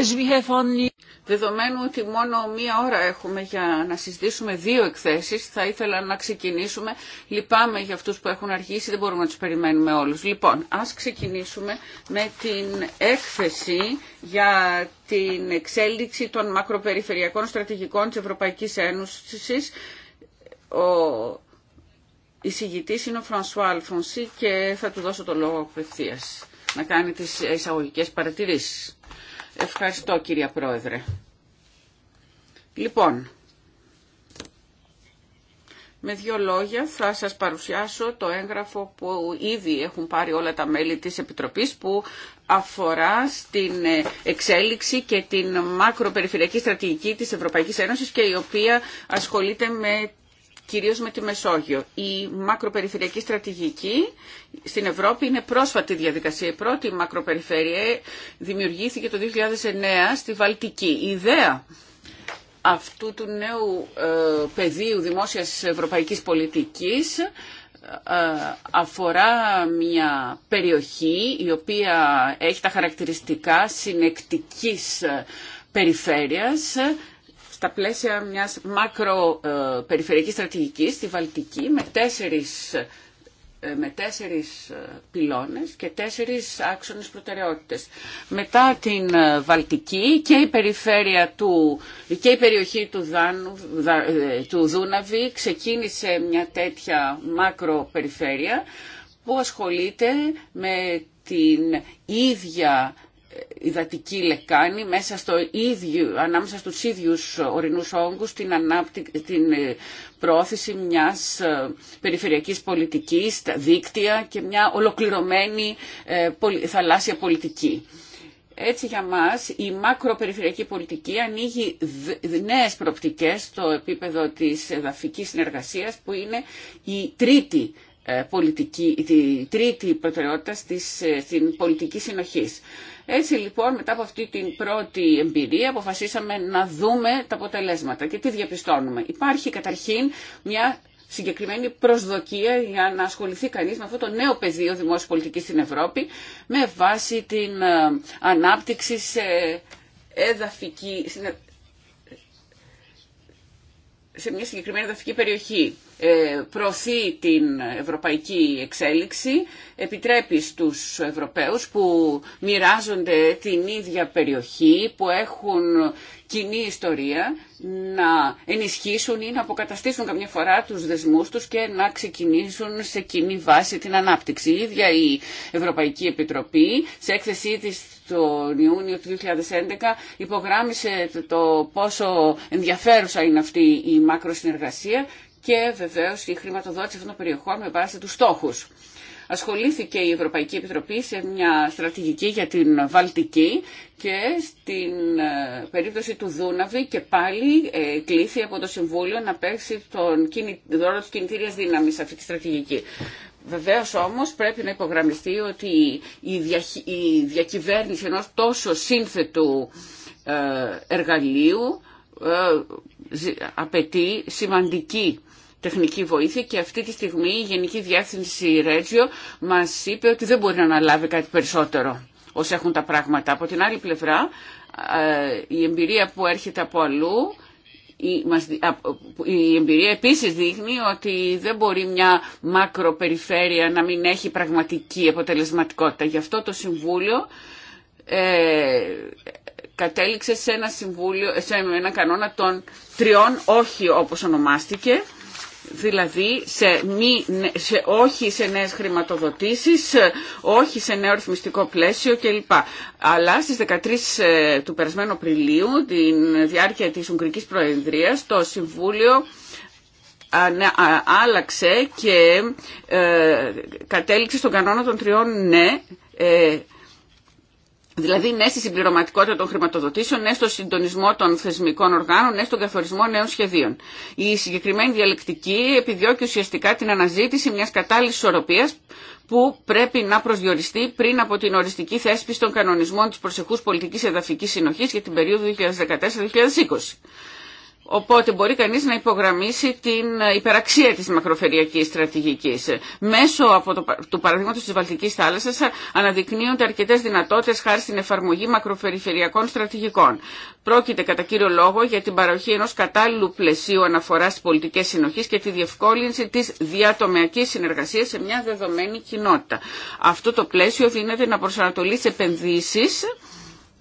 As Δεδομένου ότι μόνο μία ώρα έχουμε για να συζητήσουμε δύο εκθέσεις, θα ήθελα να ξεκινήσουμε. Λυπάμαι για αυτούς που έχουν αργήσει, δεν μπορούμε να τους περιμένουμε όλους. Λοιπόν, ας ξεκινήσουμε με την έκθεση για την εξέλιξη των μακροπεριφερειακών στρατηγικών της Ευρωπαϊκής Ένωσης. Ο εισηγητής είναι ο Φρανσουά Αλφονσί και θα του δώσω το λόγο απευθείας να κάνει τις εισαγωγικές παρατηρήσεις. Ευχαριστώ κυρία Πρόεδρε. Λοιπόν, με δύο λόγια θα σας παρουσιάσω το έγγραφο που ήδη έχουν πάρει όλα τα μέλη της Επιτροπής που αφορά στην ε, εξέλιξη και την μακροπεριφερειακή στρατηγική της Ευρωπαϊκής Ένωσης και η οποία ασχολείται με κυρίως με τη Μεσόγειο. Η μακροπεριφερειακή στρατηγική στην Ευρώπη είναι πρόσφατη διαδικασία. Η πρώτη μακροπεριφέρεια δημιουργήθηκε το 2009 στη Βαλτική. Η ιδέα αυτού του νέου ε, πεδίου δημόσιας ευρωπαϊκής πολιτικής ε, αφορά μια περιοχή η οποία έχει τα χαρακτηριστικά συνεκτικής ε, περιφέρειας στα πλαίσια μιας μακροπεριφερειακής στρατηγικής στη Βαλτική με τέσσερις, ε, με τέσσερις ε, πυλώνες και τέσσερις άξονες προτεραιότητες. Μετά την ε, Βαλτική και η, περιφέρεια του, και η περιοχή του, του Δούναβη ξεκίνησε μια τέτοια μακροπεριφέρεια που ασχολείται με την ίδια υδατική λεκάνη μέσα στο ίδιο, ανάμεσα στους ίδιους ορεινούς όγκους την, ανάπτυ... την ε, πρόθεση μιας ε, περιφερειακής πολιτικής, δίκτυα και μια ολοκληρωμένη ε, θαλάσσια πολιτική. Έτσι για μας η μακροπεριφερειακή πολιτική ανοίγει νέες προπτικές στο επίπεδο της εδαφικής συνεργασίας που είναι η τρίτη ε, πολιτική, τρίτη προτεραιότητα ε, στην πολιτική συνοχής. Έτσι λοιπόν μετά από αυτή την πρώτη εμπειρία αποφασίσαμε να δούμε τα αποτελέσματα και τι διαπιστώνουμε. Υπάρχει καταρχήν μια συγκεκριμένη προσδοκία για να ασχοληθεί κανείς με αυτό το νέο πεδίο δημόσιας πολιτικής στην Ευρώπη με βάση την ε, ανάπτυξη σε εδαφική, σε μια συγκεκριμένη εδαφική περιοχή ε, προωθεί την ευρωπαϊκή εξέλιξη, επιτρέπει στους Ευρωπαίους που μοιράζονται την ίδια περιοχή, που έχουν κοινή ιστορία, να ενισχύσουν ή να αποκαταστήσουν καμιά φορά τους δεσμούς τους και να ξεκινήσουν σε κοινή βάση την ανάπτυξη. Η ίδια η Ευρωπαϊκή Επιτροπή σε έκθεσή της τον Ιούνιο του 2011 υπογράμμισε το πόσο ενδιαφέρουσα είναι αυτή η μακροσυνεργασία και βεβαίω η χρηματοδότηση αυτών των περιοχών με βάση τους στόχους. Ασχολήθηκε η Ευρωπαϊκή Επιτροπή σε μια στρατηγική για την Βαλτική και στην ε, περίπτωση του Δούναβη και πάλι ε, κλήθη από το Συμβούλιο να παίξει τον ρόλο της κινητήριας δύναμης σε αυτή τη στρατηγική. Βεβαίω όμω πρέπει να υπογραμμιστεί ότι η διακυβέρνηση ενό τόσο σύνθετου ε, εργαλείου απαιτεί σημαντική τεχνική βοήθεια και αυτή τη στιγμή η Γενική Διεύθυνση Ρέτζιο μας είπε ότι δεν μπορεί να αναλάβει κάτι περισσότερο όσο έχουν τα πράγματα. Από την άλλη πλευρά ε, η εμπειρία που έρχεται από αλλού η εμπειρία επίσης δείχνει ότι δεν μπορεί μια μακροπεριφέρεια να μην έχει πραγματική αποτελεσματικότητα. Γι' αυτό το Συμβούλιο ε, κατέληξε σε ένα, συμβούλιο, σε ένα κανόνα των τριών όχι όπως ονομάστηκε δηλαδή σε, μη, σε όχι σε νέες χρηματοδοτήσεις, όχι σε νέο ρυθμιστικό πλαίσιο κλπ. Αλλά στις 13 ε, του περασμένου Απριλίου, την διάρκεια της Ουγγρικής Προεδρίας, το Συμβούλιο ναι, άλλαξε και ε, κατέληξε στον κανόνα των τριών ναι, ε, Δηλαδή ναι στη συμπληρωματικότητα των χρηματοδοτήσεων, ναι στο συντονισμό των θεσμικών οργάνων, ναι στον καθορισμό νέων σχεδίων. Η συγκεκριμένη διαλεκτική επιδιώκει ουσιαστικά την αναζήτηση μιας κατάλληλη ισορροπία που πρέπει να προσδιοριστεί πριν από την οριστική θέσπιση των κανονισμών της προσεχούς Πολιτική Εδαφική Συνοχή για την περίοδο 2014-2020. Οπότε μπορεί κανείς να υπογραμμίσει την υπεραξία της μακροφερειακής στρατηγικής. Μέσω από το, του παραδείγματος της Βαλτικής θάλασσας αναδεικνύονται αρκετές δυνατότητες χάρη στην εφαρμογή μακροφερειακών στρατηγικών. Πρόκειται κατά κύριο λόγο για την παροχή ενός κατάλληλου πλαισίου αναφοράς στις πολιτικές συνοχής και τη διευκόλυνση της διατομεακής συνεργασίας σε μια δεδομένη κοινότητα. Αυτό το πλαίσιο δίνεται να προσανατολίσει επενδύσεις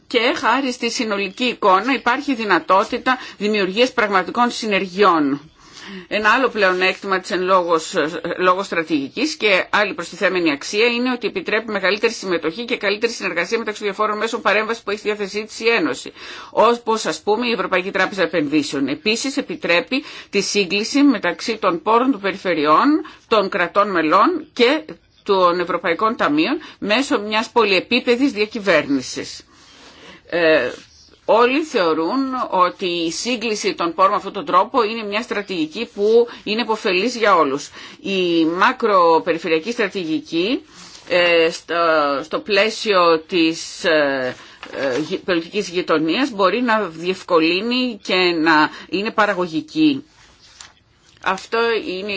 και χάρη στη συνολική εικόνα υπάρχει δυνατότητα δημιουργίας πραγματικών συνεργειών. Ένα άλλο πλεονέκτημα της εν λόγος στρατηγική στρατηγικής και άλλη προστιθέμενη αξία είναι ότι επιτρέπει μεγαλύτερη συμμετοχή και καλύτερη συνεργασία μεταξύ των διαφόρων μέσων παρέμβαση που έχει στη διάθεσή της η Ένωση, όπως ας πούμε η Ευρωπαϊκή Τράπεζα Επενδύσεων. Επίσης επιτρέπει τη σύγκληση μεταξύ των πόρων των περιφερειών, των κρατών μελών και των Ευρωπαϊκών Ταμείων μέσω μιας πολυεπίπεδης διακυβέρνησης. Ε, όλοι θεωρούν ότι η σύγκληση των πόρων με αυτόν τον τρόπο είναι μια στρατηγική που είναι υποφελής για όλους. Η μακροπεριφερειακή στρατηγική ε, στο πλαίσιο της ε, πολιτικής γειτονίας μπορεί να διευκολύνει και να είναι παραγωγική. Αυτό είναι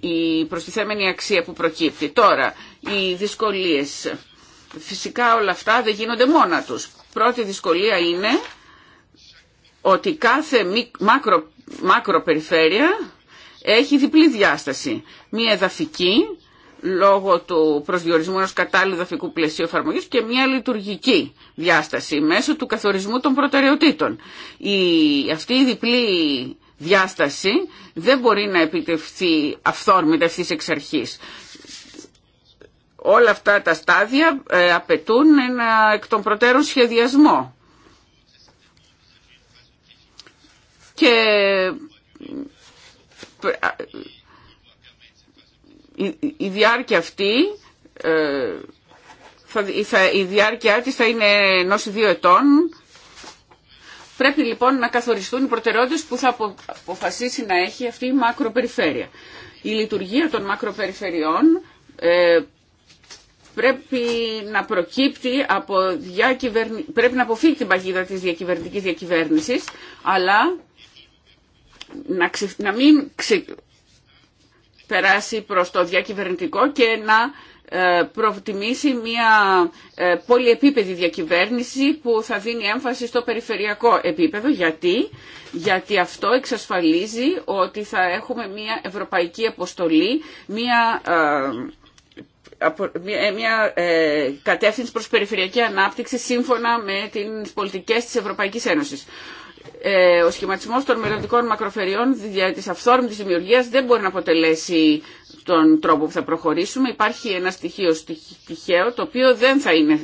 η προστιθέμενη αξία που προκύπτει. Τώρα, οι δυσκολίες. Φυσικά όλα αυτά δεν γίνονται μόνα τους Πρώτη δυσκολία είναι ότι κάθε μακρο, μακροπεριφέρεια έχει διπλή διάσταση. Μία εδαφική, λόγω του προσδιορισμού ενός κατάλληλου δαφικού πλαισίου εφαρμογής και μια λειτουργική διάσταση μέσω του καθορισμού των προτεραιοτήτων. Η, αυτή η διπλή διάσταση δεν μπορεί να επιτευχθεί αυθόρμητα ευθύς εξ αρχής Όλα αυτά τα στάδια ε, απαιτούν ένα εκ των προτέρων σχεδιασμό. Και ε, η διάρκεια αυτή, ε, η διάρκεια της θα είναι ενός ή δύο ετών. Πρέπει λοιπόν να καθοριστούν οι προτεραιότητες που θα αποφασίσει να έχει αυτή η μακροπεριφέρεια. Η λειτουργία των μακροπεριφερειών πρέπει να προκύπτει από πρέπει να αποφύγει την παγίδα της διακυβερνητικής διακυβέρνησης, αλλά να, να μην περάσει προς το διακυβερνητικό και να ε, προτιμήσει μια ε, πολυεπίπεδη διακυβέρνηση που θα δίνει έμφαση στο περιφερειακό επίπεδο. Γιατί, Γιατί αυτό εξασφαλίζει ότι θα έχουμε μια ευρωπαϊκή αποστολή, μια ε, μια ε, ε, κατεύθυνση προς περιφερειακή ανάπτυξη σύμφωνα με τις πολιτικές της Ευρωπαϊκής Ένωσης. Ε, ο σχηματισμός των μελλοντικών μακροφεριών δια της αυθόρμητης δημιουργίας δεν μπορεί να αποτελέσει τον τρόπο που θα προχωρήσουμε. Υπάρχει ένα στοιχείο τυχαίο το οποίο δεν θα είναι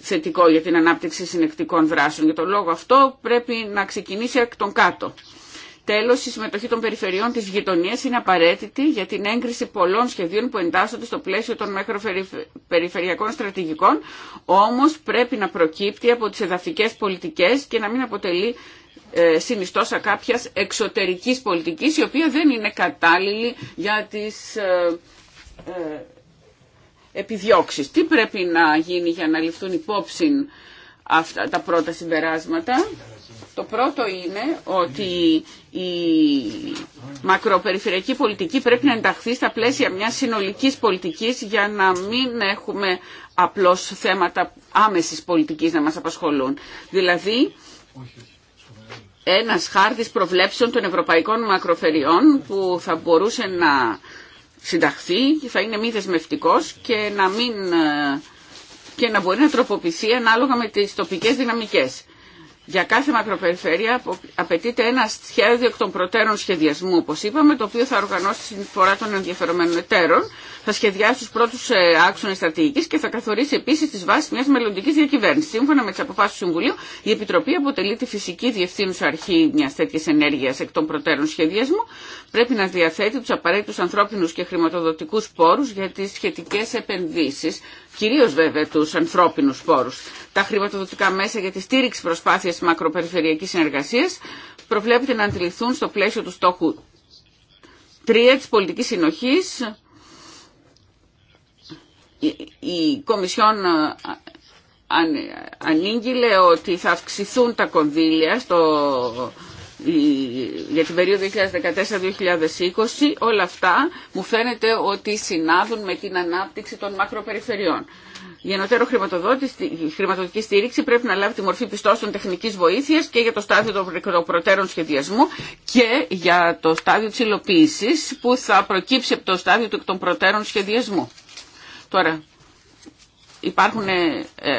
θετικό για την ανάπτυξη συνεκτικών δράσεων. Για τον λόγο αυτό πρέπει να ξεκινήσει εκ των κάτω. Τέλος, η συμμετοχή των περιφερειών της γειτονίας είναι απαραίτητη για την έγκριση πολλών σχεδίων που εντάσσονται στο πλαίσιο των μακροπεριφερειακών στρατηγικών, όμως πρέπει να προκύπτει από τις εδαφικές πολιτικές και να μην αποτελεί ε, συνιστόσα κάποιας εξωτερικής πολιτικής, η οποία δεν είναι κατάλληλη για τις ε, ε Τι πρέπει να γίνει για να ληφθούν υπόψη αυτά τα πρώτα συμπεράσματα. Το πρώτο είναι ότι η μακροπεριφερειακή πολιτική πρέπει να ενταχθεί στα πλαίσια μιας συνολικής πολιτικής για να μην έχουμε απλώς θέματα άμεσης πολιτικής να μας απασχολούν. Δηλαδή, ένας χάρτης προβλέψεων των ευρωπαϊκών μακροφεριών που θα μπορούσε να συνταχθεί και θα είναι μη δεσμευτικό και να μην ε, και να μπορεί να τροποποιηθεί ανάλογα με τις τοπικές δυναμικές. Για κάθε μακροπεριφέρεια απαιτείται ένα σχέδιο εκ των προτέρων σχεδιασμού, όπως είπαμε, το οποίο θα οργανώσει τη συνεισφορά των ενδιαφερομένων εταίρων θα σχεδιάσει του πρώτου ε, άξονε στρατηγική και θα καθορίσει επίση τι βάσει μια μελλοντική διακυβέρνηση. Σύμφωνα με τι αποφάσει του Συμβουλίου, η Επιτροπή αποτελεί τη φυσική διευθύνουσα αρχή μια τέτοια ενέργεια εκ των προτέρων σχεδιασμού. Πρέπει να διαθέτει του απαραίτητου ανθρώπινου και χρηματοδοτικού πόρου για τι σχετικέ επενδύσει, κυρίω βέβαια του ανθρώπινου πόρου. Τα χρηματοδοτικά μέσα για τη στήριξη προσπάθεια μακροπεριφερειακή συνεργασία προβλέπεται να αντιληφθούν στο πλαίσιο του στόχου 3 της πολιτικής συνοχής η Κομισιόν ανήγγειλε ότι θα αυξηθούν τα κονδύλια στο, για την περίοδο 2014-2020. Όλα αυτά μου φαίνεται ότι συνάδουν με την ανάπτυξη των μακροπεριφερειών. Η ενωτέρω χρηματοδοτική στήριξη πρέπει να λάβει τη μορφή πιστώσεων τεχνικής βοήθειας και για το στάδιο των προτέρων σχεδιασμού και για το στάδιο της υλοποίησης που θα προκύψει από το στάδιο των προτέρων σχεδιασμού. Τώρα, υπάρχουν, ε, ε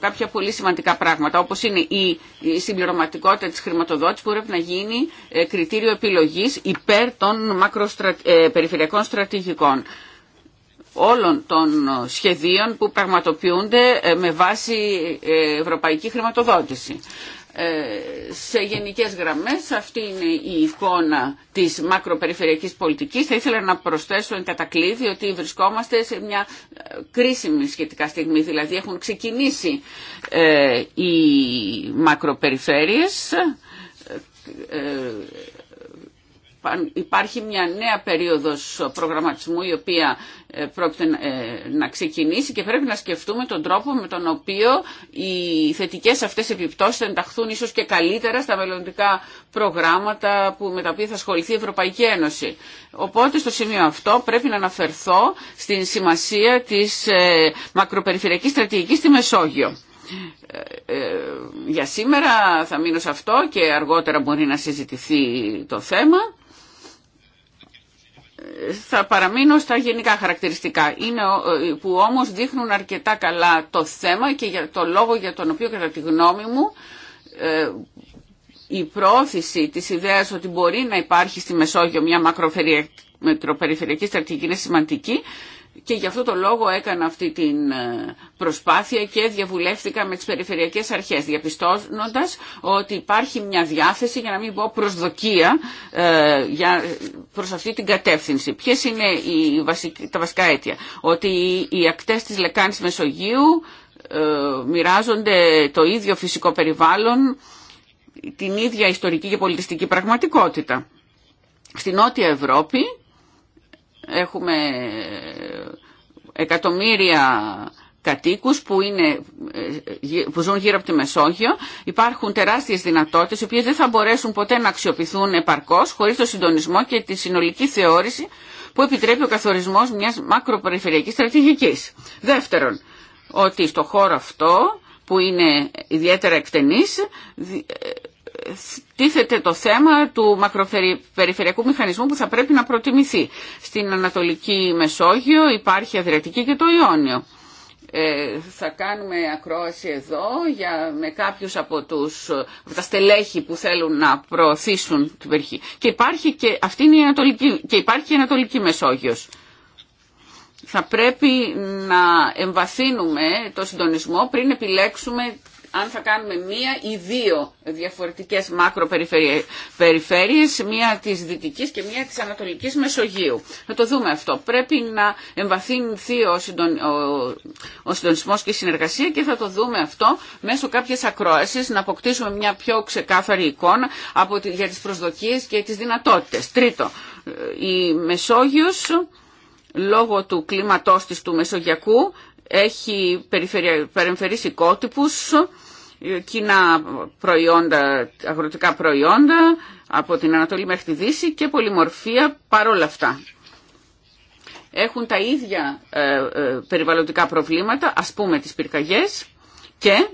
κάποια πολύ σημαντικά πράγματα, όπως είναι η, η συμπληρωματικότητα της χρηματοδότησης που πρέπει να γίνει ε, κριτήριο επιλογής υπέρ των μακροστρα, ε, περιφερειακών στρατηγικών όλων των σχεδίων που πραγματοποιούνται με βάση ευρωπαϊκή χρηματοδότηση. Ε, σε γενικές γραμμές αυτή είναι η εικόνα της μακροπεριφερειακής πολιτικής. Θα ήθελα να προσθέσω εν κατακλείδη ότι βρισκόμαστε σε μια ε, κρίσιμη σχετικά στιγμή. Δηλαδή έχουν ξεκινήσει ε, οι μακροπεριφέρειες υπάρχει μια νέα περίοδος προγραμματισμού η οποία ε, πρόκειται ε, να ξεκινήσει και πρέπει να σκεφτούμε τον τρόπο με τον οποίο οι θετικές αυτές επιπτώσεις θα ενταχθούν ίσως και καλύτερα στα μελλοντικά προγράμματα που, με τα οποία θα ασχοληθεί η Ευρωπαϊκή Ένωση. Οπότε στο σημείο αυτό πρέπει να αναφερθώ στην σημασία της ε, μακροπεριφερειακής στρατηγικής στη Μεσόγειο. Ε, για σήμερα θα μείνω σε αυτό και αργότερα μπορεί να συζητηθεί το θέμα θα παραμείνω στα γενικά χαρακτηριστικά, είναι, που όμως δείχνουν αρκετά καλά το θέμα και για το λόγο για τον οποίο κατά τη γνώμη μου ε, η πρόθεση της ιδέας ότι μπορεί να υπάρχει στη Μεσόγειο μια μακροπεριφερειακή στρατηγική είναι σημαντική και γι' αυτό το λόγο έκανα αυτή την ε, προσπάθεια και διαβουλεύτηκα με τις περιφερειακές αρχές, διαπιστώνοντας ότι υπάρχει μια διάθεση, για να μην πω προσδοκία, ε, για, προς αυτή την κατεύθυνση. Ποιες είναι οι τα βασικά αίτια. Ότι οι ακτές της Λεκάνης Μεσογείου ε, μοιράζονται το ίδιο φυσικό περιβάλλον, την ίδια ιστορική και πολιτιστική πραγματικότητα. Στην Νότια Ευρώπη Έχουμε εκατομμύρια κατοίκους που, είναι, που ζουν γύρω από τη Μεσόγειο. Υπάρχουν τεράστιες δυνατότητες, οι οποίες δεν θα μπορέσουν ποτέ να αξιοποιηθούν επαρκώς, χωρίς το συντονισμό και τη συνολική θεώρηση που επιτρέπει ο καθορισμός μιας μακροπεριφερειακής στρατηγικής. Δεύτερον, ότι στο χώρο αυτό που είναι ιδιαίτερα εκτενής τίθεται το θέμα του μακροπεριφερειακού μηχανισμού που θα πρέπει να προτιμηθεί. Στην Ανατολική Μεσόγειο υπάρχει Αδριατική και το Ιόνιο. Ε, θα κάνουμε ακρόαση εδώ για, με κάποιους από, τους, από τα στελέχη που θέλουν να προωθήσουν την περιοχή. Και υπάρχει και, αυτή η Ανατολική, και υπάρχει η Ανατολική Μεσόγειος. Θα πρέπει να εμβαθύνουμε το συντονισμό πριν επιλέξουμε αν θα κάνουμε μία ή δύο διαφορετικές μακροπεριφέρειες, μία της Δυτικής και μία της Ανατολικής Μεσογείου. Θα το δούμε αυτό. Πρέπει να εμβαθύνθει ο, συντον, ο, συντονισμός και η συνεργασία και θα το δούμε αυτό μέσω κάποιες ακρόασεις, να αποκτήσουμε μια πιο ξεκάθαρη εικόνα από, για τις προσδοκίες και τις δυνατότητες. Τρίτο, η Μεσόγειος λόγω του κλίματός της του Μεσογειακού έχει περιφερειακού κότυπους κοινά προϊόντα, αγροτικά προϊόντα από την Ανατολή μέχρι τη Δύση και πολυμορφία παρόλα αυτά. Έχουν τα ίδια ε, ε, περιβαλλοντικά προβλήματα, ας πούμε τις πυρκαγιές και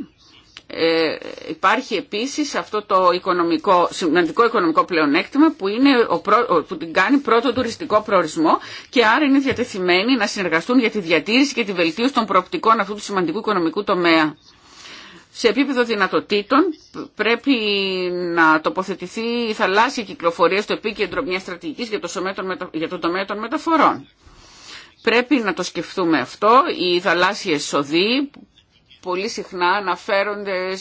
ε, υπάρχει επίσης αυτό το οικονομικό, σημαντικό οικονομικό πλεονέκτημα που, είναι ο που την κάνει πρώτο τουριστικό προορισμό και άρα είναι διατεθειμένοι να συνεργαστούν για τη διατήρηση και τη βελτίωση των προοπτικών αυτού του σημαντικού οικονομικού τομέα σε επίπεδο δυνατοτήτων πρέπει να τοποθετηθεί η θαλάσσια κυκλοφορία στο επίκεντρο μιας στρατηγικής για το τομέα των μεταφορών. Πρέπει να το σκεφτούμε αυτό. Οι θαλάσσιε οδοί πολύ συχνά αναφέρονται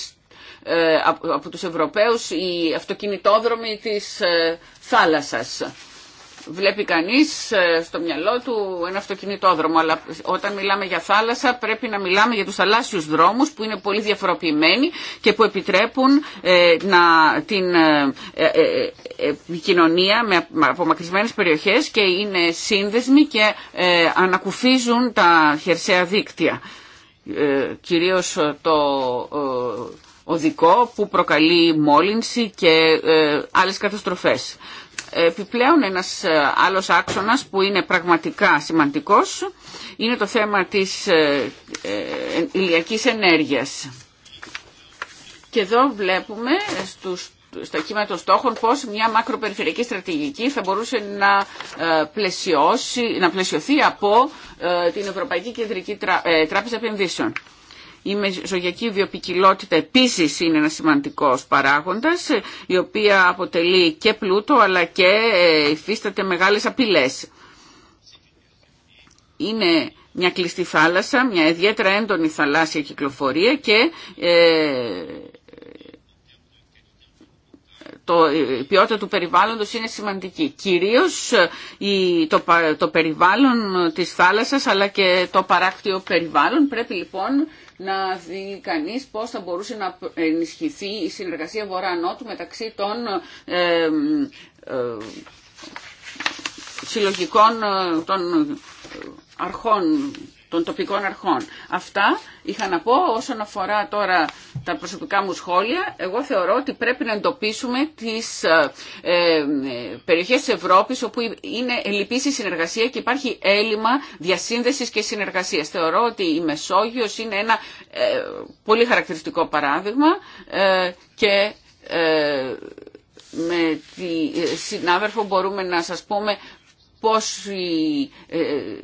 ε, από τους Ευρωπαίους οι αυτοκινητόδρομοι της ε, θάλασσας βλέπει κανείς ε, στο μυαλό του ένα αυτοκινητόδρομο, αλλά όταν μιλάμε για θάλασσα πρέπει να μιλάμε για τους θαλάσσιους δρόμους που είναι πολύ διαφοροποιημένοι και που επιτρέπουν ε, να, την ε, κοινωνία με απομακρυσμένες περιοχές και είναι σύνδεσμοι και ανακουφίζουν τα χερσαία δίκτυα. κυρίως το οδικό που προκαλεί μόλυνση και άλλες καταστροφές. Επιπλέον ένας ε, άλλος άξονας που είναι πραγματικά σημαντικός είναι το θέμα της ε, ε, ηλιακής ενέργειας. Και εδώ βλέπουμε στους στα κύματα των στόχων πώς μια μακροπεριφερειακή στρατηγική θα μπορούσε να, πλαισιώσει, να πλαισιωθεί από την Ευρωπαϊκή Κεντρική Τράπεζα Επενδύσεων. Η μεσογειακή βιοπικιλότητα επίσης είναι ένα σημαντικός παράγοντας, η οποία αποτελεί και πλούτο αλλά και ε, υφίσταται μεγάλες απειλές. Είναι μια κλειστή θάλασσα, μια ιδιαίτερα έντονη θαλάσσια κυκλοφορία και ε, το, η ποιότητα του περιβάλλοντος είναι σημαντική. Κυρίως ε, η, το, το περιβάλλον της θάλασσας αλλά και το παράκτιο περιβάλλον πρέπει λοιπόν να δει κανεί πώς θα μπορούσε να ενισχυθεί η συνεργασία Βορρά-Νότου μεταξύ των ε, ε, συλλογικών των αρχών των τοπικών αρχών. Αυτά είχα να πω όσον αφορά τώρα τα προσωπικά μου σχόλια. Εγώ θεωρώ ότι πρέπει να εντοπίσουμε τις ε, ε περιοχές της Ευρώπης όπου είναι ελλειπής η συνεργασία και υπάρχει έλλειμμα διασύνδεσης και συνεργασίας. Θεωρώ ότι η Μεσόγειος είναι ένα ε, πολύ χαρακτηριστικό παράδειγμα ε, και με τη συνάδελφο μπορούμε να σας πούμε πόση ε, ε,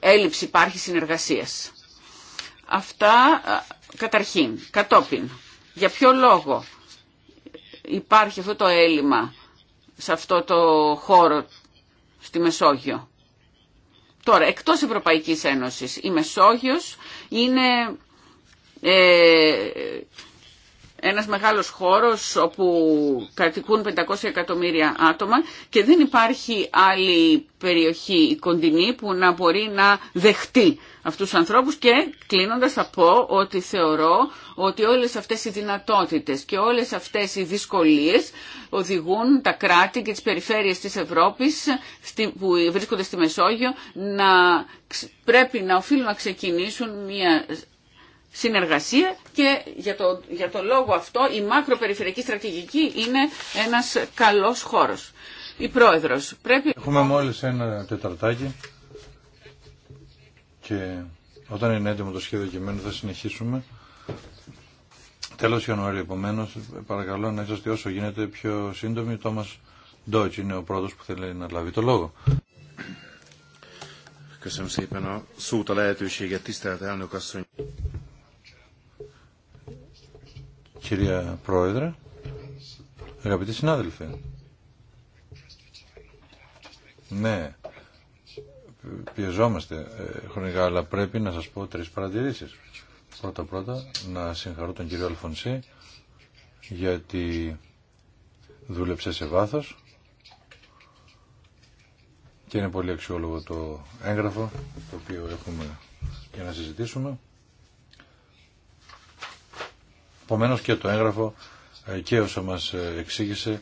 έλλειψη υπάρχει συνεργασίας. Αυτά καταρχήν, κατόπιν. Για ποιο λόγο υπάρχει αυτό το έλλειμμα σε αυτό το χώρο στη Μεσόγειο. Τώρα, εκτός Ευρωπαϊκής Ένωσης, η Μεσόγειος είναι ε, ένας μεγάλος χώρος όπου κατοικούν 500 εκατομμύρια άτομα και δεν υπάρχει άλλη περιοχή κοντινή που να μπορεί να δεχτεί αυτούς τους ανθρώπους και κλείνοντας θα πω ότι θεωρώ ότι όλες αυτές οι δυνατότητες και όλες αυτές οι δυσκολίες οδηγούν τα κράτη και τις περιφέρειες της Ευρώπης που βρίσκονται στη Μεσόγειο να πρέπει να οφείλουν να ξεκινήσουν μια συνεργασία και για, το, για τον λόγο αυτό η μακροπεριφερειακή στρατηγική είναι ένας καλός χώρος. Η Πρόεδρος πρέπει... Έχουμε μόλις ένα τεταρτάκι και όταν είναι έτοιμο το σχέδιο κειμένου θα συνεχίσουμε. Τέλος Ιανουαρίου επομένω, παρακαλώ να είσαστε όσο γίνεται πιο σύντομοι. Ο Τόμας Ντόιτς είναι ο πρώτος που θέλει να λάβει το λόγο κυρία Πρόεδρε, αγαπητοί συνάδελφοι. Ναι, πιεζόμαστε ε, χρονικά, αλλά πρέπει να σας πω τρεις παρατηρήσεις. Πρώτα-πρώτα, να συγχαρώ τον κύριο Αλφονσί, γιατί δούλεψε σε βάθος και είναι πολύ αξιόλογο το έγγραφο το οποίο έχουμε για να συζητήσουμε. Επομένω και το έγγραφο ε, και όσο μας ε, εξήγησε ε,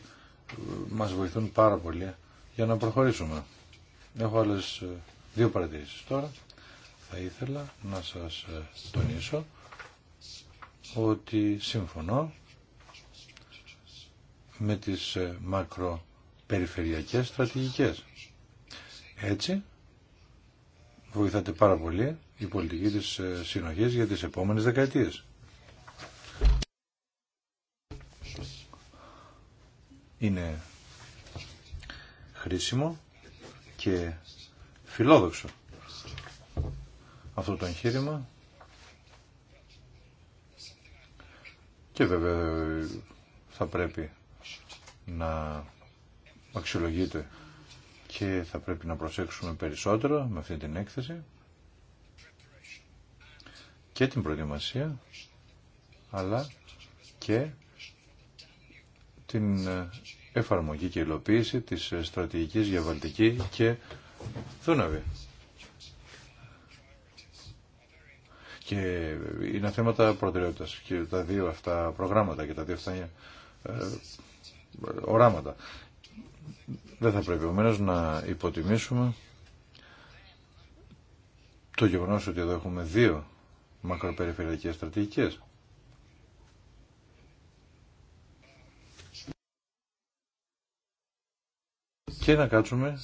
μας βοηθούν πάρα πολύ για να προχωρήσουμε. Έχω άλλες δύο παρατηρήσεις τώρα. Θα ήθελα να σας τονίσω ότι συμφωνώ με τις μακροπεριφερειακές στρατηγικές. Έτσι βοηθάτε πάρα πολύ η πολιτική της συνοχής για τις επόμενες δεκαετίες. είναι χρήσιμο και φιλόδοξο αυτό το εγχείρημα και βέβαια θα πρέπει να αξιολογείται και θα πρέπει να προσέξουμε περισσότερο με αυτή την έκθεση και την προετοιμασία αλλά και την ε, εφαρμογή και υλοποίηση της ε, στρατηγικής για Βαλτική και Δούναβη. Και είναι θέματα προτεραιότητας και τα δύο αυτά προγράμματα και τα δύο αυτά ε, οράματα. Δεν θα πρέπει ομένως να υποτιμήσουμε το γεγονός ότι εδώ έχουμε δύο μακροπεριφερειακές στρατηγικές. και να κάτσουμε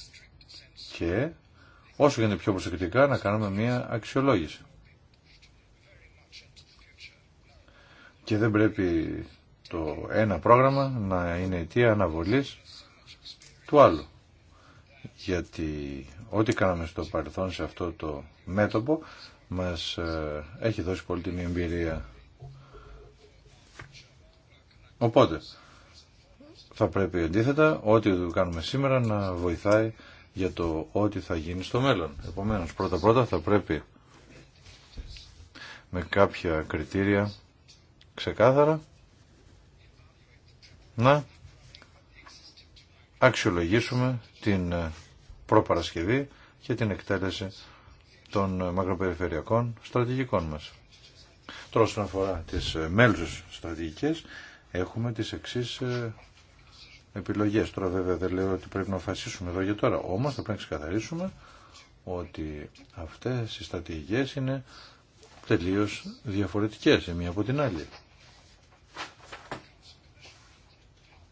και όσο γίνεται πιο προσεκτικά να κάνουμε μια αξιολόγηση. Και δεν πρέπει το ένα πρόγραμμα να είναι αιτία αναβολής του άλλου. Γιατί ό,τι κάναμε στο παρελθόν σε αυτό το μέτωπο μας ε, έχει δώσει πολύτιμη εμπειρία. Οπότε, θα πρέπει αντίθετα ό,τι κάνουμε σήμερα να βοηθάει για το ό,τι θα γίνει στο μέλλον. Επομένως, πρώτα-πρώτα θα πρέπει με κάποια κριτήρια ξεκάθαρα να αξιολογήσουμε την προπαρασκευή και την εκτέλεση των μακροπεριφερειακών στρατηγικών μας. Τώρα, όσον αφορά τις μέλους στρατηγικές, έχουμε τις εξής ε, επιλογές. Τώρα βέβαια δεν λέω ότι πρέπει να αποφασίσουμε εδώ για τώρα. Όμως θα πρέπει να ξεκαθαρίσουμε ότι αυτές οι στατηγικές είναι τελείως διαφορετικές η μία από την άλλη.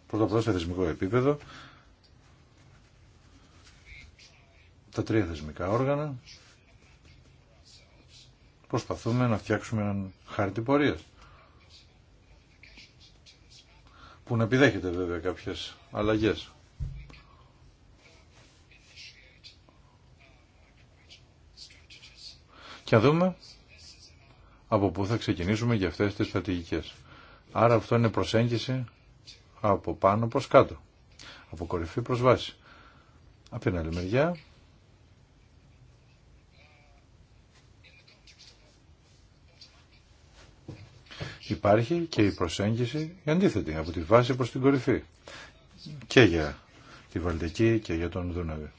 Πρώτα απ' όλα σε θεσμικό επίπεδο τα τρία θεσμικά όργανα προσπαθούμε να φτιάξουμε έναν χάρτη πορείας. που να επιδέχεται βέβαια κάποιες αλλαγές. Και να δούμε από πού θα ξεκινήσουμε για αυτές τις στρατηγικές. Άρα αυτό είναι προσέγγιση από πάνω προς κάτω. Από κορυφή προς βάση. Από την άλλη μεριά υπάρχει και η προσέγγιση αντίθετη από τη βάση προς την κορυφή και για τη Βαλτική και για τον Δούναβη.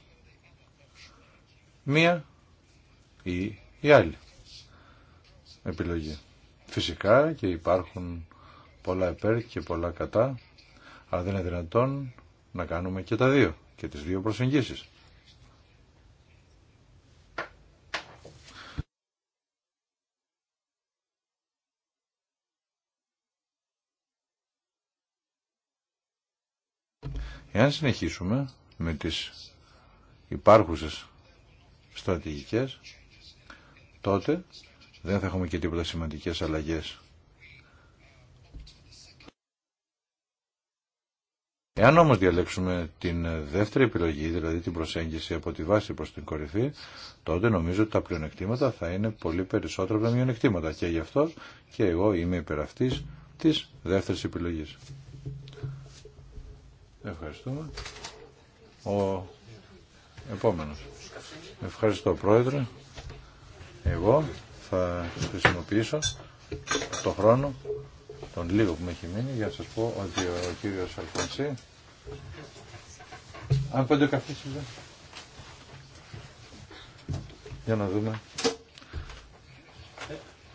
Μία ή η άλλη επιλογή. Φυσικά και υπάρχουν πολλά επέρ και πολλά κατά, αλλά δεν είναι δυνατόν να κάνουμε και τα δύο και τις δύο προσεγγίσεις. Εάν συνεχίσουμε με τις υπάρχουσες στρατηγικές, τότε δεν θα έχουμε και τίποτα σημαντικές αλλαγές. Εάν όμως διαλέξουμε την δεύτερη επιλογή, δηλαδή την προσέγγιση από τη βάση προς την κορυφή, τότε νομίζω ότι τα πλεονεκτήματα θα είναι πολύ περισσότερα από τα μειονεκτήματα. Και γι' αυτό και εγώ είμαι υπεραυτής της δεύτερης επιλογής. Ευχαριστούμε. Ο επόμενος. Ευχαριστώ πρόεδρε. Εγώ θα χρησιμοποιήσω το χρόνο, τον λίγο που με έχει μείνει, για να σας πω ότι ο κύριος Αλφανσί Αν πέντε καφέ Για να δούμε.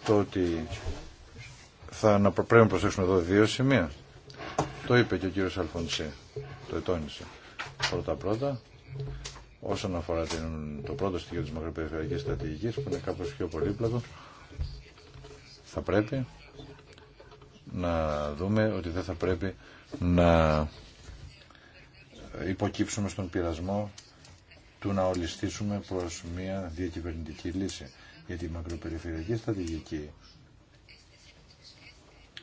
Το ότι θα να πρέπει να προσέξουμε εδώ δύο σημεία. Το είπε και ο κύριος Αλφονσέ, το ετώνησε. Πρώτα-πρώτα, όσον αφορά το πρώτο στοιχείο της μακροπεριφερειακής στρατηγικής, που είναι κάπως πιο πολύπλατο, θα πρέπει να δούμε ότι δεν θα πρέπει να υποκύψουμε στον πειρασμό του να ολιστήσουμε προς μια διακυβερνητική λύση. Γιατί η μακροπεριφερειακή στρατηγική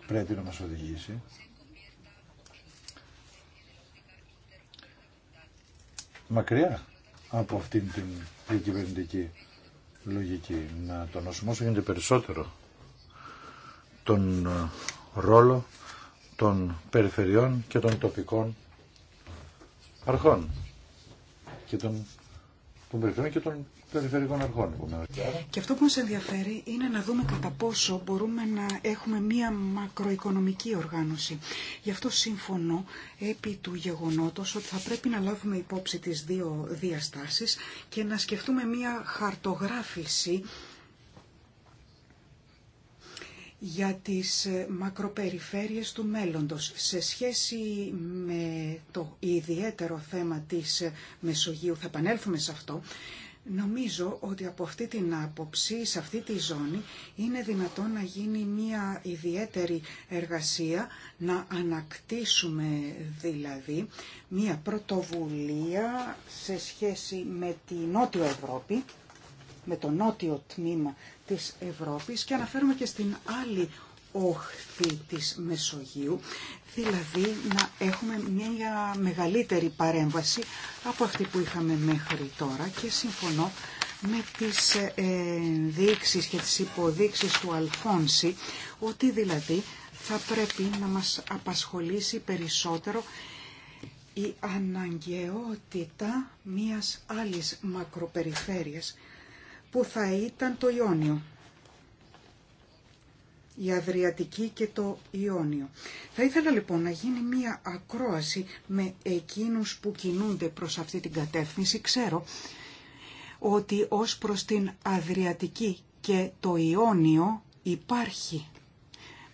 πρέπει να μας οδηγήσει μακριά από αυτήν την κυβερνητική λογική. Να τον όσο γίνεται περισσότερο τον ε, ρόλο των περιφερειών και των τοπικών αρχών και των που περιφέρουν και των περιφερειακών αρχών. Και αυτό που μας ενδιαφέρει είναι να δούμε κατά πόσο μπορούμε να έχουμε μία μακροοικονομική οργάνωση. Γι' αυτό σύμφωνο επί του γεγονότος ότι θα πρέπει να λάβουμε υπόψη τις δύο διαστάσεις και να σκεφτούμε μία χαρτογράφηση για τις ε, μακροπεριφέρειες του μέλλοντος σε σχέση με το ιδιαίτερο θέμα της ε, Μεσογείου, θα επανέλθουμε σε αυτό, Νομίζω ότι από αυτή την άποψη, σε αυτή τη ζώνη, είναι δυνατόν να γίνει μια ιδιαίτερη εργασία, να ανακτήσουμε δηλαδή μια πρωτοβουλία σε σχέση με την Νότιο Ευρώπη, με το νότιο τμήμα της Ευρώπης και αναφέρουμε και στην άλλη όχθη της Μεσογείου, δηλαδή να έχουμε μια μεγαλύτερη παρέμβαση από αυτή που είχαμε μέχρι τώρα και συμφωνώ με τις ε, δείξεις και τις υποδείξεις του Αλφόνση, ότι δηλαδή θα πρέπει να μας απασχολήσει περισσότερο η αναγκαιότητα μιας άλλης μακροπεριφέρειας που θα ήταν το Ιόνιο. Η Αδριατική και το Ιόνιο. Θα ήθελα λοιπόν να γίνει μία ακρόαση με εκείνους που κινούνται προς αυτή την κατεύθυνση. Ξέρω ότι ως προς την Αδριατική και το Ιόνιο υπάρχει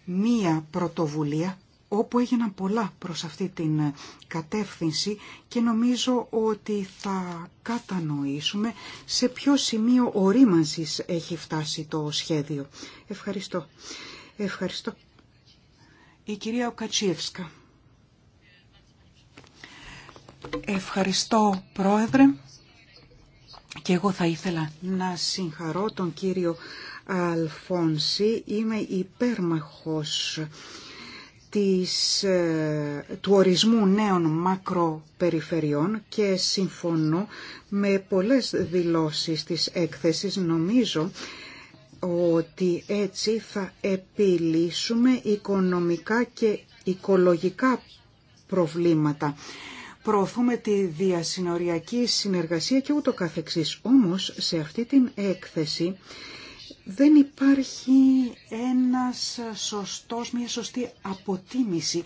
μία πρωτοβουλία όπου έγιναν πολλά προς αυτή την ε, κατεύθυνση και νομίζω ότι θα κατανοήσουμε σε ποιο σημείο ορίμανσης έχει φτάσει το σχέδιο. Ευχαριστώ. Ευχαριστώ. Η κυρία Οκατσίευσκα. Ευχαριστώ πρόεδρε και εγώ θα ήθελα να συγχαρώ τον κύριο Αλφόνση. Είμαι υπέρμαχος της, ε, του ορισμού νέων μακροπεριφερειών και συμφωνώ με πολλές δηλώσεις της έκθεσης. Νομίζω ότι έτσι θα επιλύσουμε οικονομικά και οικολογικά προβλήματα. Προωθούμε τη διασυνοριακή συνεργασία και ούτω καθεξής. Όμως σε αυτή την έκθεση δεν υπάρχει ένας σωστός, μια σωστή αποτίμηση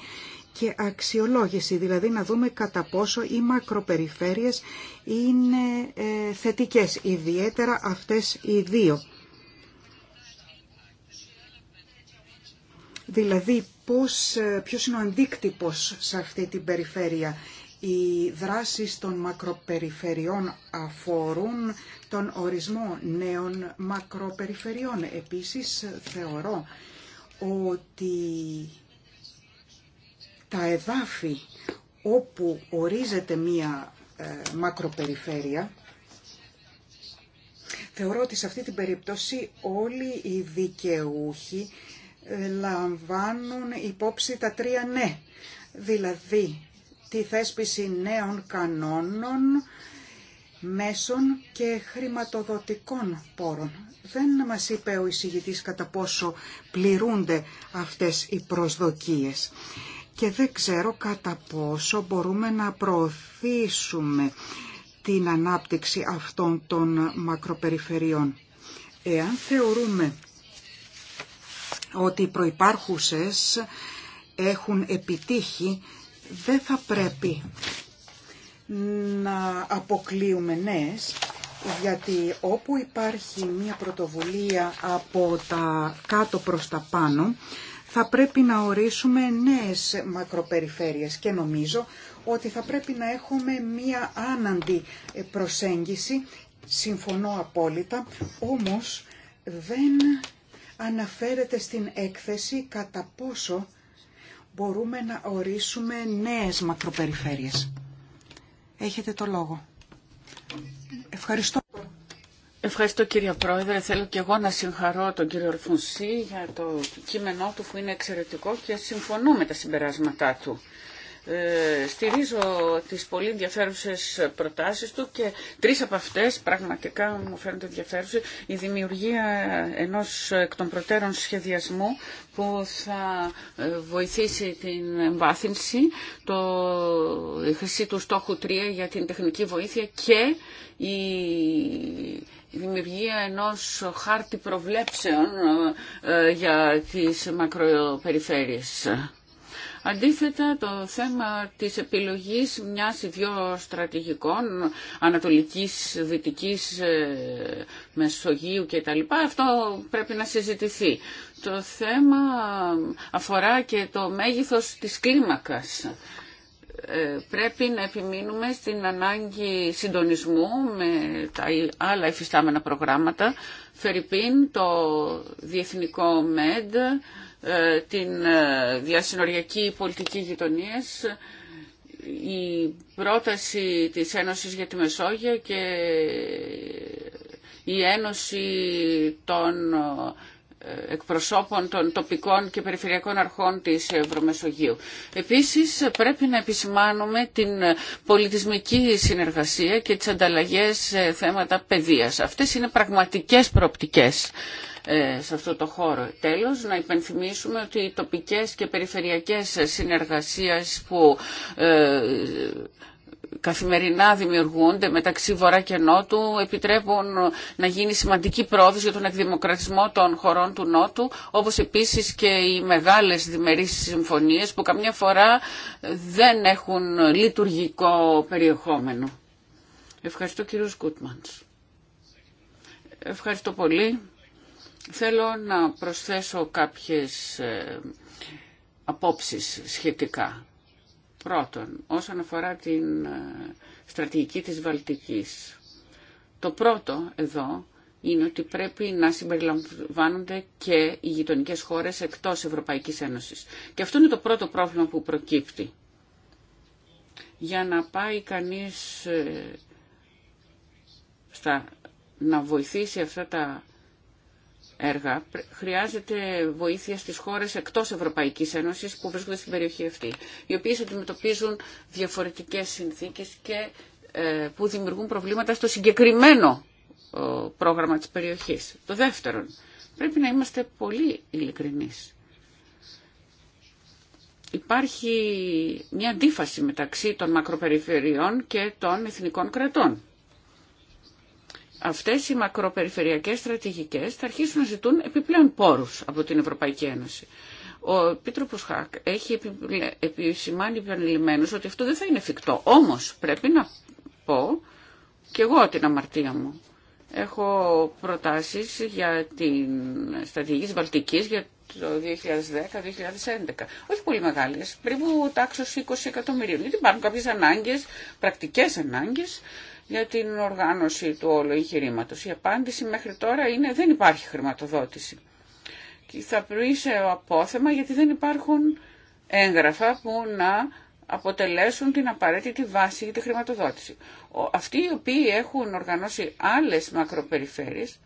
και αξιολόγηση, δηλαδή να δούμε κατά πόσο οι μακροπεριφέρειες είναι ε, θετικές, ιδιαίτερα αυτές οι δύο. Δηλαδή, πώς, ε, ποιος είναι ο αντίκτυπος σε αυτή την περιφέρεια οι δράσεις των μακροπεριφερειών αφορούν τον ορισμό νέων μακροπεριφερειών. Επίσης θεωρώ ότι τα εδάφη όπου ορίζεται μία ε, μακροπεριφέρεια, θεωρώ ότι σε αυτή την περίπτωση όλοι οι δικαιούχοι ε, λαμβάνουν υπόψη τα τρία ναι. Δηλαδή, τη θέσπιση νέων κανόνων, μέσων και χρηματοδοτικών πόρων. Δεν μας είπε ο εισηγητής κατά πόσο πληρούνται αυτές οι προσδοκίες. Και δεν ξέρω κατά πόσο μπορούμε να προωθήσουμε την ανάπτυξη αυτών των μακροπεριφερειών. Εάν θεωρούμε ότι οι προϋπάρχουσες έχουν επιτύχει δεν θα πρέπει να αποκλείουμε νέες, γιατί όπου υπάρχει μια πρωτοβουλία από τα κάτω προς τα πάνω, θα πρέπει να ορίσουμε νέες μακροπεριφέρειες και νομίζω ότι θα πρέπει να έχουμε μία άναντι προσέγγιση, συμφωνώ απόλυτα, όμως δεν αναφέρεται στην έκθεση κατά πόσο μπορούμε να ορίσουμε νέες μακροπεριφέρειες. Έχετε το λόγο. Ευχαριστώ. Ευχαριστώ κύριε Πρόεδρε. Θέλω και εγώ να συγχαρώ τον κύριο Αλφονσί για το κείμενό του που είναι εξαιρετικό και συμφωνώ με τα συμπεράσματά του. Ε, στηρίζω τις πολύ ενδιαφέρουσες προτάσεις του και τρεις από αυτές πραγματικά μου φαίνονται ενδιαφέρουσες. Η δημιουργία ενός εκ των προτέρων σχεδιασμού που θα ε, βοηθήσει την εμβάθυνση, το, η του στόχου 3 για την τεχνική βοήθεια και η δημιουργία ενός χάρτη προβλέψεων ε, για τις μακροπεριφέρειες. Αντίθετα, το θέμα της επιλογής μιας ή δυο στρατηγικών, ανατολικής, δυτικής, ε, Μεσογείου κτλ. Αυτό πρέπει να συζητηθεί. Το θέμα αφορά και το μέγεθος της κλίμακας ε, πρέπει να επιμείνουμε στην ανάγκη συντονισμού με τα άλλα εφιστάμενα προγράμματα. Φερρυπίν, το Διεθνικό ΜΕΔ, ε, την ε, διασυνοριακή πολιτική γειτονία, η πρόταση της Ένωσης για τη Μεσόγειο και η Ένωση των εκπροσώπων των τοπικών και περιφερειακών αρχών της Ευρωμεσογείου. Επίσης πρέπει να επισημάνουμε την πολιτισμική συνεργασία και τις ανταλλαγές σε θέματα παιδείας. Αυτές είναι πραγματικές προοπτικές ε, σε αυτό το χώρο. Τέλος, να υπενθυμίσουμε ότι οι τοπικές και περιφερειακές συνεργασίες που ε, καθημερινά δημιουργούνται μεταξύ Βορρά και Νότου επιτρέπουν να γίνει σημαντική πρόοδος για τον εκδημοκρατισμό των χωρών του Νότου όπως επίσης και οι μεγάλες διμερείς συμφωνίες που καμιά φορά δεν έχουν λειτουργικό περιεχόμενο. Ευχαριστώ κύριο Γκούτμαντς. Ευχαριστώ πολύ. Θέλω να προσθέσω κάποιες ε, απόψεις σχετικά. Πρώτον, όσον αφορά την ε, στρατηγική της Βαλτικής. Το πρώτο εδώ είναι ότι πρέπει να συμπεριλαμβάνονται και οι γειτονικές χώρες εκτός Ευρωπαϊκής Ένωσης. Και αυτό είναι το πρώτο πρόβλημα που προκύπτει. Για να πάει κανείς ε, στα, να βοηθήσει αυτά τα έργα χρειάζεται βοήθεια στις χώρες εκτός Ευρωπαϊκής Ένωσης που βρίσκονται στην περιοχή αυτή, οι οποίες αντιμετωπίζουν διαφορετικές συνθήκες και ε, που δημιουργούν προβλήματα στο συγκεκριμένο πρόγραμμα της περιοχής. Το δεύτερον, πρέπει να είμαστε πολύ ειλικρινείς. Υπάρχει μια αντίφαση μεταξύ των μακροπεριφερειών και των εθνικών κρατών αυτές οι μακροπεριφερειακές στρατηγικές θα αρχίσουν να ζητούν επιπλέον πόρους από την Ευρωπαϊκή Ένωση. Ο Πίτροπο Χακ έχει επισημάνει επανειλημμένως ότι αυτό δεν θα είναι εφικτό. Όμως πρέπει να πω και εγώ την αμαρτία μου. Έχω προτάσεις για την στρατηγική της Βαλτικής για το 2010-2011. Όχι πολύ μεγάλες, περίπου τάξος 20 εκατομμυρίων. Γιατί υπάρχουν κάποιες ανάγκες, πρακτικές ανάγκες, για την οργάνωση του όλου εγχειρήματο. Η απάντηση μέχρι τώρα είναι δεν υπάρχει χρηματοδότηση. Και θα πει σε απόθεμα γιατί δεν υπάρχουν έγγραφα που να αποτελέσουν την απαραίτητη βάση για τη χρηματοδότηση. Αυτοί οι οποίοι έχουν οργανώσει άλλες μακροπεριφέρειες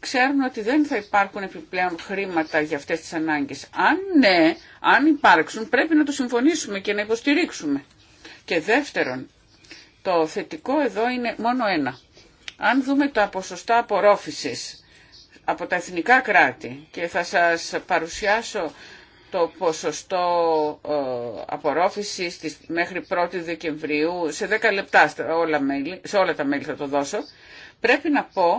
ξέρουν ότι δεν θα υπάρχουν επιπλέον χρήματα για αυτές τις ανάγκες. Αν ναι, αν υπάρξουν πρέπει να το συμφωνήσουμε και να υποστηρίξουμε. Και δεύτερον, το θετικό εδώ είναι μόνο ένα. Αν δούμε τα ποσοστά απορρόφησης από τα εθνικά κράτη και θα σας παρουσιάσω το ποσοστό ε, απορρόφησης μέχρι 1η Δεκεμβρίου, σε 10 λεπτά όλα σε όλα τα μέλη θα το δώσω, πρέπει να πω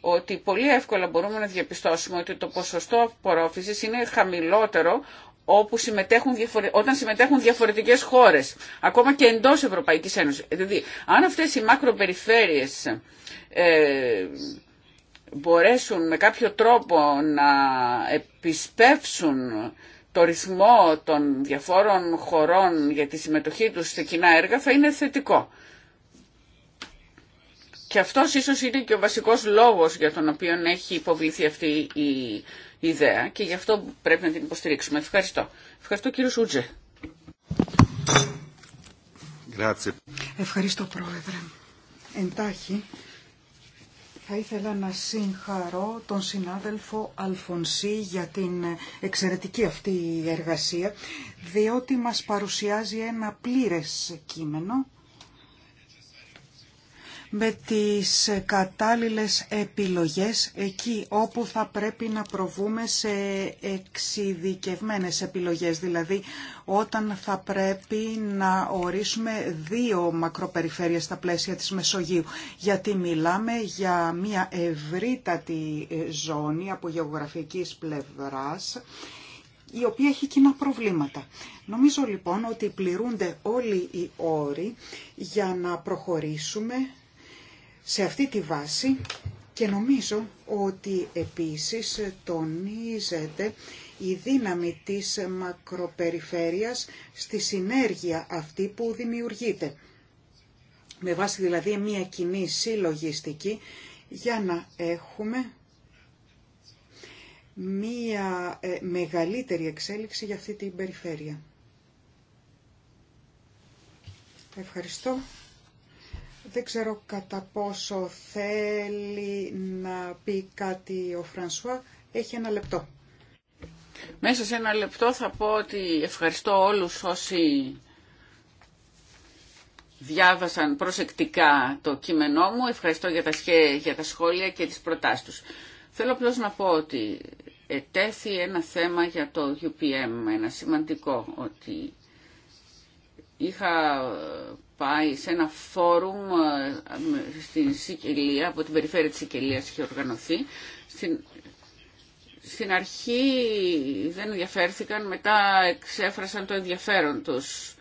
ότι πολύ εύκολα μπορούμε να διαπιστώσουμε ότι το ποσοστό απορρόφησης είναι χαμηλότερο όπου συμμετέχουν διαφορε... όταν συμμετέχουν διαφορετικές χώρες, ακόμα και εντός Ευρωπαϊκής Ένωσης. Ε, δηλαδή, αν αυτές οι μακροπεριφέρειες ε, μπορέσουν με κάποιο τρόπο να επισπεύσουν το ρυθμό των διαφόρων χωρών για τη συμμετοχή τους σε κοινά έργα θα είναι θετικό. Και αυτός ίσως είναι και ο βασικός λόγος για τον οποίο έχει υποβληθεί αυτή η ιδέα και γι' αυτό πρέπει να την υποστηρίξουμε. Ευχαριστώ. Ευχαριστώ κύριο Σούτζε. Ευχαριστώ πρόεδρε. Εντάχει, θα ήθελα να συγχαρώ τον συνάδελφο Αλφονσί για την εξαιρετική αυτή εργασία, διότι μας παρουσιάζει ένα πλήρες κείμενο με τις κατάλληλες επιλογές εκεί όπου θα πρέπει να προβούμε σε εξειδικευμένες επιλογές, δηλαδή όταν θα πρέπει να ορίσουμε δύο μακροπεριφέρειες στα πλαίσια της Μεσογείου, γιατί μιλάμε για μια ευρύτατη ε, ζώνη από γεωγραφικής πλευράς, η οποία έχει κοινά προβλήματα. Νομίζω λοιπόν ότι πληρούνται όλοι οι όροι για να προχωρήσουμε σε αυτή τη βάση και νομίζω ότι επίσης τονίζεται η δύναμη της μακροπεριφέρειας στη συνέργεια αυτή που δημιουργείται. Με βάση δηλαδή μια κοινή συλλογιστική για να έχουμε μια ε, μεγαλύτερη εξέλιξη για αυτή την περιφέρεια. Ευχαριστώ. Δεν ξέρω κατά πόσο θέλει να πει κάτι ο Φρανσουά. Έχει ένα λεπτό. Μέσα σε ένα λεπτό θα πω ότι ευχαριστώ όλους όσοι διάβασαν προσεκτικά το κείμενό μου. Ευχαριστώ για τα, για τα σχόλια και τις προτάσεις τους. Θέλω απλώ να πω ότι ετέθη ένα θέμα για το UPM, ένα σημαντικό, ότι είχα πάει σε ένα φόρουμ ε, στην Σικελία, από την περιφέρεια της Σικελίας είχε οργανωθεί. Στην, στην αρχή δεν ενδιαφέρθηκαν, μετά εξέφρασαν το ενδιαφέρον τους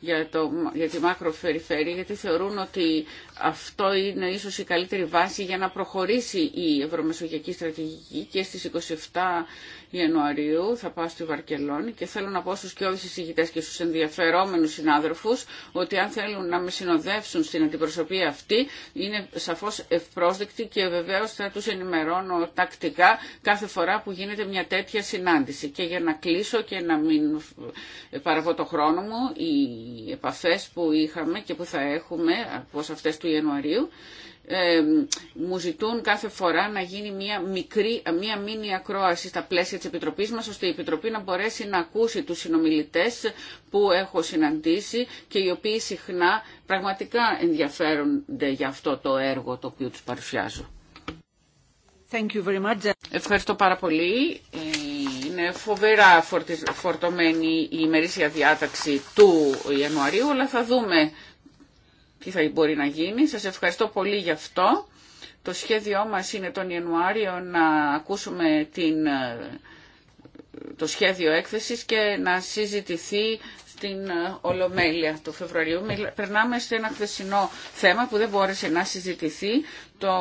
για, το, για τη μακροπεριφέρεια, γιατί θεωρούν ότι αυτό είναι ίσως η καλύτερη βάση για να προχωρήσει η ευρωμεσογειακή στρατηγική και στις 27 Ιανουαρίου θα πάω στη Βαρκελόνη και θέλω να πω στους και όλους τους και στους ενδιαφερόμενους συνάδελφους ότι αν θέλουν να με συνοδεύσουν στην αντιπροσωπεία αυτή είναι σαφώς ευπρόσδεκτοι και βεβαίως θα τους ενημερώνω τακτικά κάθε φορά που γίνεται μια τέτοια συνάντηση. Και για να κλείσω και να μην παραβώ το χρόνο μου, οι επαφές που είχαμε και που θα έχουμε από αυτές του Ιανουαρίου ε, μου ζητούν κάθε φορά να γίνει μια μικρή, μια μίνι ακρόαση στα πλαίσια της Επιτροπής μας, ώστε η Επιτροπή να μπορέσει να ακούσει τους συνομιλητές που έχω συναντήσει και οι οποίοι συχνά πραγματικά ενδιαφέρονται για αυτό το έργο το οποίο τους παρουσιάζω. Thank you very much. Ευχαριστώ πάρα πολύ. Ε, είναι φοβερά φορτωμένη η ημερήσια διάταξη του Ιανουαρίου, αλλά θα δούμε τι θα μπορεί να γίνει. Σας ευχαριστώ πολύ γι' αυτό. Το σχέδιό μας είναι τον Ιανουάριο να ακούσουμε την, ε, το σχέδιο έκθεσης και να συζητηθεί στην ε, Ολομέλεια του Φεβρουαρίου. Περνάμε σε ένα χθεσινό θέμα που δεν μπόρεσε να συζητηθεί, το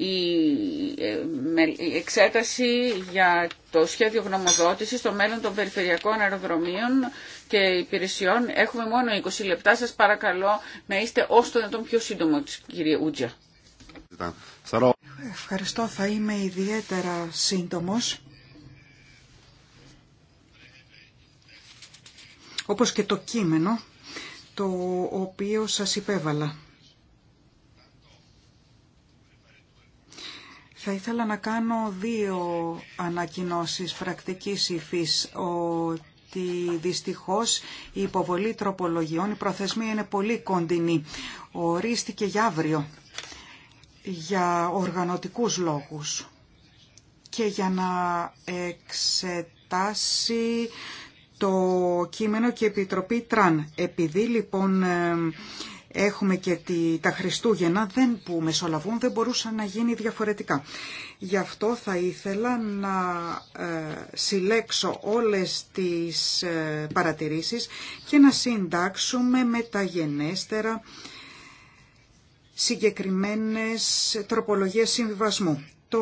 ε, η εξέταση για το σχέδιο γνωμοδότηση στο μέλλον των περιφερειακών αεροδρομίων και υπηρεσιών. Έχουμε μόνο 20 λεπτά. Σας παρακαλώ να είστε όσο το δυνατόν πιο σύντομο, κύριε Ούτζα. Ευχαριστώ. Θα είμαι ιδιαίτερα σύντομος. Όπως και το κείμενο το οποίο σας υπέβαλα. Θα ήθελα να κάνω δύο ανακοινώσεις πρακτικής υφής. Ότι δυστυχώς η υποβολή τροπολογιών, η προθεσμία είναι πολύ κοντινή. Ορίστηκε για αύριο, για οργανωτικούς λόγους και για να εξετάσει το κείμενο και η Επιτροπή Τραν. Επειδή λοιπόν Έχουμε και τη, τα Χριστούγεννα δεν, που μεσολαβούν δεν μπορούσαν να γίνει διαφορετικά. Γι' αυτό θα ήθελα να ε, συλλέξω όλες τις ε, παρατηρήσεις και να συντάξουμε με τα γενέστερα συγκεκριμένες τροπολογίες συμβιβασμού. Το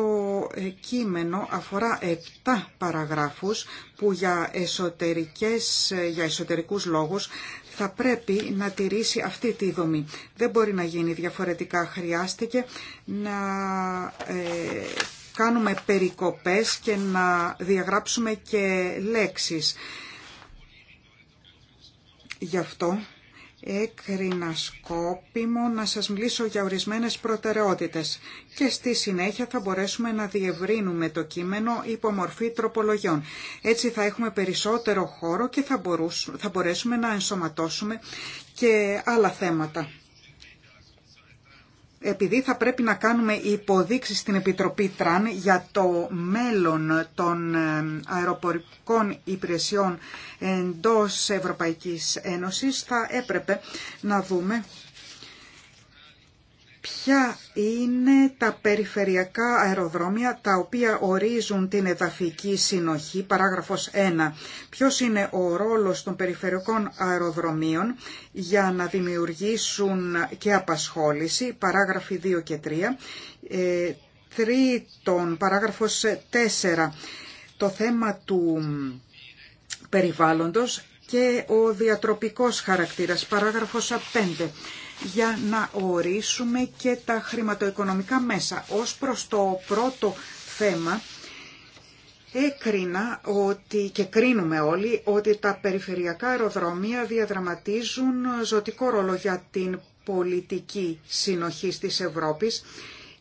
ε, κείμενο αφορά 7 παραγράφους που για, εσωτερικές, για εσωτερικούς λόγους θα πρέπει να τηρήσει αυτή τη δομή. Δεν μπορεί να γίνει διαφορετικά. Χρειάστηκε να ε, κάνουμε περικοπές και να διαγράψουμε και λέξεις. Γι' αυτό έκρινα σκόπιμο να σας μιλήσω για ορισμένες προτεραιότητες και στη συνέχεια θα μπορέσουμε να διευρύνουμε το κείμενο υπό μορφή τροπολογιών. Έτσι θα έχουμε περισσότερο χώρο και θα, θα μπορέσουμε να ενσωματώσουμε και άλλα θέματα επειδή θα πρέπει να κάνουμε υποδείξει στην Επιτροπή Τραν για το μέλλον των ε, αεροπορικών υπηρεσιών εντός Ευρωπαϊκής Ένωσης, θα έπρεπε να δούμε ποια είναι τα περιφερειακά αεροδρόμια τα οποία ορίζουν την εδαφική συνοχή, παράγραφος 1. Ποιος είναι ο ρόλος των περιφερειακών αεροδρομίων για να δημιουργήσουν και απασχόληση, παράγραφοι 2 και 3. Ε, τρίτον, παράγραφος 4. Το θέμα του περιβάλλοντος και ο διατροπικός χαρακτήρας, παράγραφος 5 για να ορίσουμε και τα χρηματοοικονομικά μέσα. Ως προς το πρώτο θέμα, έκρινα ότι, και κρίνουμε όλοι ότι τα περιφερειακά αεροδρομία διαδραματίζουν ζωτικό ρόλο για την πολιτική συνοχή της Ευρώπης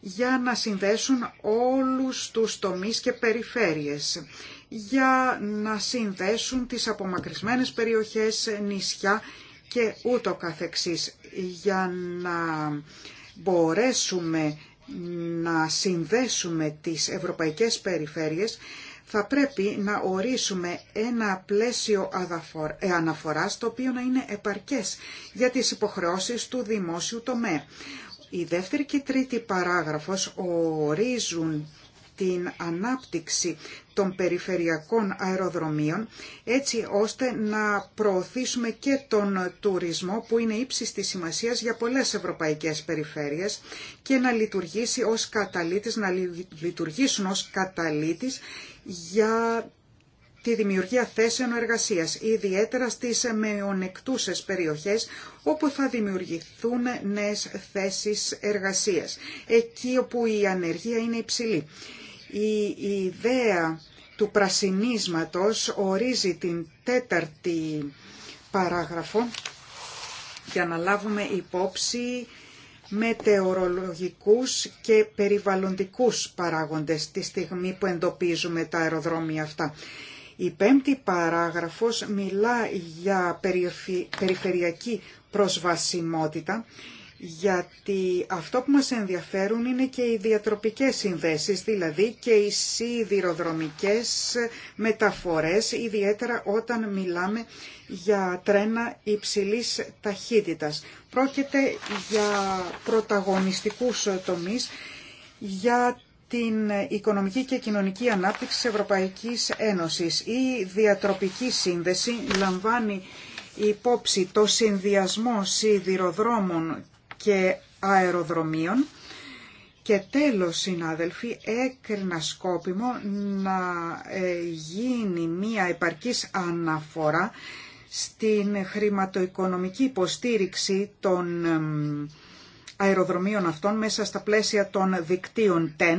για να συνδέσουν όλους τους τομείς και περιφέρειες, για να συνδέσουν τις απομακρυσμένες περιοχές, νησιά και ούτω καθεξής για να μπορέσουμε να συνδέσουμε τις ευρωπαϊκές περιφέρειες θα πρέπει να ορίσουμε ένα πλαίσιο ε, αναφοράς το οποίο να είναι επαρκές για τις υποχρεώσεις του δημόσιου τομέα. Η δεύτερη και τρίτη παράγραφος ορίζουν την ανάπτυξη των περιφερειακών αεροδρομίων έτσι ώστε να προωθήσουμε και τον τουρισμό που είναι ύψης της σημασίας για πολλές ευρωπαϊκές περιφέρειες και να λειτουργήσει ως καταλήτης, να λειτουργήσουν ως καταλήτης για τη δημιουργία θέσεων εργασίας, ιδιαίτερα στις μεονεκτούσες περιοχές όπου θα δημιουργηθούν νέες θέσεις εργασίας, εκεί όπου η ανεργία είναι υψηλή. Η ιδέα του πρασινίσματος ορίζει την τέταρτη παράγραφο για να λάβουμε υπόψη μετεωρολογικούς και περιβαλλοντικούς παράγοντες τη στιγμή που εντοπίζουμε τα αεροδρόμια αυτά. Η πέμπτη παράγραφος μιλά για περιφερειακή προσβασιμότητα γιατί αυτό που μας ενδιαφέρουν είναι και οι διατροπικές συνδέσεις, δηλαδή και οι σιδηροδρομικές μεταφορές, ιδιαίτερα όταν μιλάμε για τρένα υψηλής ταχύτητας. Πρόκειται για πρωταγωνιστικούς τομείς για την οικονομική και κοινωνική ανάπτυξη της Ευρωπαϊκής Ένωσης. Η διατροπική σύνδεση λαμβάνει υπόψη το συνδυασμό σιδηροδρόμων και αεροδρομίων. Και τέλος, συνάδελφοι, έκρινα σκόπιμο να ε, γίνει μία επαρκής αναφορά στην χρηματοοικονομική υποστήριξη των αεροδρομίων αυτών μέσα στα πλαίσια των δικτύων TEN,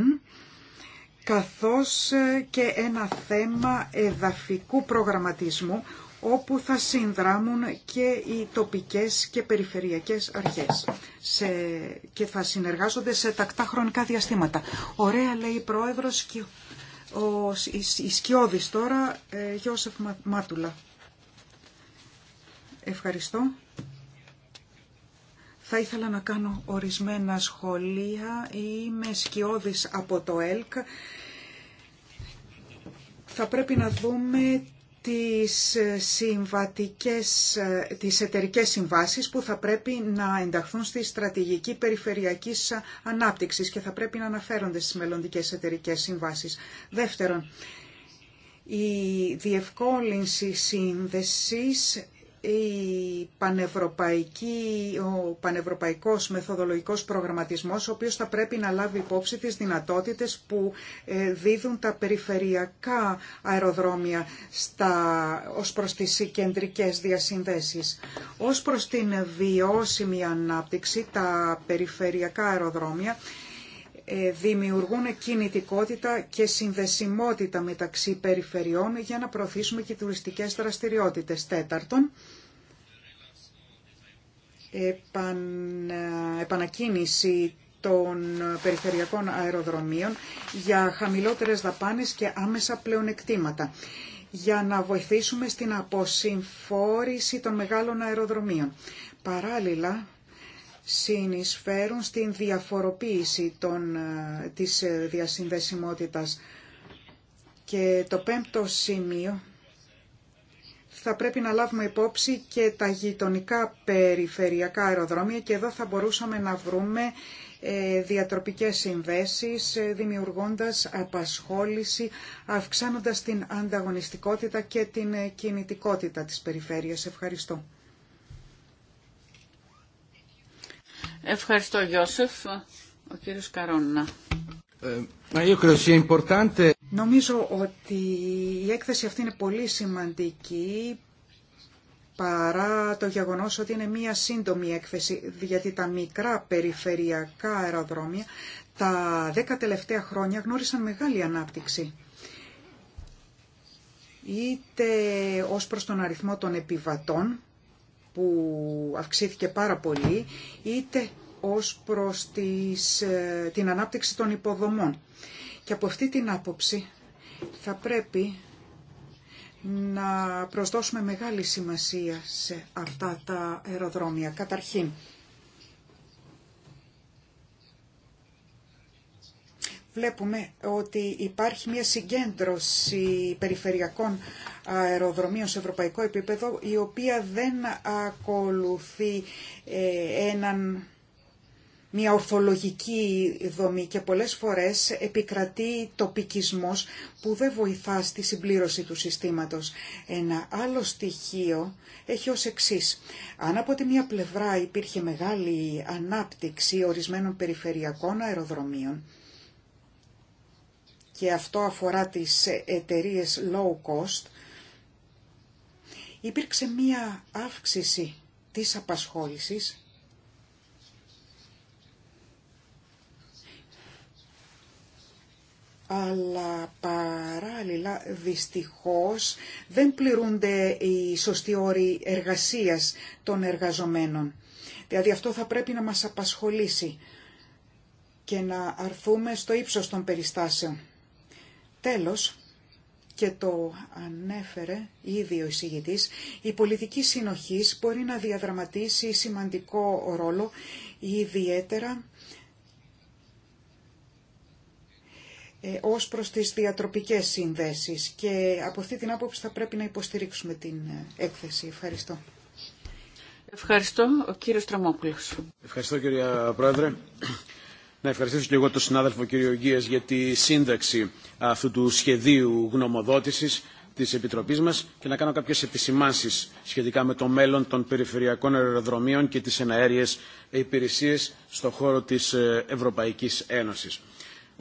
καθώς ε, και ένα θέμα εδαφικού προγραμματισμού όπου θα συνδράμουν και οι τοπικές και περιφερειακές αρχές σε... και θα συνεργάζονται σε τακτά χρονικά διαστήματα. Ωραία λέει η Πρόεδρος και ο Ισκιώδης τώρα, ε, Γιώσεφ Μάτουλα. Ευχαριστώ. Θα ήθελα να κάνω ορισμένα σχολεία. με σκιώδης από το ΕΛΚ. Θα πρέπει να δούμε τις ε, συμβατικές, ε, τις εταιρικές συμβάσεις που θα πρέπει να ενταχθούν στη στρατηγική περιφερειακής ε, ανάπτυξης και θα πρέπει να αναφέρονται στις μελλοντικές εταιρικές συμβάσεις. Δεύτερον, η διευκόλυνση σύνδεσης η πανευρωπαϊκή, ο πανευρωπαϊκός μεθοδολογικός προγραμματισμός, ο οποίος θα πρέπει να λάβει υπόψη τις δυνατότητες που ε, δίδουν τα περιφερειακά αεροδρόμια στα, ως προς τις κεντρικές διασυνδέσεις. Ως προς την βιώσιμη ανάπτυξη, τα περιφερειακά αεροδρόμια ε, δημιουργούν κινητικότητα και συνδεσιμότητα μεταξύ περιφερειών για να προωθήσουμε και τουριστικές δραστηριότητες. Τέταρτον, ε, επανακίνηση των περιφερειακών αεροδρομίων για χαμηλότερες δαπάνες και άμεσα πλεονεκτήματα για να βοηθήσουμε στην αποσυμφόρηση των μεγάλων αεροδρομίων. Παράλληλα, συνεισφέρουν στην διαφοροποίηση των, ε, της ε, διασυνδεσιμότητας. Και το πέμπτο σημείο θα πρέπει να λάβουμε υπόψη και τα γειτονικά περιφερειακά αεροδρόμια και εδώ θα μπορούσαμε να βρούμε ε, διατροπικές συνδέσεις, δημιουργώντας απασχόληση, αυξάνοντας την ανταγωνιστικότητα και την κινητικότητα της περιφέρειας. Ευχαριστώ. Ευχαριστώ Γιώσεφ. Ο κύριος Καρόνα. Ε, Νομίζω ότι η έκθεση αυτή είναι πολύ σημαντική παρά το γεγονός ότι είναι μία σύντομη έκθεση, γιατί τα μικρά περιφερειακά αεροδρόμια τα δέκα τελευταία χρόνια γνώρισαν μεγάλη ανάπτυξη. Είτε ως προς τον αριθμό των επιβατών, που αυξήθηκε πάρα πολύ, είτε ως προς ε, την ανάπτυξη των υποδομών. Και από αυτή την άποψη θα πρέπει να προσδώσουμε μεγάλη σημασία σε αυτά τα αεροδρόμια. Καταρχήν, βλέπουμε ότι υπάρχει μια συγκέντρωση περιφερειακών αεροδρομίων σε ευρωπαϊκό επίπεδο η οποία δεν ακολουθεί ε, έναν μια ορθολογική δομή και πολλές φορές επικρατεί τοπικισμός που δεν βοηθά στη συμπλήρωση του συστήματος. Ένα άλλο στοιχείο έχει ως εξής. Αν από τη μία πλευρά υπήρχε μεγάλη ανάπτυξη ορισμένων περιφερειακών αεροδρομίων, και αυτό αφορά τις εταιρείε low cost, υπήρξε μία αύξηση της απασχόλησης αλλά παράλληλα δυστυχώς δεν πληρούνται οι σωστοί όροι εργασίας των εργαζομένων. Δηλαδή αυτό θα πρέπει να μας απασχολήσει και να αρθούμε στο ύψος των περιστάσεων. Τέλος, και το ανέφερε ήδη ο εισηγητής, η πολιτική συνοχής μπορεί να διαδραματίσει σημαντικό ρόλο, ιδιαίτερα ε, ως προς τις διατροπικές συνδέσεις και από αυτή την άποψη θα πρέπει να υποστηρίξουμε την ε, έκθεση. Ευχαριστώ. Ευχαριστώ. Ο κύριος Ευχαριστώ κυρία Πρόεδρε. Να ευχαριστήσω και εγώ τον συνάδελφο κύριο Γκίας για τη σύνταξη αυτού του σχεδίου γνωμοδότησης της Επιτροπής μας και να κάνω κάποιες επισημάνσεις σχετικά με το μέλλον των περιφερειακών αεροδρομίων και τις εναέριες υπηρεσίες στον χώρο της ε, Ευρωπαϊκής Ένωσης.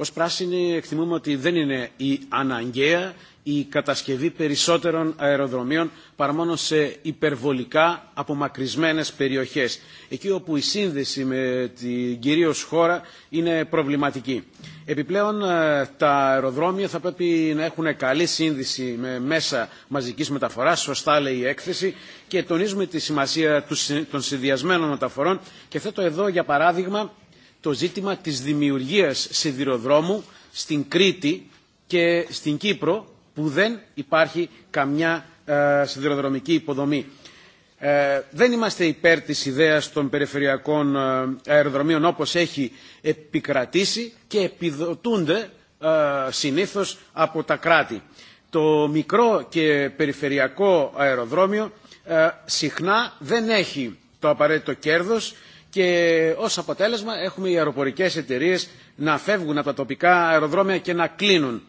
Ως πράσινοι εκτιμούμε ότι δεν είναι η αναγκαία η κατασκευή περισσότερων αεροδρομίων παρά μόνο σε υπερβολικά απομακρυσμένες περιοχές, εκεί όπου η σύνδεση με την κυρίως χώρα είναι προβληματική. Επιπλέον, ε, τα αεροδρόμια θα πρέπει να έχουν καλή σύνδεση με μέσα μαζικής μεταφοράς, σωστά λέει η έκθεση, και τονίζουμε τη σημασία των συνδυασμένων μεταφορών και θέτω εδώ, για παράδειγμα, το ζήτημα της δημιουργίας σιδηροδρόμου στην Κρήτη και στην Κύπρο που δεν υπάρχει καμιά ε, σιδηροδρομική υποδομή. Ε, δεν είμαστε υπέρ της ιδέας των περιφερειακών ε, αεροδρομίων όπως έχει επικρατήσει και επιδοτούνται ε, συνήθως από τα κράτη. Το μικρό και περιφερειακό αεροδρόμιο συχνά δεν έχει το απαραίτητο κέρδος και ως αποτέλεσμα έχουμε οι αεροπορικές εταιρείες να φεύγουν από τα τοπικά αεροδρόμια και να κλείνουν.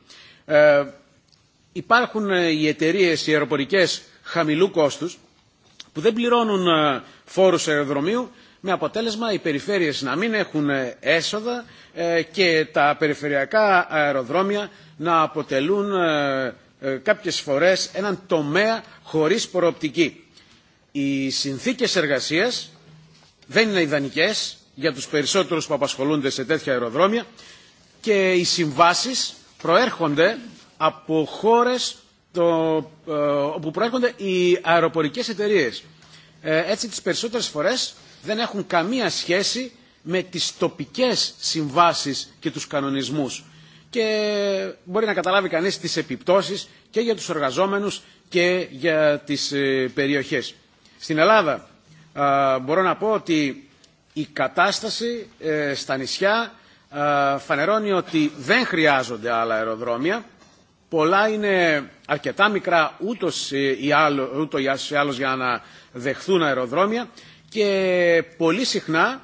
Ε, υπάρχουν ε, οι εταιρείες, οι αεροπορικές χαμηλού κόστους που δεν πληρώνουν ε, φόρους αεροδρομίου με αποτέλεσμα οι περιφέρειες να μην έχουν έσοδα και τα περιφερειακά αεροδρόμια να αποτελούν κάποιες φορές έναν τομέα χωρίς προοπτική. Οι συνθήκες εργασίας δεν είναι ιδανικέ για τους περισσότερους που απασχολούνται σε τέτοια αεροδρόμια και οι συμβάσεις προέρχονται από χώρες το, ε, όπου προέρχονται οι αεροπορικές εταιρείες. Ε, έτσι τις περισσότερες φορές δεν έχουν καμία σχέση με τις τοπικές συμβάσεις και τους κανονισμούς. Και μπορεί να καταλάβει κανείς τις επιπτώσεις και για τους εργαζόμενους και για τις ε, περιοχές. Στην Ελλάδα ε, μπορώ να πω ότι η κατάσταση ε, στα νησιά ε, φανερώνει ότι δεν χρειάζονται άλλα αεροδρόμια. Πολλά είναι αρκετά μικρά ούτως ή, άλλο, για να δεχθούν αεροδρόμια και πολύ συχνά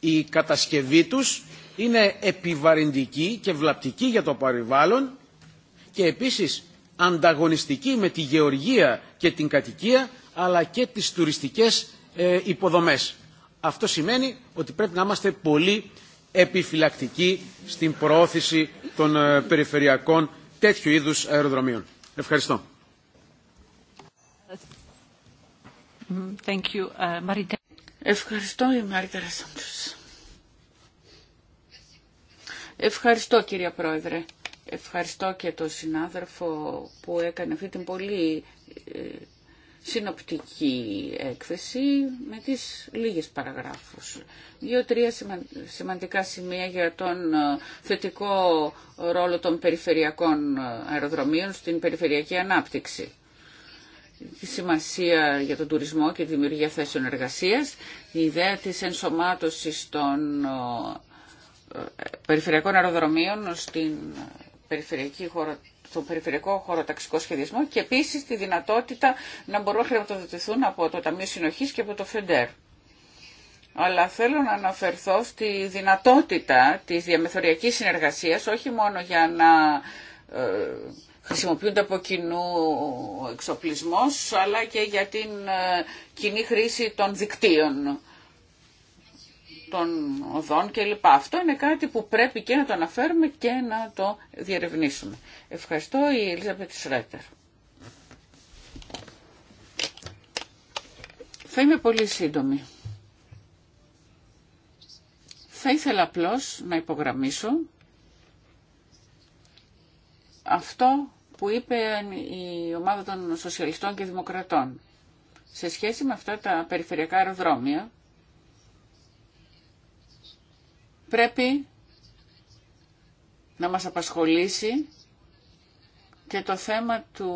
η κατασκευή τους είναι επιβαρυντική και βλαπτική για το περιβάλλον και επίσης ανταγωνιστική με τη γεωργία και την κατοικία αλλά και τις τουριστικές ε, υποδομές. Αυτό σημαίνει ότι πρέπει να είμαστε πολύ επιφυλακτικοί στην προώθηση των ε, περιφερειακών τέτοιου είδους αεροδρομίων. Ευχαριστώ. Thank you. Ε, Ευχαριστώ η Μαρίτα Ευχαριστώ κύριε Πρόεδρε. Ευχαριστώ και τον συνάδελφο που έκανε αυτή την πολύ συνοπτική έκθεση με τις λίγες παραγράφους. Δύο-τρία σημαντικά σημεία για τον ε, θετικό ρόλο των περιφερειακών ε, αεροδρομίων στην περιφερειακή ανάπτυξη. Η σημασία για τον τουρισμό και τη δημιουργία θέσεων εργασίας, η ιδέα της ενσωμάτωσης των ε, περιφερειακών αεροδρομίων στην περιφερειακή χώρα στο περιφερειακό χωροταξικό σχεδιασμό και επίσης τη δυνατότητα να μπορούν να χρηματοδοτηθούν από το Ταμείο Συνοχής και από το ΦΕΝΤΕΡ. Αλλά θέλω να αναφερθώ στη δυνατότητα της διαμεθοριακής συνεργασίας, όχι μόνο για να ε, χρησιμοποιούνται από κοινού εξοπλισμός, αλλά και για την ε, κοινή χρήση των δικτύων των οδών κλπ. Αυτό είναι κάτι που πρέπει και να το αναφέρουμε και να το διερευνήσουμε. Ευχαριστώ η Ελίζα Σρέτερ. Θα είμαι πολύ σύντομη. Θα ήθελα απλώς να υπογραμμίσω αυτό που είπε η ομάδα των Σοσιαλιστών και Δημοκρατών σε σχέση με αυτά τα περιφερειακά αεροδρόμια πρέπει να μας απασχολήσει και το θέμα του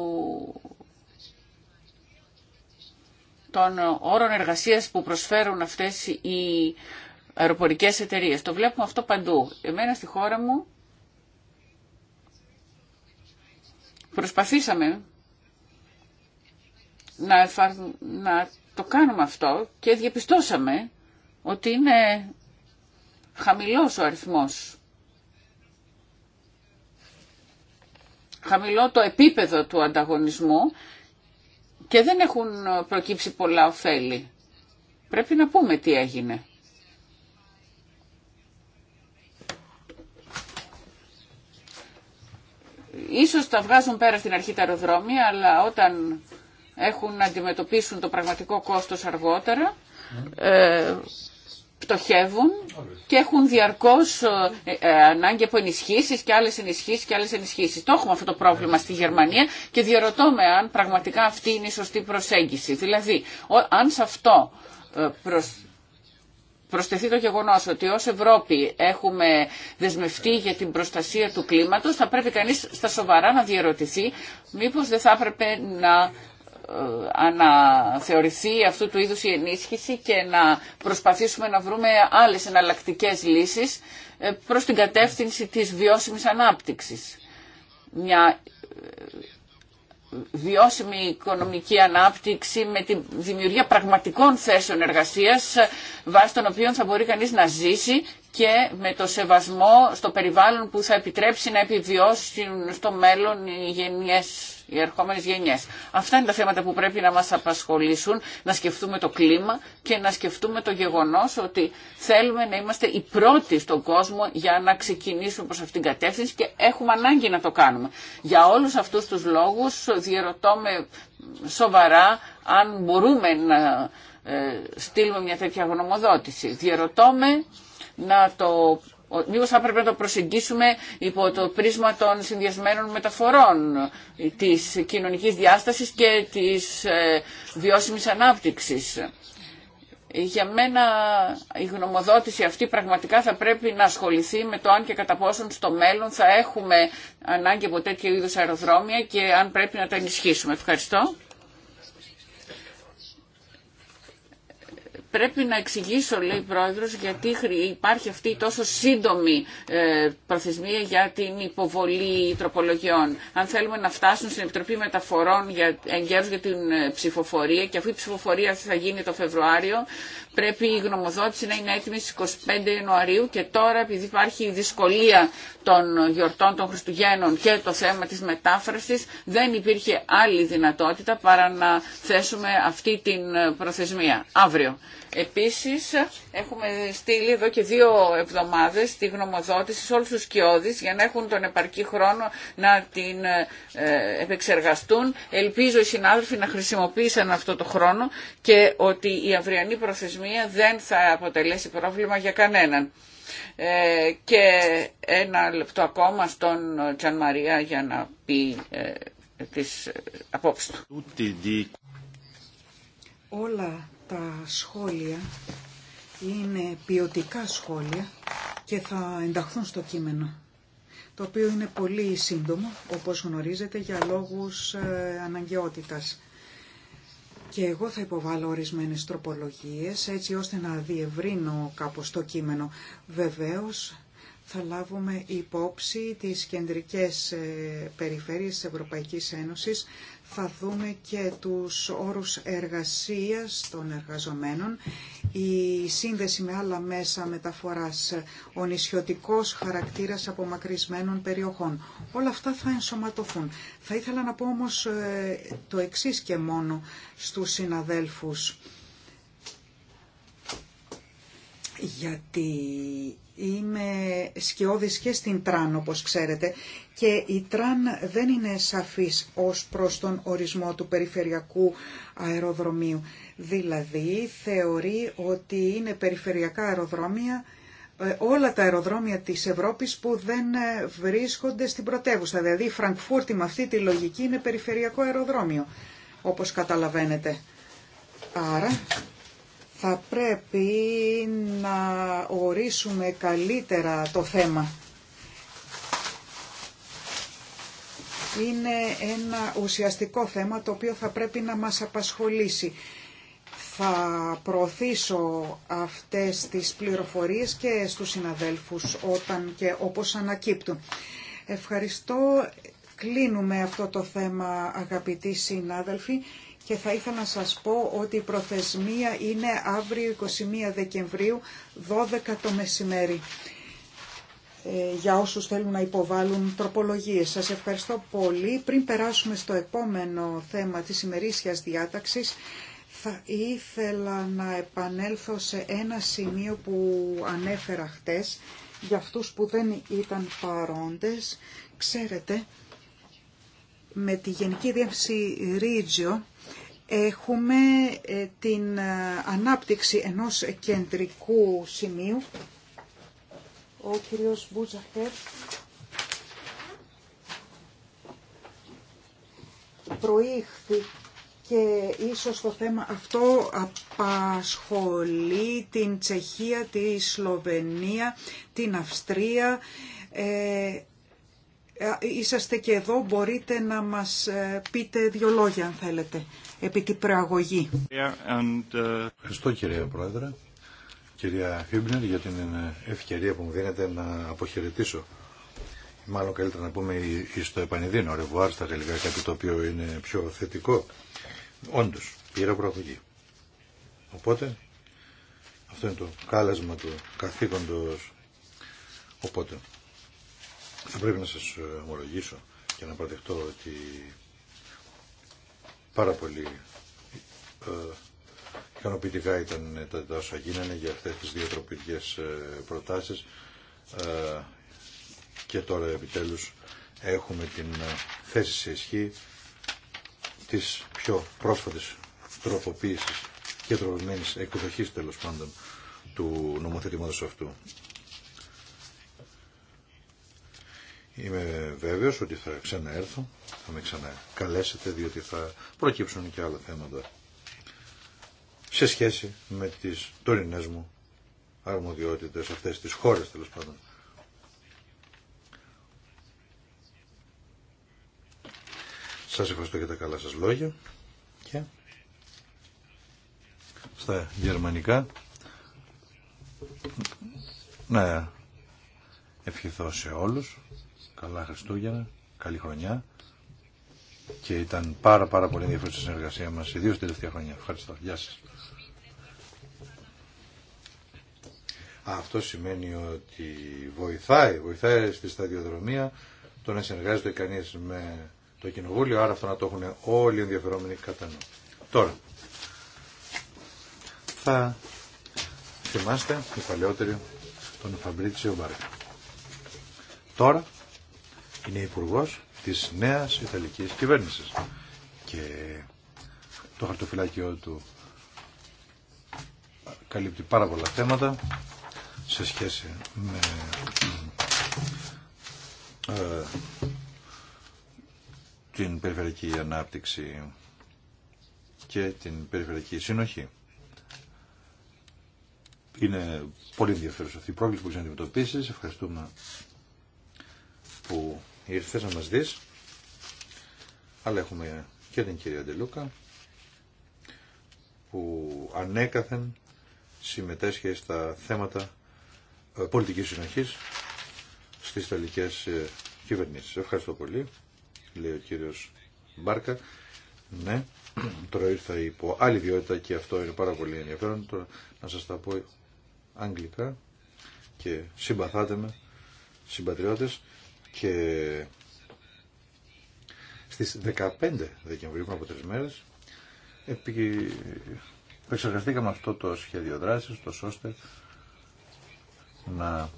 των όρων εργασίας που προσφέρουν αυτές οι αεροπορικές εταιρείες. Το βλέπουμε αυτό παντού. Εμένα στη χώρα μου προσπαθήσαμε να, να το κάνουμε αυτό και διαπιστώσαμε ότι είναι χαμηλός ο αριθμός. Χαμηλό το επίπεδο του ανταγωνισμού και δεν έχουν προκύψει πολλά ωφέλη. Πρέπει να πούμε τι έγινε. Ίσως τα βγάζουν πέρα στην αρχή τα αεροδρόμια, αλλά όταν έχουν να αντιμετωπίσουν το πραγματικό κόστος αργότερα, ε, πτωχεύουν και έχουν διαρκώς ε, ε, ανάγκη από ενισχύσεις και άλλες ενισχύσεις και άλλες ενισχύσεις. Το έχουμε αυτό το πρόβλημα στη Γερμανία και διαρωτώ με αν πραγματικά αυτή είναι η σωστή προσέγγιση. Δηλαδή, αν σε αυτό ε, Προσθεθεί το γεγονό ότι ω Ευρώπη έχουμε δεσμευτεί για την προστασία του κλίματο, θα πρέπει κανεί στα σοβαρά να διαρωτηθεί μήπω δεν θα έπρεπε να αναθεωρηθεί αυτού του είδους η ενίσχυση και να προσπαθήσουμε να βρούμε άλλες εναλλακτικέ λύσεις ε, προς την κατεύθυνση της βιώσιμης ανάπτυξης. Μια ε, βιώσιμη οικονομική ανάπτυξη με τη δημιουργία πραγματικών θέσεων εργασίας ε, βάσει των οποίων θα μπορεί κανείς να ζήσει και με το σεβασμό στο περιβάλλον που θα επιτρέψει να επιβιώσουν στο μέλλον οι γενιές, οι ερχόμενες γενιές. Αυτά είναι τα θέματα που πρέπει να μας απασχολήσουν, να σκεφτούμε το κλίμα και να σκεφτούμε το γεγονός ότι θέλουμε να είμαστε οι πρώτοι στον κόσμο για να ξεκινήσουμε προς αυτήν την κατεύθυνση και έχουμε ανάγκη να το κάνουμε. Για όλους αυτούς τους λόγους διερωτώ με σοβαρά αν μπορούμε να ε, στείλουμε μια τέτοια γνωμοδότηση. Διερωτώ να το μήπως θα πρέπει να το προσεγγίσουμε υπό το πρίσμα των συνδυασμένων μεταφορών της κοινωνικής διάστασης και της ε, βιώσιμης ανάπτυξης. Για μένα η γνωμοδότηση αυτή πραγματικά θα πρέπει να ασχοληθεί με το αν και κατά πόσον στο μέλλον θα έχουμε ανάγκη από τέτοιου είδους αεροδρόμια και αν πρέπει να τα ενισχύσουμε. Ευχαριστώ. Πρέπει να εξηγήσω, λέει η Πρόεδρος, γιατί υπάρχει αυτή η τόσο σύντομη ε, προθεσμία για την υποβολή τροπολογιών. Αν θέλουμε να φτάσουν στην Επιτροπή Μεταφορών για, για την ε, ψηφοφορία και αφού η ψηφοφορία θα γίνει το Φεβρουάριο, Πρέπει η γνωμοδότηση να είναι έτοιμη στις 25 Ιανουαρίου και τώρα επειδή υπάρχει η δυσκολία των γιορτών των Χριστουγέννων και το θέμα της μετάφρασης δεν υπήρχε άλλη δυνατότητα παρά να θέσουμε αυτή την ε, προθεσμία αύριο. Επίσης, έχουμε στείλει εδώ και δύο εβδομάδες τη γνωμοδότηση σε όλους τους σκιώδεις για να έχουν τον επαρκή χρόνο να την ε, επεξεργαστούν. Ελπίζω οι συνάδελφοι να χρησιμοποίησαν αυτό το χρόνο και ότι η αυριανή προθεσμία δεν θα αποτελέσει πρόβλημα για κανέναν. Ε, και ένα λεπτό ακόμα στον Τζαν Μαρία για να πει ε, τις απόψεις του. Όλα τα σχόλια είναι ποιοτικά σχόλια και θα ενταχθούν στο κείμενο, το οποίο είναι πολύ σύντομο, όπως γνωρίζετε, για λόγους ε, αναγκαιότητας. Και εγώ θα υποβάλω ορισμένες τροπολογίες, έτσι ώστε να διευρύνω κάπως το κείμενο. Βεβαίως, θα λάβουμε υπόψη τις κεντρικές ε, περιφέρειες της Ευρωπαϊκής Ένωσης θα δούμε και τους όρους εργασίας των εργαζομένων, η σύνδεση με άλλα μέσα μεταφοράς, ο νησιωτικός χαρακτήρας απομακρυσμένων περιοχών. Όλα αυτά θα ενσωματωθούν. Θα ήθελα να πω όμως ε, το εξής και μόνο στους συναδέλφους, γιατί είμαι σκιώδης και στην Τραν, όπως ξέρετε, και η ΤΡΑΝ δεν είναι σαφής ως προς τον ορισμό του περιφερειακού αεροδρομίου. Δηλαδή θεωρεί ότι είναι περιφερειακά αεροδρόμια ε, όλα τα αεροδρόμια της Ευρώπης που δεν ε, βρίσκονται στην πρωτεύουσα. Δηλαδή η Φραγκφούρτη με αυτή τη λογική είναι περιφερειακό αεροδρόμιο, όπως καταλαβαίνετε. Άρα θα πρέπει να ορίσουμε καλύτερα το θέμα είναι ένα ουσιαστικό θέμα το οποίο θα πρέπει να μας απασχολήσει. Θα προωθήσω αυτές τις πληροφορίες και στους συναδέλφους όταν και όπως ανακύπτουν. Ευχαριστώ. Κλείνουμε αυτό το θέμα αγαπητοί συνάδελφοι και θα ήθελα να σας πω ότι η προθεσμία είναι αύριο 21 Δεκεμβρίου 12 το μεσημέρι. Ε, για όσους θέλουν να υποβάλουν τροπολογίες. Σας ευχαριστώ πολύ. Πριν περάσουμε στο επόμενο θέμα της ημερήσιας διάταξης, θα ήθελα να επανέλθω σε ένα σημείο που ανέφερα χτες για αυτούς που δεν ήταν παρόντες. Ξέρετε, με τη Γενική Διεύθυνση Ρίτζιο έχουμε ε, την ε, ανάπτυξη ενός κεντρικού σημείου ο κύριος Μπούτζαχερ προήχθη και ίσως το θέμα αυτό απασχολεί την Τσεχία, τη Σλοβενία, την Αυστρία. Ε, ε είσαστε και εδώ, μπορείτε να μας ε, πείτε δύο λόγια αν θέλετε, επί την προαγωγή. Ε, Ευχαριστώ κύριε Πρόεδρε κυρία Χίμπνερ για την ε, ευκαιρία που μου δίνετε να αποχαιρετήσω. Μάλλον καλύτερα να πούμε στο επανειδήν, ρεβουάρ στα γαλλικά, κάτι το οποίο είναι πιο θετικό. Όντως, πήρα προαγωγή. Οπότε, αυτό είναι το κάλεσμα του καθήκοντος. Οπότε, θα πρέπει να σας ε, ομολογήσω και να παραδεχτώ ότι πάρα πολύ ε, ικανοποιητικά ήταν τα, όσα γίνανε για αυτές τις δύο τροπικές ε, προτάσεις ε, και τώρα επιτέλους έχουμε την ε, θέση σε ισχύ της πιο πρόσφατης τροποποίησης και τροποποιημένης εκδοχής τέλος πάντων του νομοθετήματος αυτού. Είμαι βέβαιος ότι θα ξαναέρθω, θα με ξανακαλέσετε διότι θα προκύψουν και άλλα θέματα σε σχέση με τις τωρινές μου αρμοδιότητες αυτές τις χώρες τέλος πάντων. Σας ευχαριστώ για τα καλά σας λόγια και στα γερμανικά να ευχηθώ σε όλους καλά Χριστούγεννα, καλή χρονιά και ήταν πάρα πάρα πολύ ενδιαφέρουσα η συνεργασία μας, ιδίως δύο τελευταία χρόνια. Ευχαριστώ. Γεια σας. Αυτό σημαίνει ότι βοηθάει, βοηθάει στη σταδιοδρομία το να συνεργάζεται κανείς με το κοινοβούλιο, άρα αυτό να το έχουν όλοι οι ενδιαφερόμενοι κατά νου. Τώρα, θα θυμάστε οι παλαιότερο τον Φαμπρίτσιο Μπάρκα. Τώρα είναι υπουργό της νέας Ιταλικής κυβέρνησης. Και το χαρτοφυλάκιό του καλύπτει πάρα πολλά θέματα σε σχέση με ε, την περιφερειακή ανάπτυξη και την περιφερειακή συνοχή. Είναι πολύ ενδιαφέρον αυτή η πρόκληση που να αντιμετωπίσει. Ευχαριστούμε που ήρθες να μας δεις. Αλλά έχουμε και την κυρία Ντελούκα που ανέκαθεν συμμετέσχε στα θέματα ε, πολιτικής συνοχής στις ιταλικές ε, κυβερνήσεις. Ευχαριστώ πολύ, λέει ο κύριος Μπάρκα. Ναι, τώρα ήρθα υπό άλλη ιδιότητα και αυτό είναι πάρα πολύ ενδιαφέρον. Τώρα να σας τα πω αγγλικά και συμπαθάτε με, συμπατριώτες. Και στις 15 Δεκεμβρίου, από τρεις μέρες, επί... εξεργαστήκαμε αυτό το σχέδιο δράσης, το ώστε να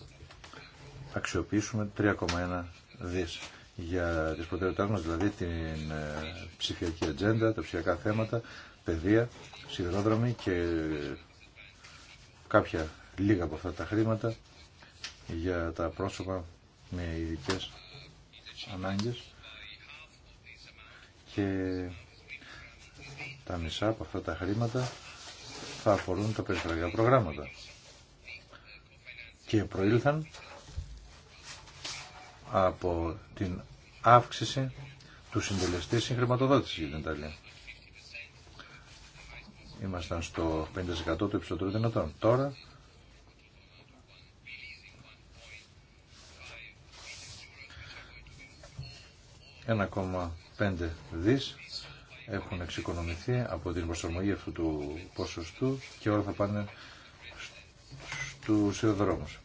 αξιοποιήσουμε 3,1 δις για τις προτεραιότητές μας, δηλαδή την ε, ψηφιακή ατζέντα, τα ψηφιακά θέματα, παιδεία, σιδηρόδρομοι και κάποια λίγα από αυτά τα χρήματα για τα πρόσωπα με ειδικέ ανάγκες και τα μισά από αυτά τα χρήματα θα αφορούν τα περιφερειακά προγράμματα και προήλθαν από την αύξηση του συντελεστή συγχρηματοδότηση για την Ιταλία. Ήμασταν στο 50% του υψηλότερου δυνατών. Τώρα 1,5 δις έχουν εξοικονομηθεί από την προσαρμογή αυτού του ποσοστού και όλα θα πάνε στους δρόμους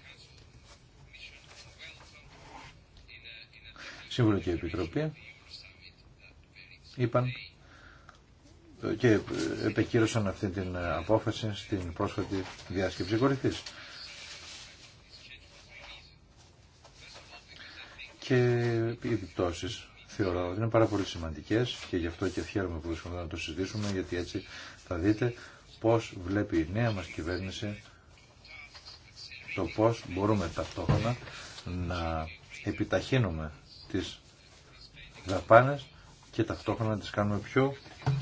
Σύμβουλο και η Επιτροπή είπαν και επεκύρωσαν αυτή την απόφαση στην πρόσφατη διάσκεψη κορυφής. Και οι επιπτώσεις θεωρώ ότι είναι πάρα πολύ σημαντικέ και γι' αυτό και χαίρομαι που βρίσκομαι να το συζητήσουμε γιατί έτσι θα δείτε πώς βλέπει η νέα μα κυβέρνηση το πώς μπορούμε ταυτόχρονα να επιταχύνουμε τις δαπάνε και ταυτόχρονα να τις κάνουμε πιο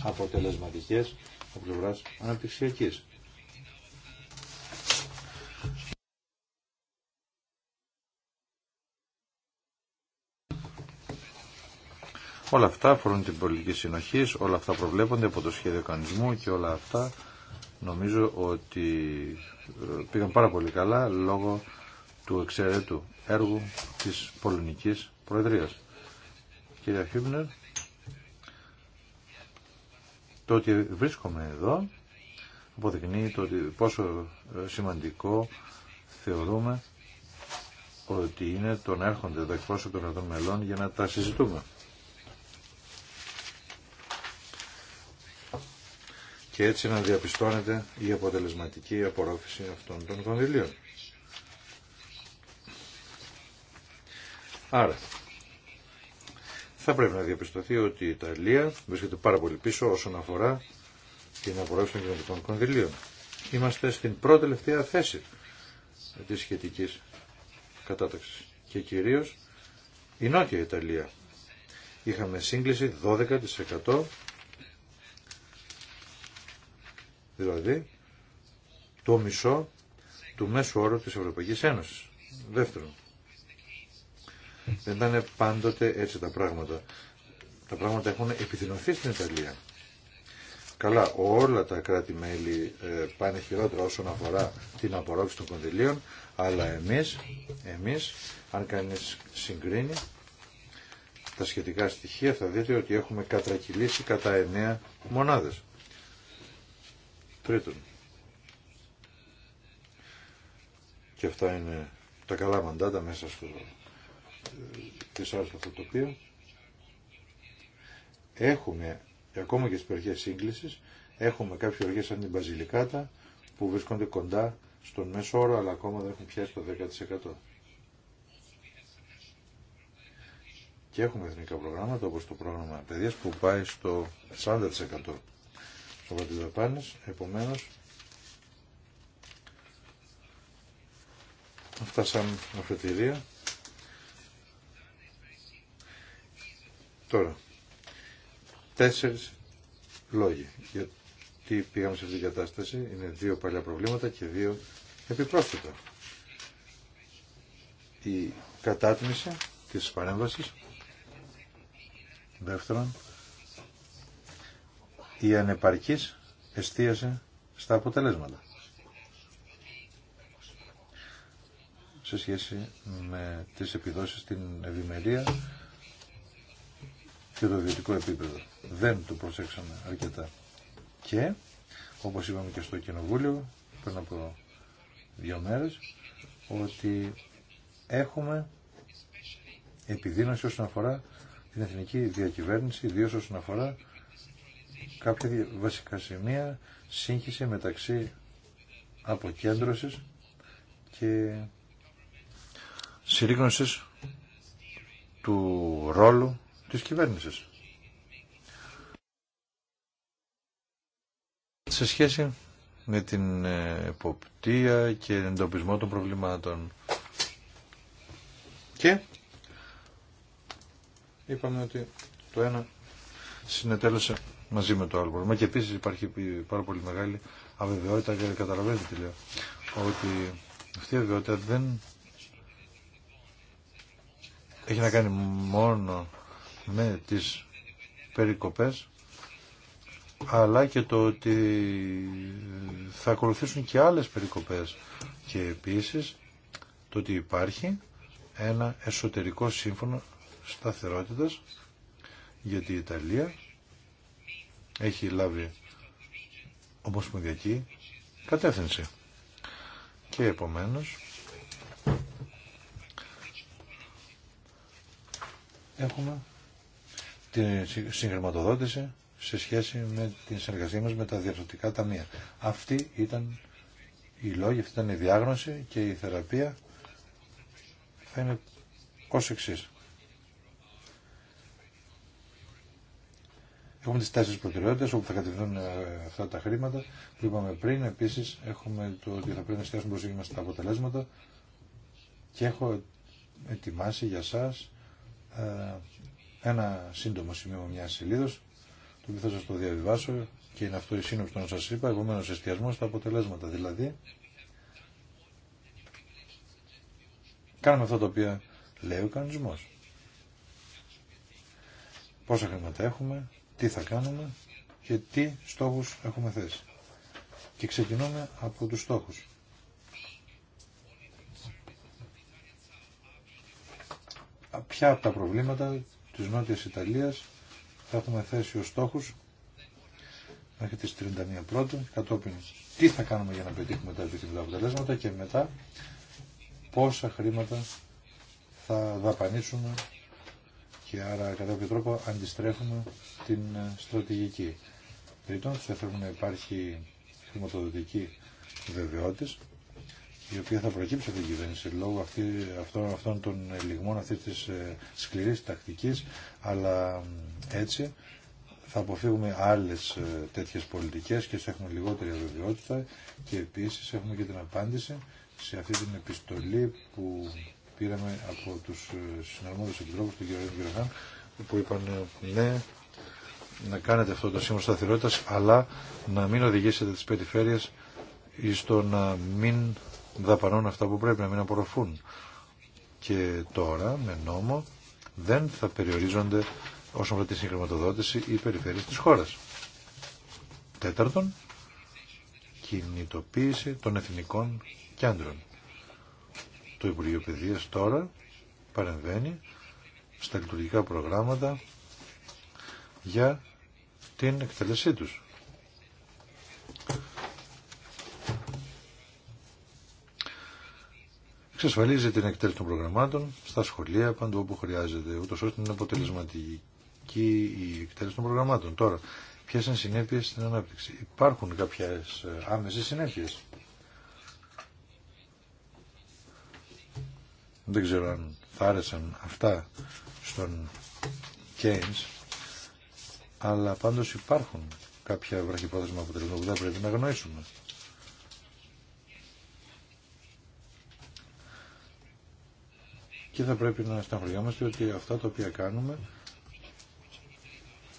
αποτελεσματικές από πλευρά αναπτυξιακή. Όλα αυτά αφορούν την πολιτική συνοχή, όλα αυτά προβλέπονται από το σχέδιο κανονισμού και όλα αυτά νομίζω ότι ε, πήγαν πάρα πολύ καλά λόγω του εξαιρέτου έργου της Πολωνικής Προεδρίας. Κυρία Χίμνερ, το ότι βρίσκομαι εδώ αποδεικνύει το πόσο ε, σημαντικό θεωρούμε ότι είναι το να έρχονται εδώ εκπρόσωποι των μελών για να τα συζητούμε. και έτσι να διαπιστώνεται η αποτελεσματική απορρόφηση αυτών των κονδυλίων. Άρα, θα πρέπει να διαπιστωθεί ότι η Ιταλία βρίσκεται πάρα πολύ πίσω όσον αφορά την απορρόφηση των κοινωνικών κονδυλίων. Είμαστε στην πρώτη τελευταία θέση της σχετικής κατάταξης και κυρίως η Νότια Ιταλία. Είχαμε σύγκληση 12% δηλαδή το μισό του μέσου όρου της Ευρωπαϊκής Ένωσης. Δεύτερον, δεν ήταν πάντοτε έτσι τα πράγματα. Τα πράγματα έχουν επιθυμωθεί στην Ιταλία. Καλά, όλα τα κράτη-μέλη ε, πάνε χειρότερα όσον αφορά την απορρόφηση των κονδυλίων, αλλά εμείς, εμείς, αν κανείς συγκρίνει τα σχετικά στοιχεία, θα δείτε ότι έχουμε κατρακυλήσει κατά εννέα μονάδες. Τρίτον, και αυτά είναι τα καλά μαντάτα μέσα στο δυσάρεστο ε, αυτό το έχουμε ακόμα και στις περιοχές σύγκλησης, έχουμε κάποιες περιοχές σαν την Μπαζιλικάτα που βρίσκονται κοντά στον μέσο όρο, αλλά ακόμα δεν έχουν πιάσει το 10%. Και έχουμε εθνικά προγράμματα όπως το πρόγραμμα παιδείας που πάει στο 40% αφορά τις δαπάνες, επομένως αυτά σαν αφετηρία. Τώρα, τέσσερις λόγοι γιατί πήγαμε σε αυτήν την κατάσταση. Είναι δύο παλιά προβλήματα και δύο επιπρόσθετα. Η κατάτμιση της παρέμβασης, δεύτερον, η ανεπαρκής εστίασε στα αποτελέσματα. σε σχέση με τις επιδόσεις στην ευημερία και το ιδιωτικό επίπεδο. Δεν το προσέξαμε αρκετά. Και, όπως είπαμε και στο Κοινοβούλιο πριν από δύο μέρες, ότι έχουμε επιδείνωση όσον αφορά την εθνική διακυβέρνηση, ιδίω όσον αφορά κάποια βασικά σημεία σύγχυση μεταξύ αποκέντρωσης και συρρήγνωσης του ρόλου της κυβέρνησης. Σε σχέση με την εποπτεία και τον εντοπισμό των προβλημάτων. Και είπαμε ότι το ένα συνετέλεσε μαζί με το άλλο πρόβλημα. Και επίση υπάρχει πάρα πολύ μεγάλη αβεβαιότητα, και καταλαβαίνετε τι λέω, ότι αυτή η αβεβαιότητα δεν έχει να κάνει μόνο με τις περικοπές αλλά και το ότι θα ακολουθήσουν και άλλες περικοπές και επίσης το ότι υπάρχει ένα εσωτερικό σύμφωνο σταθερότητας για την Ιταλία έχει λάβει ομοσπονδιακή κατεύθυνση. Και επομένως έχουμε την συγχρηματοδότηση σε σχέση με την συνεργασία μας με τα διαρθρωτικά ταμεία. Αυτή ήταν η λόγη, αυτή ήταν η διάγνωση και η θεραπεία θα είναι ως εξής. Έχουμε τι τέσσερι προτεραιότητε όπου θα κατευθύνουν ε, αυτά τα χρήματα που είπαμε πριν. επίση έχουμε το ότι θα πρέπει να εστιάσουμε προσοχή μας στα αποτελέσματα και έχω ετοιμάσει για εσά ένα σύντομο σημείο μια σελίδα το οποίο θα σα το διαβιβάσω και είναι αυτό η σύνοψη των σα είπα, Επομένω, εστιασμό στα αποτελέσματα δηλαδή. Κάνουμε αυτά τα οποία λέει ο κανονισμό. Πόσα χρήματα έχουμε, τι θα κάνουμε και τι στόχους έχουμε θέσει. Και ξεκινούμε από τους στόχους. Ποια από τα προβλήματα της Νότιας Ιταλίας θα έχουμε θέσει ως στόχους μέχρι τις 31 πρώτη. κατόπιν τι θα κάνουμε για να πετύχουμε τα επιθυμητά αποτελέσματα και μετά πόσα χρήματα θα δαπανίσουμε και άρα κατά κάποιο τρόπο αντιστρέφουμε την ε, στρατηγική. Τρίτον, θα θέλουμε να υπάρχει χρηματοδοτική βεβαιότητα η οποία θα προκύψει από την κυβέρνηση λόγω αυτή, αυτών, αυτών των λιγμών, αυτή της ε, σκληρής τακτικής, αλλά έτσι θα αποφύγουμε άλλες ε, τέτοιες πολιτικές και θα έχουμε λιγότερη αβεβαιότητα και επίσης έχουμε και την απάντηση σε αυτή την επιστολή που πήραμε από τους ε, συναρμόδιους επιτρόπους του Γεωργίου Γεωργάν που είπαν ε, ναι να κάνετε αυτό το σύμφωνο σταθερότητα, αλλά να μην οδηγήσετε τι περιφέρειες στο να μην δαπανώνουν αυτά που πρέπει να μην απορροφούν. Και τώρα με νόμο δεν θα περιορίζονται όσον αφορά τη συγχρηματοδότηση οι περιφέρειες της χώρας. Τέταρτον, κινητοποίηση των εθνικών κέντρων το Υπουργείο Παιδείας τώρα παρεμβαίνει στα λειτουργικά προγράμματα για την εκτελεσή τους. Εξασφαλίζει την εκτέλεση των προγραμμάτων στα σχολεία παντού όπου χρειάζεται, ούτως ώστε να είναι αποτελεσματική η εκτέλεση των προγραμμάτων. Τώρα, ποιες είναι συνέπειες στην ανάπτυξη. Υπάρχουν κάποιες ε, άμεσες συνέπειες. Δεν ξέρω αν θα άρεσαν αυτά στον Κέινς αλλά πάντως υπάρχουν κάποια βραχυπρόθεσμα που δεν πρέπει να γνωρίσουμε. Και θα πρέπει να στεναχωριόμαστε ότι αυτά τα οποία κάνουμε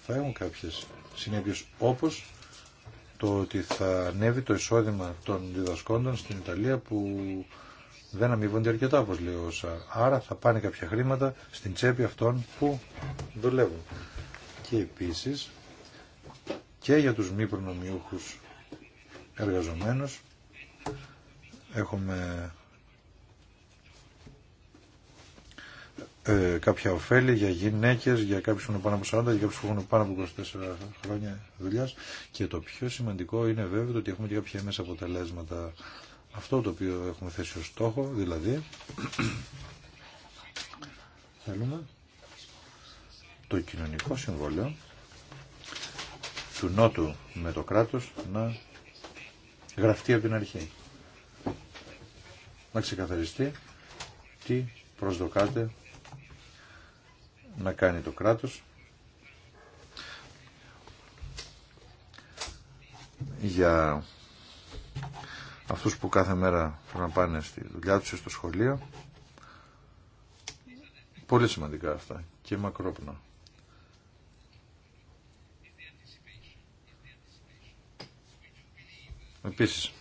θα έχουν κάποιες συνέπειες όπως το ότι θα ανέβει το εισόδημα των διδασκόντων στην Ιταλία που δεν αμείβονται αρκετά όπως λέει ο ΣΑ. Άρα θα πάνε κάποια χρήματα στην τσέπη αυτών που δουλεύουν. Και επίσης και για τους μη προνομιούχους εργαζομένους έχουμε ε, κάποια ωφέλη για γυναίκες, για κάποιους που είναι πάνω από 40, για κάποιους που έχουν πάνω από 24 χρόνια δουλειάς και το πιο σημαντικό είναι βέβαια ότι έχουμε και κάποια μέσα αποτελέσματα αυτό το οποίο έχουμε θέσει ως στόχο, δηλαδή θέλουμε το κοινωνικό συμβόλαιο του Νότου με το κράτος να γραφτεί από την αρχή. Να ξεκαθαριστεί τι προσδοκάται να κάνει το κράτος για αυτούς που κάθε μέρα θέλουν να πάνε στη δουλειά τους στο σχολείο. Πολύ σημαντικά αυτά και μακρόπνα. Επίσης,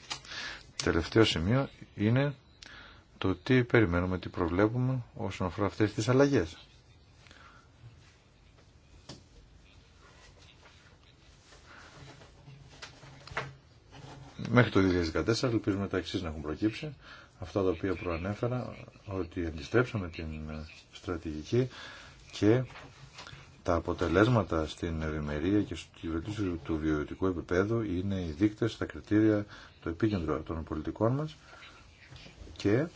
τελευταίο σημείο είναι το τι περιμένουμε, τι προβλέπουμε όσον αφορά αυτές τις αλλαγές. μέχρι το 2014 ελπίζουμε τα εξή να έχουν προκύψει αυτά τα οποία προανέφερα ότι αντιστρέψαμε την στρατηγική και τα αποτελέσματα στην ευημερία και στη βελτίωση του βιωτικού επίπεδου είναι οι δείκτες, τα κριτήρια, το επίκεντρο των πολιτικών μας και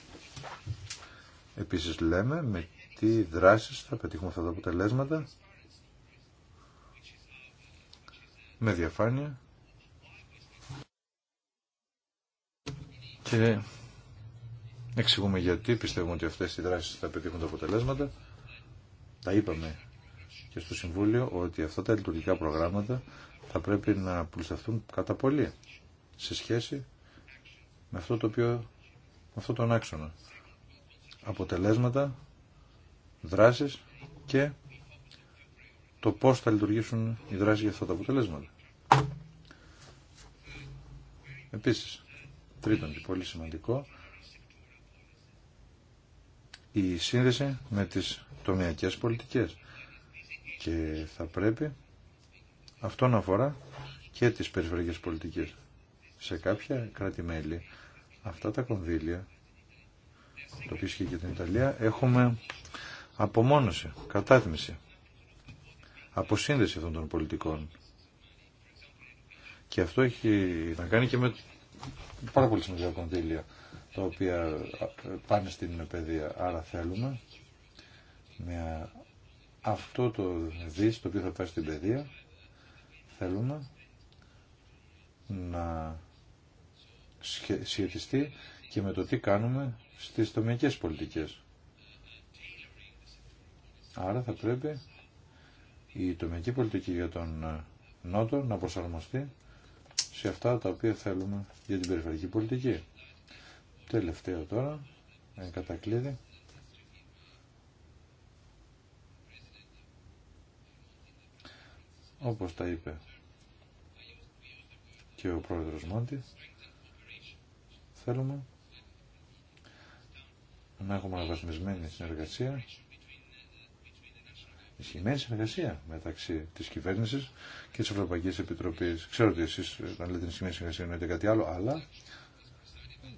επίσης λέμε με τι δράσεις θα πετύχουμε αυτά τα αποτελέσματα με διαφάνεια και εξηγούμε γιατί πιστεύουμε ότι αυτές οι δράσεις θα πετύχουν τα αποτελέσματα. Τα είπαμε και στο Συμβούλιο ότι αυτά τα λειτουργικά προγράμματα θα πρέπει να πλουστευτούν κατά πολύ σε σχέση με αυτό το οποίο, με αυτό τον άξονα. Αποτελέσματα, δράσεις και το πώς θα λειτουργήσουν οι δράσεις για αυτά τα αποτελέσματα. Επίσης, τρίτον και πολύ σημαντικό, η σύνδεση με τις τομιακές πολιτικές. Και θα πρέπει αυτό να αφορά και τις περιφερειακές πολιτικές. Σε κάποια κράτη-μέλη αυτά τα κονδύλια, το οποίο ισχύει και την Ιταλία, έχουμε απομόνωση, κατάθμιση, αποσύνδεση αυτών των πολιτικών. Και αυτό έχει να κάνει και με πάρα πολύ σημαντικά κονδύλια τα οποία πάνε στην παιδεία. Άρα θέλουμε με αυτό το δις το οποίο θα πάει στην παιδεία θέλουμε να σχετιστεί και με το τι κάνουμε στις τομιακές πολιτικές. Άρα θα πρέπει η τομιακή πολιτική για τον Νότο να προσαρμοστεί σε αυτά τα οποία θέλουμε για την περιφερειακή πολιτική. Τελευταίο τώρα, εν κατακλείδη. Όπως τα είπε και ο πρόεδρος Μόντι, θέλουμε να έχουμε αναβαθμισμένη συνεργασία ισχυμένη συνεργασία μεταξύ τη κυβέρνηση και τη Ευρωπαϊκή Επιτροπή. Ξέρω ότι εσεί όταν ε, λέτε ισχυμένη συνεργασία εννοείτε κάτι άλλο, αλλά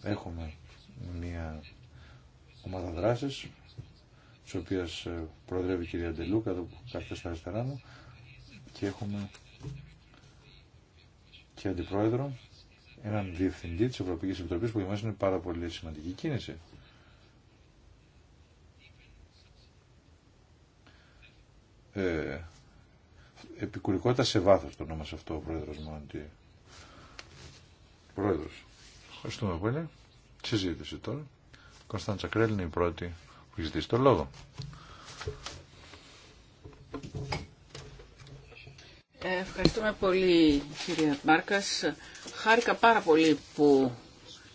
έχουμε μια ομάδα δράση, τη οποία ε, προεδρεύει η κυρία Ντελούκα, εδώ που στα αριστερά μου, και έχουμε και αντιπρόεδρο, έναν διευθυντή τη Ευρωπαϊκή Επιτροπή που για μα είναι πάρα πολύ σημαντική κίνηση. ε, επικουρικότητα σε βάθος το όνομα αυτό ο πρόεδρος ότι... Πρόεδρος. Ευχαριστούμε πολύ. Συζήτηση τώρα. Κωνσταντσα Κρέλ είναι η πρώτη που έχει ζητήσει το λόγο. Ε, ευχαριστούμε πολύ κυρία Μάρκας. Χάρηκα πάρα πολύ που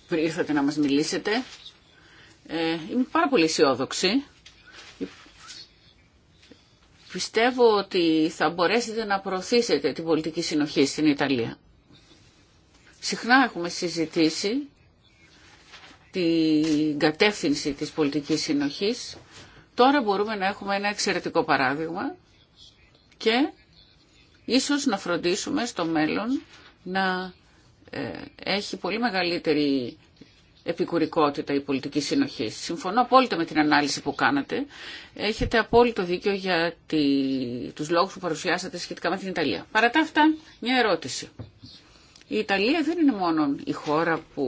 ήρθατε να μας μιλήσετε. Ε, είμαι πάρα πολύ αισιόδοξη πιστεύω ότι θα μπορέσετε να προωθήσετε την πολιτική συνοχή στην Ιταλία. Συχνά έχουμε συζητήσει την κατεύθυνση της πολιτικής συνοχής. Τώρα μπορούμε να έχουμε ένα εξαιρετικό παράδειγμα και ίσως να φροντίσουμε στο μέλλον να ε, έχει πολύ μεγαλύτερη επικουρικότητα η πολιτική συνοχή. Συμφωνώ απόλυτα με την ανάλυση που κάνατε. Έχετε απόλυτο δίκιο για τη... τους λόγους που παρουσιάσατε σχετικά με την Ιταλία. Παρά τα αυτά, μια ερώτηση. Η Ιταλία δεν είναι μόνο η χώρα που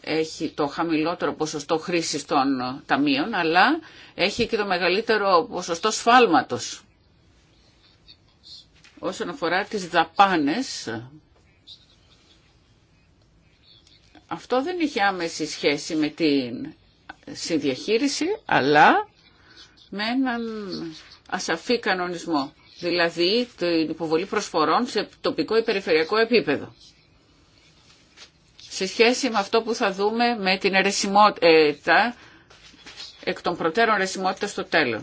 έχει το χαμηλότερο ποσοστό χρήσης των ταμείων, αλλά έχει και το μεγαλύτερο ποσοστό σφάλματος όσον αφορά τις δαπάνες αυτό δεν είχε άμεση σχέση με την συνδιαχείριση, αλλά με έναν ασαφή κανονισμό, δηλαδή την υποβολή προσφορών σε τοπικό ή περιφερειακό επίπεδο. Σε σχέση με αυτό που θα δούμε με την αιρεσιμότητα, εκ των προτέρων αιρεσιμότητα στο τέλος,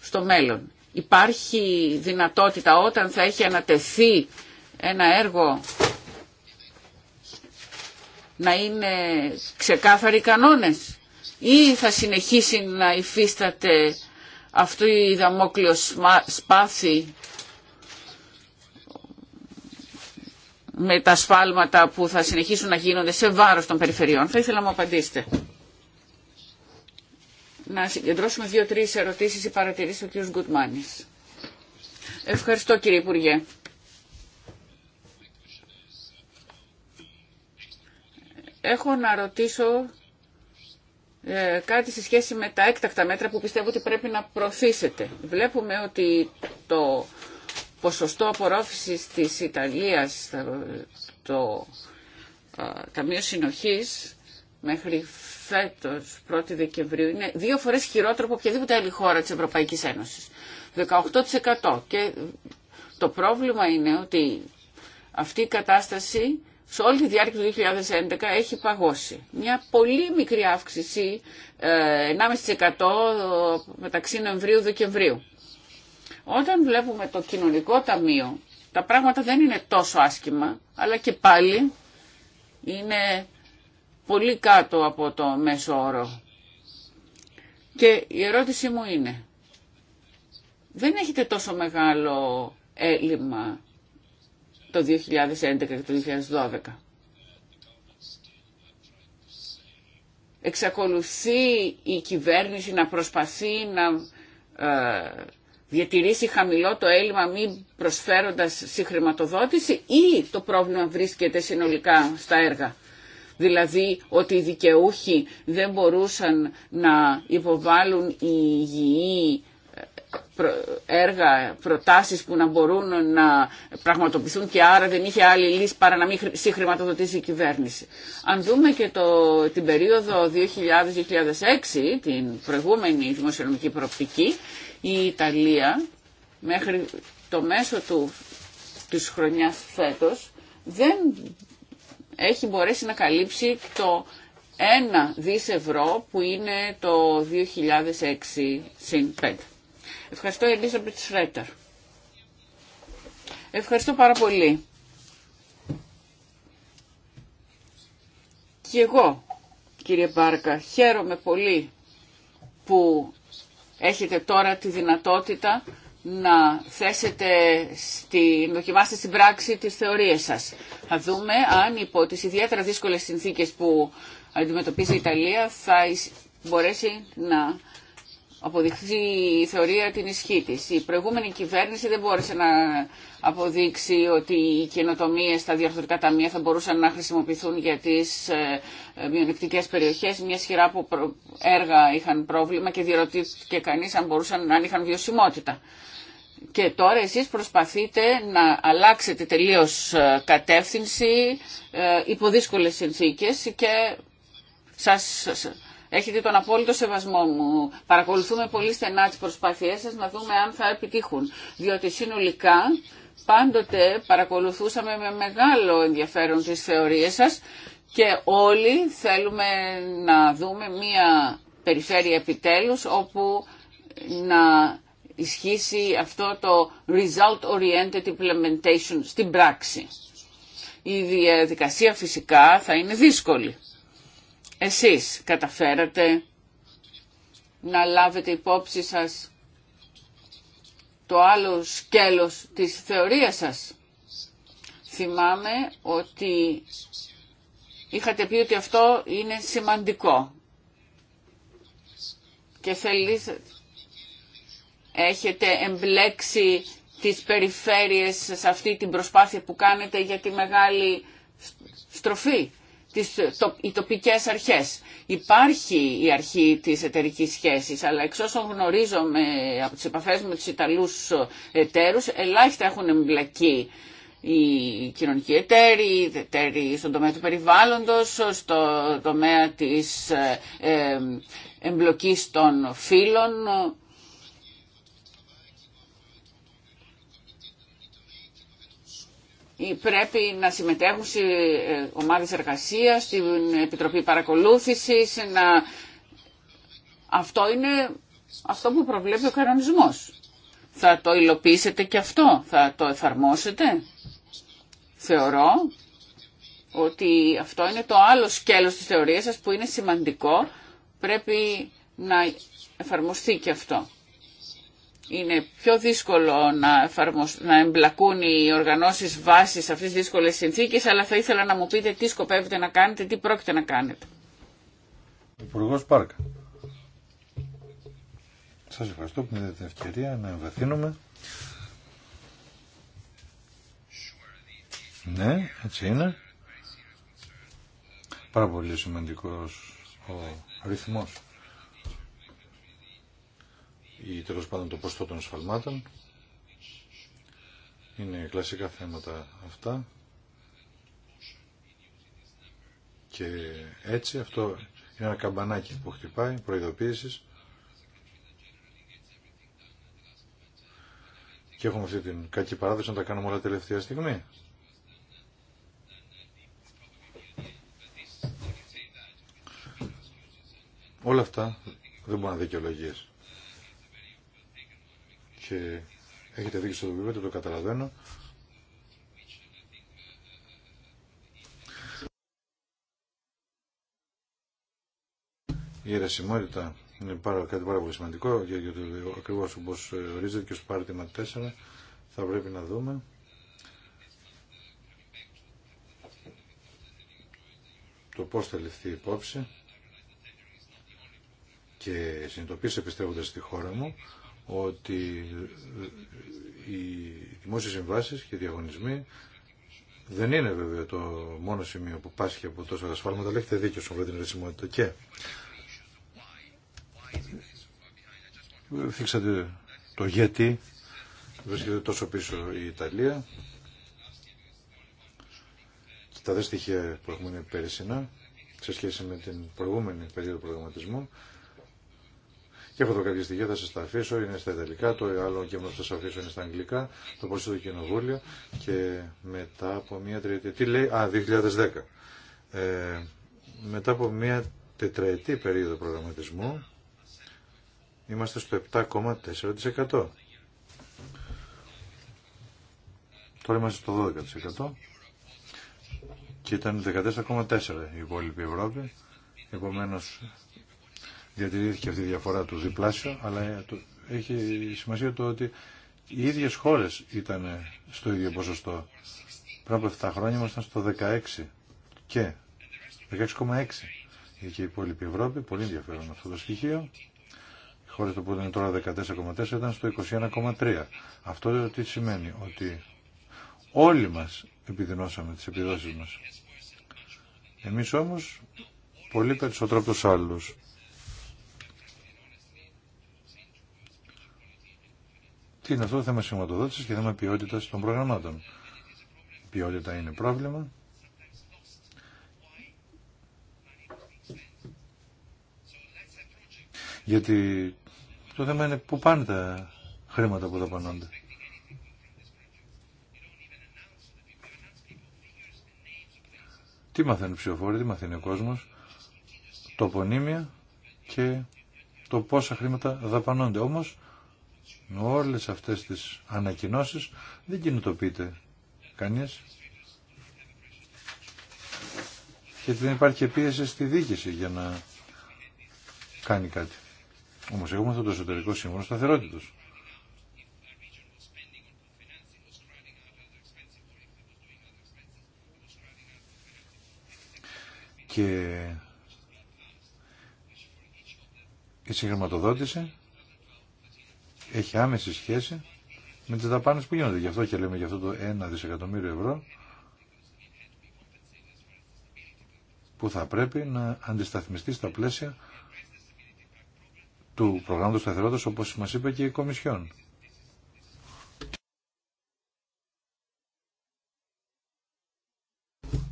στο μέλλον. Υπάρχει δυνατότητα όταν θα έχει ανατεθεί ένα έργο να είναι ξεκάθαροι κανόνες ή θα συνεχίσει να υφίσταται αυτή η δαμόκλειος αυτη η δαμοκλειο σπαθη με τα σφάλματα που θα συνεχίσουν να γίνονται σε βάρος των περιφερειών. Θα ήθελα να μου απαντήσετε. Να συγκεντρώσουμε δύο-τρεις ερωτήσεις ή παρατηρήσεις ο κ. Γκουτμάνης. Ευχαριστώ κύριε Υπουργέ. έχω να ρωτήσω ε, κάτι σε σχέση με τα έκτακτα μέτρα που πιστεύω ότι πρέπει να προωθήσετε. Βλέπουμε ότι το ποσοστό απορρόφησης της Ιταλίας το Ταμείο Συνοχής μέχρι φέτος 1η Δεκεμβρίου είναι δύο φορές χειρότερο από οποιαδήποτε άλλη χώρα της Ευρωπαϊκής Ένωσης. 18% και το πρόβλημα είναι ότι αυτή η κατάσταση σε όλη τη διάρκεια του 2011 έχει παγώσει. Μια πολύ μικρή αύξηση, 1,5% ε, μεταξύ Νοεμβρίου-Δεκεμβρίου. Όταν βλέπουμε το κοινωνικό ταμείο, τα πράγματα δεν είναι τόσο άσχημα, αλλά και πάλι είναι πολύ κάτω από το μέσο όρο. Και η ερώτησή μου είναι, δεν έχετε τόσο μεγάλο έλλειμμα το 2011 και το 2012. Εξακολουθεί η κυβέρνηση να προσπαθεί να ε, διατηρήσει χαμηλό το έλλειμμα μη προσφέροντας συγχρηματοδότηση ή το πρόβλημα βρίσκεται συνολικά στα έργα. Δηλαδή ότι οι δικαιούχοι δεν μπορούσαν να υποβάλουν οι υγιή έργα, προτάσεις που να μπορούν να πραγματοποιηθούν και άρα δεν είχε άλλη λύση παρά να μην συγχρηματοδοτήσει η κυβέρνηση. Αν δούμε και το, την περίοδο 2000-2006, την προηγούμενη δημοσιονομική προοπτική, η Ιταλία μέχρι το μέσο του, της χρονιάς φέτος δεν έχει μπορέσει να καλύψει το ένα δις ευρώ που είναι το 2006 συν 5. Ευχαριστώ, Elizabeth Σρέτερ. Ευχαριστώ πάρα πολύ. Και εγώ, κύριε Μπάρκα, χαίρομαι πολύ που έχετε τώρα τη δυνατότητα να θέσετε, στη, δοκιμάστε στην πράξη τις θεωρίες σας. Θα δούμε αν υπό τις ιδιαίτερα δύσκολες συνθήκες που αντιμετωπίζει η Ιταλία θα μπορέσει να αποδειχθεί η θεωρία την ισχύ τη. Η προηγούμενη κυβέρνηση δεν μπόρεσε να αποδείξει ότι οι καινοτομίε στα διαρθρωτικά ταμεία θα μπορούσαν να χρησιμοποιηθούν για τι ε, ε, μειονεκτικέ περιοχές, μια σειρά από έργα είχαν πρόβλημα και διερωτήθηκε κανεί αν, μπορούσαν, να είχαν βιωσιμότητα. Και τώρα εσείς προσπαθείτε να αλλάξετε τελείως ε, κατεύθυνση υπό δύσκολες συνθήκες και σας έχετε τον απόλυτο σεβασμό μου. Παρακολουθούμε πολύ στενά τις προσπάθειές σας να δούμε αν θα επιτύχουν. Διότι συνολικά πάντοτε παρακολουθούσαμε με μεγάλο ενδιαφέρον τις θεωρίες σας και όλοι θέλουμε να δούμε μία περιφέρεια επιτέλους όπου να ισχύσει αυτό το result-oriented implementation στην πράξη. Η διαδικασία φυσικά θα είναι δύσκολη. Εσείς καταφέρατε να λάβετε υπόψη σας το άλλο σκέλος της θεωρίας σας. Θυμάμαι ότι είχατε πει ότι αυτό είναι σημαντικό και θέλεις, έχετε εμπλέξει τις περιφέρειες σε αυτή την προσπάθεια που κάνετε για τη μεγάλη στροφή οι τοπικές αρχές. Υπάρχει η αρχή της εταιρικής σχέσης, αλλά εξ όσων γνωρίζω με, από τις επαφές με τους Ιταλούς εταίρους, ελάχιστα έχουν εμπλακεί οι κοινωνικοί εταίροι, οι εταίροι στον τομέα του περιβάλλοντος, στο τομέα της ε, ε, εμπλοκής των φύλων, πρέπει να συμμετέχουν σε ε, ομάδες εργασίας, στην Επιτροπή Παρακολούθησης, να... αυτό είναι αυτό που προβλέπει ο κανονισμός. Θα το υλοποιήσετε και αυτό, θα το εφαρμόσετε. Θεωρώ ότι αυτό είναι το άλλο σκέλος της θεωρίας σας που είναι σημαντικό, πρέπει να εφαρμοστεί και αυτό είναι πιο δύσκολο να, να εμπλακούν οι οργανώσεις βάσει σε αυτές τι δύσκολες συνθήκες, αλλά θα ήθελα να μου πείτε τι σκοπεύετε να κάνετε, τι πρόκειται να κάνετε. Υπουργό Πάρκα. Σας ευχαριστώ που μου δίνετε την ευκαιρία να εμβαθύνουμε. Ναι, έτσι είναι. Πάρα πολύ σημαντικό ο ρυθμός ή τέλο πάντων το ποστό των σφαλμάτων. Είναι κλασικά θέματα αυτά. Και έτσι αυτό είναι ένα καμπανάκι που χτυπάει, προειδοποίηση. Και έχουμε αυτή την κακή παράδοση να τα κάνουμε όλα τελευταία στιγμή. Όλα αυτά δεν μπορούν να δικαιολογήσουν και έχετε δίκιο στο βιβλίο, το καταλαβαίνω. Η αιρεσιμότητα είναι πάρα, κάτι πάρα πολύ σημαντικό για, για το ακριβώς όπως ορίζεται και ως πάρτιμα 4 θα πρέπει να δούμε. το πώς θα ληφθεί υπόψη και συνειδητοποίησε επιστρέφοντας στη χώρα μου ότι οι δημόσιες συμβάσεις και οι διαγωνισμοί δεν είναι βέβαια το μόνο σημείο που πάσχει από τόσα ασφάλματα, αλλά έχετε δίκιο στον την ρεσιμότητα. Και θίξατε το γιατί βρίσκεται τόσο πίσω η Ιταλία. Και τα δε στοιχεία που έχουμε σε σχέση με την προηγούμενη περίοδο προγραμματισμού και έχω εδώ κάποια στοιχεία, θα σα τα αφήσω, είναι στα ιταλικά, το άλλο και θα σα αφήσω είναι στα αγγλικά, το το Κοινοβούλιο και μετά από μία τριετία. Τι λέει, α, 2010. Ε, μετά από μία τετραετή περίοδο προγραμματισμού είμαστε στο 7,4%. Τώρα είμαστε στο 12% και ήταν 14,4% η υπόλοιπη Ευρώπη. Επομένως διατηρήθηκε αυτή η διαφορά του διπλάσιο, αλλά ε, έχει σημασία το ότι οι ίδιες χώρες ήταν στο ίδιο ποσοστό. Πριν από 7 χρόνια ήμασταν στο 16 και 16,6 και η υπόλοιπη Ευρώπη, πολύ ενδιαφέρον αυτό το στοιχείο. Οι χώρε που ήταν τώρα 14,4 ήταν στο 21,3. Αυτό τι σημαίνει, ότι όλοι μας επιδεινώσαμε τις επιδόσεις μας. Εμείς όμως πολύ περισσότερο από τους άλλους. Τι είναι αυτό το θέμα σηματοδότηση και θέμα ποιότητα των προγραμμάτων. Η ποιότητα είναι πρόβλημα. Γιατί το θέμα είναι πού πάνε τα χρήματα που δαπανώνται. Τι μαθαίνουν οι ψηφοφόροι, τι μαθαίνει ο κόσμος, τοπονύμια και το πόσα χρήματα δαπανώνται. Όμως όλες αυτές τις ανακοινώσεις δεν κινητοποιείται κανείς γιατί δεν υπάρχει πίεση στη δίκηση για να κάνει κάτι. Όμως έχουμε αυτό το εσωτερικό σύμφωνο σταθερότητος. Και η συγχρηματοδότηση έχει άμεση σχέση με τις δαπάνες που γίνονται. Γι' αυτό και λέμε για αυτό το 1 δισεκατομμύριο ευρώ που θα πρέπει να αντισταθμιστεί στα πλαίσια του προγράμματος σταθερότητας όπως μας είπε και η Κομισιόν.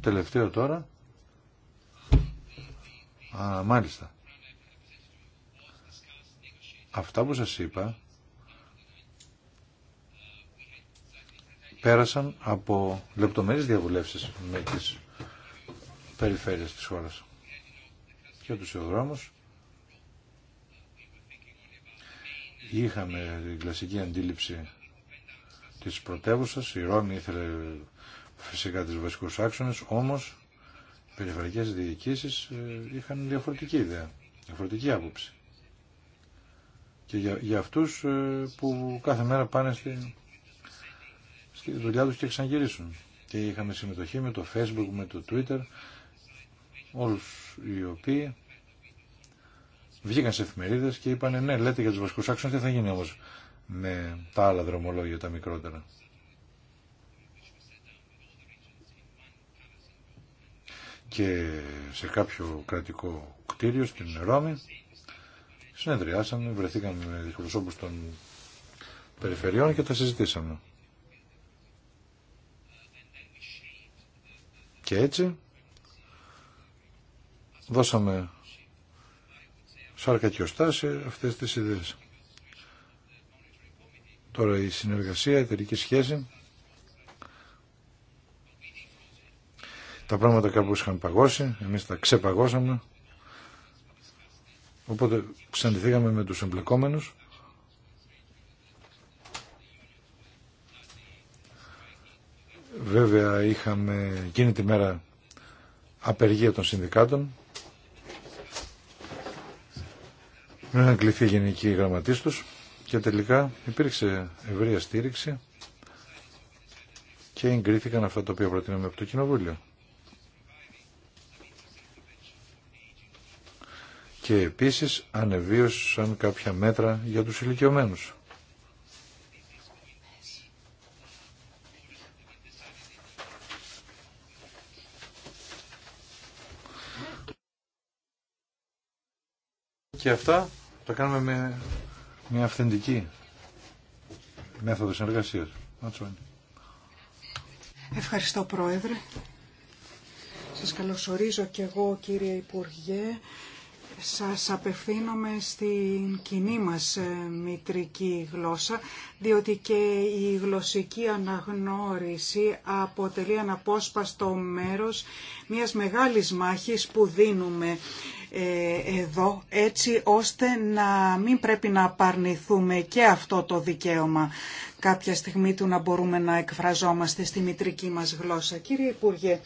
Τελευταίο τώρα. Α, μάλιστα. Αυτά που σας είπα πέρασαν από λεπτομερείς διαβουλεύσεις με τις περιφέρειες της χώρας και τους ευρώμους. Είχαμε την κλασική αντίληψη της πρωτεύουσα. η Ρώμη ήθελε φυσικά τις βασικούς άξονες, όμως οι περιφερειακές διοικήσεις ε, είχαν διαφορετική ιδέα, διαφορετική άποψη. Και για, για αυτούς ε, που κάθε μέρα πάνε στην τη δουλειά τους και ξαναγυρίσουν. Και είχαμε συμμετοχή με το facebook, με το twitter, όλους οι οποίοι βγήκαν σε εφημερίδες και είπαν ναι λέτε για τους βασικούς άξονες, τι θα γίνει όμως με τα άλλα δρομολόγια τα μικρότερα. και σε κάποιο κρατικό κτίριο στην Ρώμη. Συνεδριάσαμε, βρεθήκαμε με των περιφερειών και τα συζητήσαμε. Και έτσι δώσαμε σάρκα και οστά σε αυτές τις ιδέες. Τώρα η συνεργασία, η εταιρική σχέση. Τα πράγματα κάπως είχαν παγώσει, εμείς τα ξεπαγώσαμε. Οπότε ξαντήθηκαμε με τους εμπλεκόμενους Βέβαια είχαμε εκείνη τη μέρα απεργία των συνδικάτων. Με έναν κληθεί γενική γραμματής τους και τελικά υπήρξε ευρεία στήριξη και εγκρίθηκαν αυτά τα οποία προτείναμε από το Κοινοβούλιο. Και επίσης ανεβίωσαν κάποια μέτρα για τους ηλικιωμένους. και αυτά τα κάνουμε με μια αυθεντική μέθοδο συνεργασίας. Ευχαριστώ Πρόεδρε. Σας καλωσορίζω και εγώ κύριε Υπουργέ. Σας απευθύνομαι στην κοινή μας ε, μητρική γλώσσα, διότι και η γλωσσική αναγνώριση αποτελεί αναπόσπαστο μέρος μιας μεγάλης μάχης που δίνουμε ε, εδώ έτσι ώστε να μην πρέπει να απαρνηθούμε και αυτό το δικαίωμα κάποια στιγμή του να μπορούμε να εκφραζόμαστε στη μητρική μας γλώσσα. Κύριε Υπουργέ,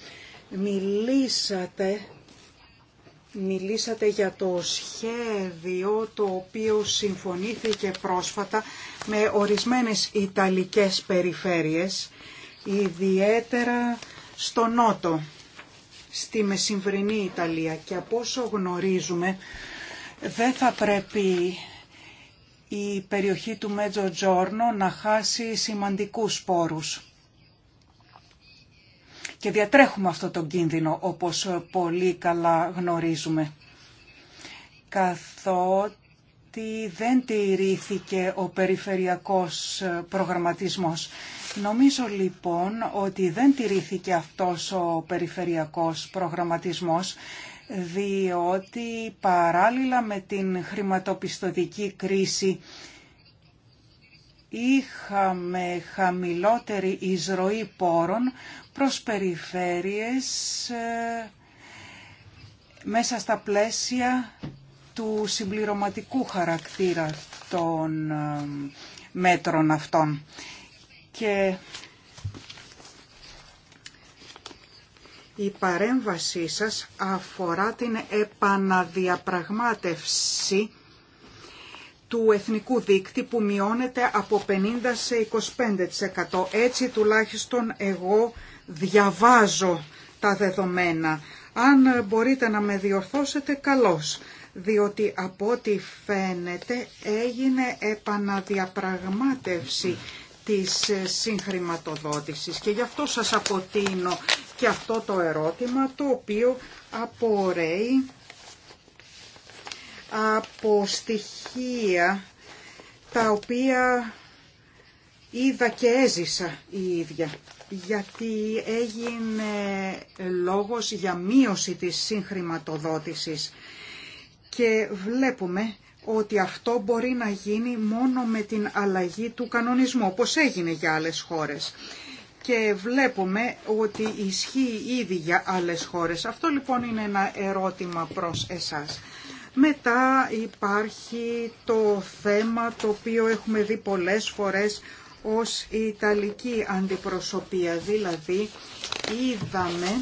μιλήσατε μιλήσατε για το σχέδιο το οποίο συμφωνήθηκε πρόσφατα με ορισμένες Ιταλικές περιφέρειες, ιδιαίτερα στο Νότο στη μεσημβρινή Ιταλία και από όσο γνωρίζουμε δεν θα πρέπει η περιοχή του Μέτζο Τζόρνο να χάσει σημαντικούς σπόρους. Και διατρέχουμε αυτό το κίνδυνο όπως πολύ καλά γνωρίζουμε. Καθότι δεν τηρήθηκε ο περιφερειακός προγραμματισμός. Νομίζω λοιπόν ότι δεν τηρήθηκε αυτός ο περιφερειακός προγραμματισμός διότι παράλληλα με την χρηματοπιστωτική κρίση είχαμε χαμηλότερη εισρωή πόρων προς περιφέρειες ε, μέσα στα πλαίσια του συμπληρωματικού χαρακτήρα των ε, μέτρων αυτών και η παρέμβασή σας αφορά την επαναδιαπραγμάτευση του εθνικού δίκτυ που μειώνεται από 50% σε 25%. Έτσι τουλάχιστον εγώ διαβάζω τα δεδομένα. Αν μπορείτε να με διορθώσετε, καλώς. Διότι από ό,τι φαίνεται έγινε επαναδιαπραγμάτευση της ε, συγχρηματοδότησης και γι' αυτό σας αποτείνω και αυτό το ερώτημα το οποίο απορρέει από στοιχεία τα οποία είδα και έζησα η ίδια γιατί έγινε λόγος για μείωση της συγχρηματοδότησης και βλέπουμε ότι αυτό μπορεί να γίνει μόνο με την αλλαγή του κανονισμού, όπως έγινε για άλλες χώρες. Και βλέπουμε ότι ισχύει ήδη για άλλες χώρες. Αυτό λοιπόν είναι ένα ερώτημα προς εσάς. Μετά υπάρχει το θέμα το οποίο έχουμε δει πολλές φορές ως η Ιταλική αντιπροσωπεία. Δηλαδή είδαμε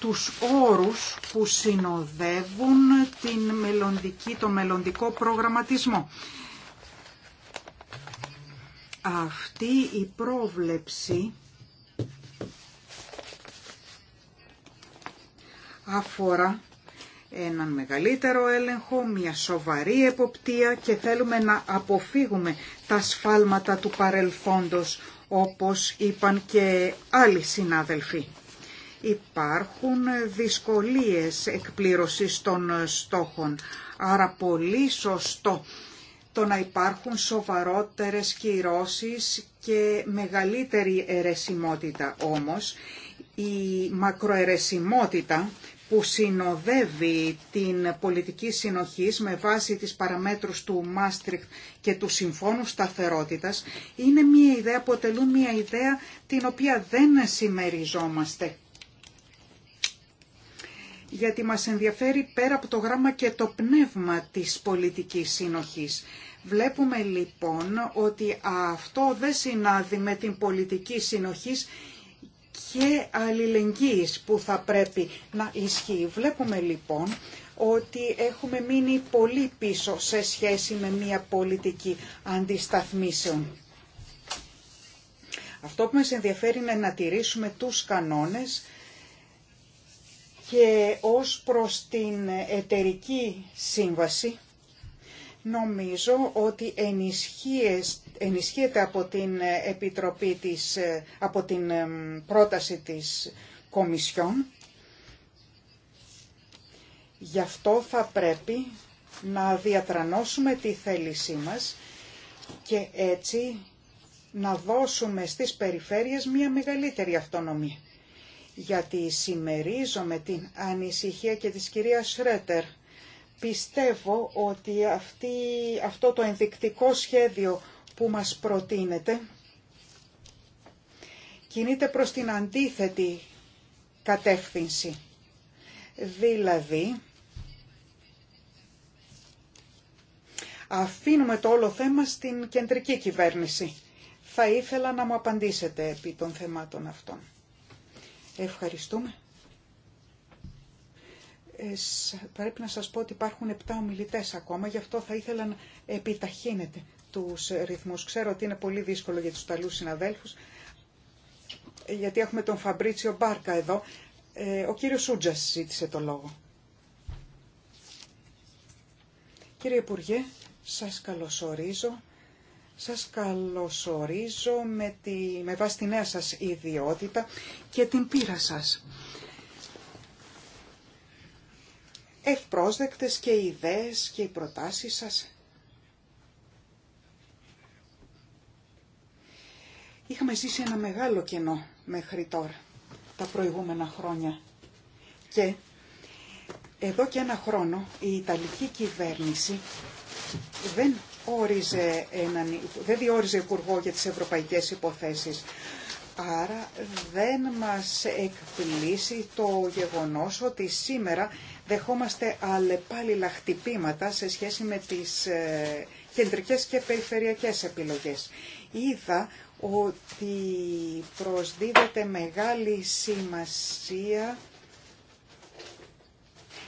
τους όρους που συνοδεύουν την μελλοντική, το μελλοντικό προγραμματισμό. Αυτή η πρόβλεψη αφορά έναν μεγαλύτερο έλεγχο, μια σοβαρή εποπτεία και θέλουμε να αποφύγουμε τα σφάλματα του παρελθόντος, όπως είπαν και άλλοι συνάδελφοι. Υπάρχουν δυσκολίες εκπλήρωσης των στόχων, άρα πολύ σωστό το να υπάρχουν σοβαρότερες κυρώσεις και μεγαλύτερη αιρεσιμότητα όμως. Η μακροαιρεσιμότητα που συνοδεύει την πολιτική συνοχής με βάση τις παραμέτρους του Μάστριχτ και του Συμφώνου Σταθερότητας είναι μια ιδέα, αποτελούν μια ιδέα την οποία δεν συμμεριζόμαστε γιατί μας ενδιαφέρει πέρα από το γράμμα και το πνεύμα της πολιτικής συνοχής. Βλέπουμε λοιπόν ότι αυτό δεν συνάδει με την πολιτική συνοχής και αλληλεγγύης που θα πρέπει να ισχύει. Βλέπουμε λοιπόν ότι έχουμε μείνει πολύ πίσω σε σχέση με μια πολιτική αντισταθμίσεων. Αυτό που μας ενδιαφέρει είναι να τηρήσουμε τους κανόνες και ως προς την εταιρική σύμβαση, νομίζω ότι ενισχύεται από την επιτροπή της, από την πρόταση της Κομισιόν. Γι' αυτό θα πρέπει να διατρανώσουμε τη θέλησή μας και έτσι να δώσουμε στις περιφέρειες μια μεγαλύτερη αυτονομία γιατί συμμερίζομαι την ανησυχία και της κυρίας Σρέτερ. Πιστεύω ότι αυτό το ενδεικτικό σχέδιο που μας προτείνεται κινείται προς την αντίθετη κατεύθυνση. Δηλαδή, αφήνουμε το όλο θέμα στην κεντρική κυβέρνηση. Θα ήθελα να μου απαντήσετε επί των θεμάτων αυτών. Ευχαριστούμε. πρέπει να σας πω ότι υπάρχουν επτά ομιλητές ακόμα, γι' αυτό θα ήθελα να επιταχύνετε τους ρυθμούς. Ξέρω ότι είναι πολύ δύσκολο για τους ταλούς συναδέλφους, γιατί έχουμε τον Φαμπρίτσιο Μπάρκα εδώ. Ε, ο κύριος Σούτζας ζήτησε το λόγο. Κύριε Υπουργέ, σας καλωσορίζω σας καλωσορίζω με, τη, με βάση τη νέα σας ιδιότητα και την πείρα σας. Ευπρόσδεκτες και οι ιδέες και οι προτάσεις σας. Είχαμε ζήσει ένα μεγάλο κενό μέχρι τώρα, τα προηγούμενα χρόνια. Και εδώ και ένα χρόνο η Ιταλική κυβέρνηση δεν όριζε έναν, δεν διόριζε υπουργό για τις ευρωπαϊκές υποθέσεις. Άρα δεν μας εκπλήσει το γεγονός ότι σήμερα δεχόμαστε αλλεπάλληλα χτυπήματα σε σχέση με τις ε, κεντρικές και περιφερειακές επιλογές. Είδα ότι προσδίδεται μεγάλη σημασία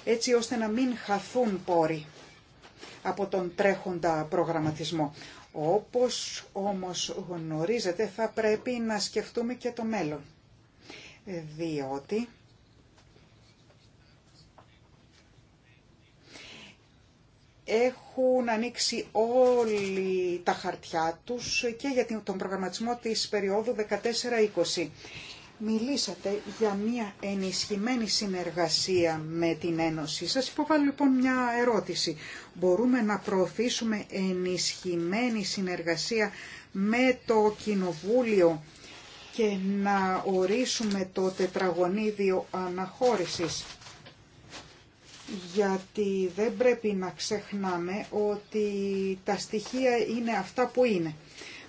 έτσι ώστε να μην χαθούν πόροι από τον τρέχοντα προγραμματισμό. Όπως όμως γνωρίζετε θα πρέπει να σκεφτούμε και το μέλλον, διότι έχουν ανοίξει όλοι τα χαρτιά τους και για τον προγραμματισμό της περίοδου 14-20. Μιλήσατε για μια ενισχυμένη συνεργασία με την Ένωση. Σας υποβάλλω λοιπόν μια ερώτηση. Μπορούμε να προωθήσουμε ενισχυμένη συνεργασία με το Κοινοβούλιο και να ορίσουμε το τετραγωνίδιο αναχώρησης. Γιατί δεν πρέπει να ξεχνάμε ότι τα στοιχεία είναι αυτά που είναι.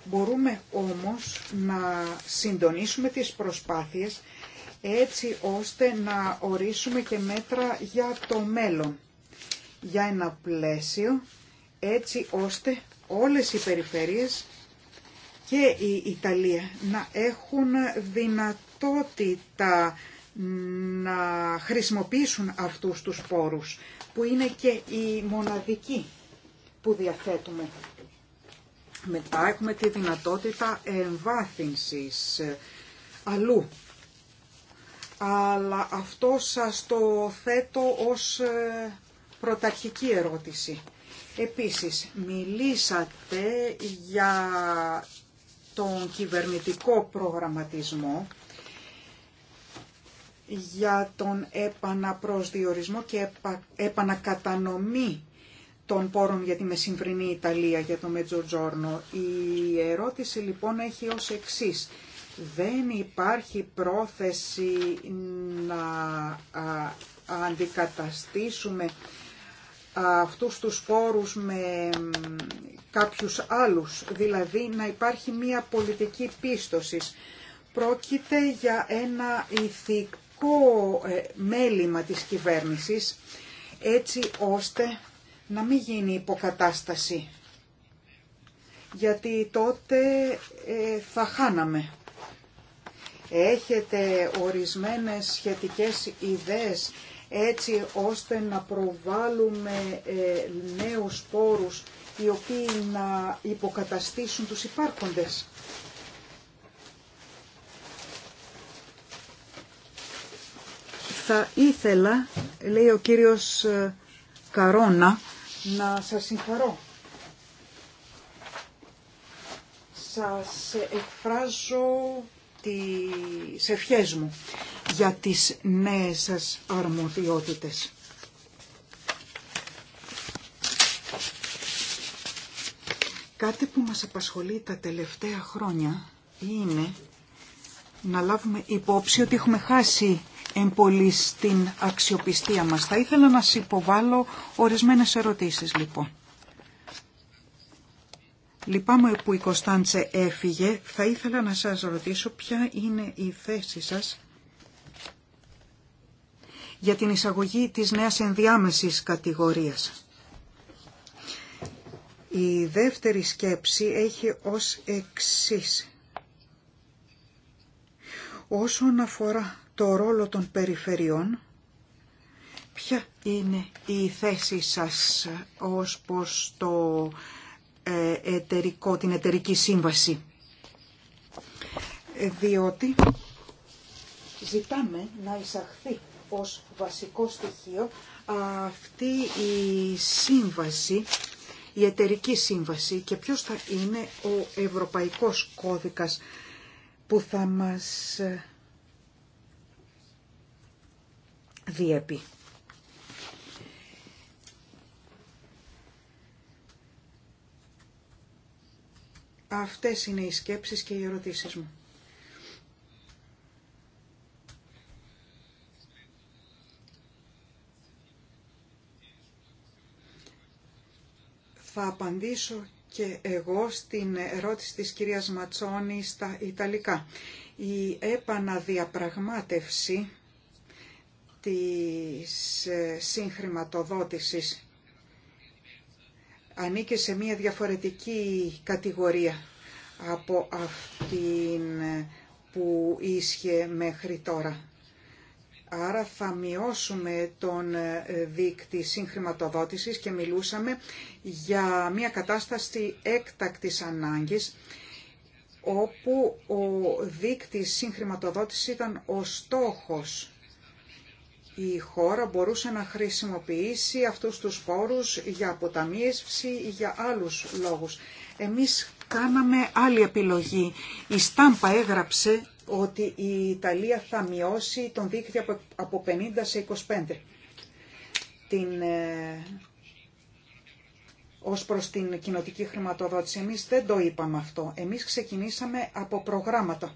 Μπορούμε όμως να συντονίσουμε τις προσπάθειες έτσι ώστε να ορίσουμε και μέτρα για το μέλλον, για ένα πλαίσιο έτσι ώστε όλες οι περιφέρειες και η Ιταλία να έχουν δυνατότητα να χρησιμοποιήσουν αυτούς τους πόρους που είναι και η μοναδική που διαθέτουμε. Μετά έχουμε τη δυνατότητα εμβάθυνσης ε, αλλού. Αλλά αυτό σας το θέτω ως ε, πρωταρχική ερώτηση. Επίσης, μιλήσατε για τον κυβερνητικό προγραμματισμό, για τον επαναπροσδιορισμό και επανακατανομή των πόρων για τη μεσημβρινή Ιταλία, για το Μετζοτζόρνο. Η ερώτηση λοιπόν έχει ως εξής. Δεν υπάρχει πρόθεση να αντικαταστήσουμε αυτούς τους πόρους με κάποιους άλλους, δηλαδή να υπάρχει μία πολιτική πίστοση. Πρόκειται για ένα ηθικό ε, μέλημα της κυβέρνησης, έτσι ώστε να μην γίνει υποκατάσταση, γιατί τότε ε, θα χάναμε. Έχετε ορισμένες σχετικές ιδέες έτσι ώστε να προβάλλουμε ε, νέους πόρους οι οποίοι να υποκαταστήσουν τους υπάρχοντες. Θα ήθελα, λέει ο κύριος ε, Καρόνα, να σας συγχαρώ. Σας εκφράζω τις ευχές μου για τις νέες σας αρμοδιότητες. Κάτι που μας απασχολεί τα τελευταία χρόνια είναι να λάβουμε υπόψη ότι έχουμε χάσει εμπολή στην αξιοπιστία μας. Θα ήθελα να σας υποβάλω ορισμένες ερωτήσεις λοιπόν. Λυπάμαι που η Κωνσταντσε έφυγε. Θα ήθελα να σας ρωτήσω ποια είναι η θέση σας για την εισαγωγή της νέας ενδιάμεσης κατηγορίας. Η δεύτερη σκέψη έχει ως εξής. Όσον αφορά το ρόλο των περιφερειών. Ποια είναι η θέση σας ως προς το ε, εταιρικό, την εταιρική σύμβαση. Ε, διότι ζητάμε να εισαχθεί ως βασικό στοιχείο αυτή η σύμβαση, η εταιρική σύμβαση και ποιος θα είναι ο ευρωπαϊκός κώδικας που θα μας ε, διέπει. Αυτές είναι οι σκέψεις και οι ερωτήσεις μου. Θα απαντήσω και εγώ στην ερώτηση της κυρίας Ματσόνη στα Ιταλικά. Η επαναδιαπραγμάτευση της ε, συγχρηματοδότησης ανήκε σε μια διαφορετική κατηγορία από αυτήν ε, που ίσχυε μέχρι τώρα. Άρα θα μειώσουμε τον ε, δίκτυ συγχρηματοδότησης και μιλούσαμε για μια κατάσταση έκτακτης ανάγκης όπου ο δίκτυ συγχρηματοδότησης ήταν ο στόχος η χώρα μπορούσε να χρησιμοποιήσει αυτούς τους πόρους για αποταμίευση ή για άλλους λόγους. Εμείς κάναμε άλλη επιλογή. Η Στάμπα έγραψε ότι η Ιταλία θα μειώσει τον δίκτυο από 50 σε 25. Την, ε, ως προς την κοινοτική χρηματοδότηση. Εμείς δεν το είπαμε αυτό. Εμείς ξεκινήσαμε από προγράμματα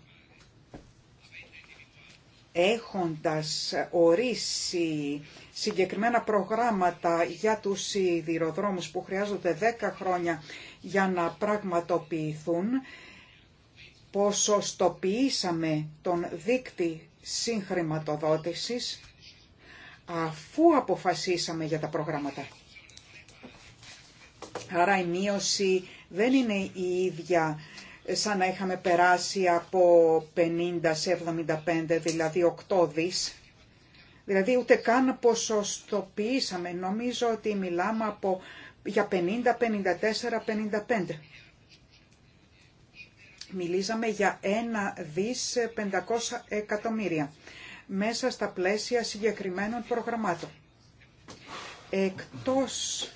έχοντας ορίσει συγκεκριμένα προγράμματα για τους σιδηροδρόμους που χρειάζονται 10 χρόνια για να πραγματοποιηθούν, ποσοστοποιήσαμε τον δίκτυ συγχρηματοδότησης αφού αποφασίσαμε για τα προγράμματα. Άρα η μείωση δεν είναι η ίδια σαν να είχαμε περάσει από 50 σε 75, δηλαδή 8 δις. Δηλαδή ούτε καν ποσοστοποιήσαμε. Νομίζω ότι μιλάμε από, για 50, 54, 55. Μιλήσαμε για 1 δις 500 εκατομμύρια μέσα στα πλαίσια συγκεκριμένων προγραμμάτων. Εκτός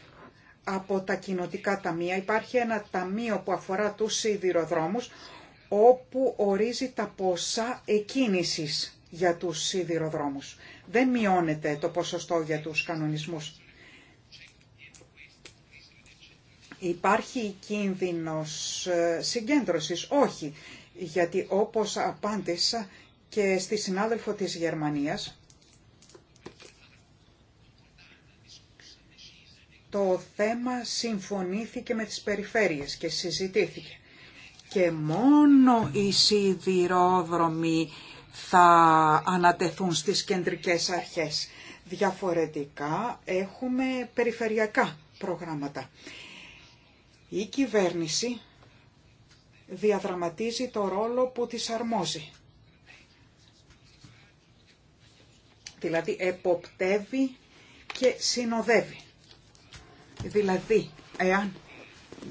από τα κοινοτικά ταμεία. Υπάρχει ένα ταμείο που αφορά τους σιδηροδρόμους, όπου ορίζει τα ποσά εκκίνησης για τους σιδηροδρόμους. Δεν μειώνεται το ποσοστό για τους κανονισμούς. Υπάρχει κίνδυνος ε, συγκέντρωσης. Όχι, γιατί όπως απάντησα και στη συνάδελφο της Γερμανίας, το θέμα συμφωνήθηκε με τις περιφέρειες και συζητήθηκε. Και μόνο οι σιδηρόδρομοι θα ανατεθούν στις κεντρικές αρχές. Διαφορετικά έχουμε περιφερειακά προγράμματα. Η κυβέρνηση διαδραματίζει το ρόλο που της αρμόζει. Δηλαδή εποπτεύει και συνοδεύει. Δηλαδή, εάν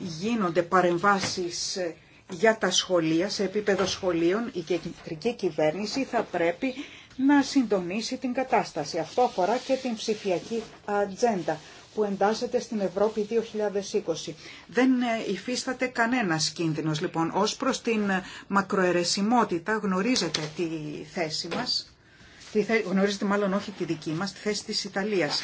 γίνονται παρεμβάσεις ε, για τα σχολεία, σε επίπεδο σχολείων, η κεντρική κυβέρνηση θα πρέπει να συντονίσει την κατάσταση. Αυτό αφορά και την ψηφιακή ατζέντα που εντάσσεται στην Ευρώπη 2020. Δεν ε, υφίσταται κανένας κίνδυνος. Λοιπόν, ως προς την ε, μακροαιρεσιμότητα γνωρίζετε τη θέση μας, γνωρίζετε μάλλον όχι τη δική μας, τη θέση της Ιταλίας.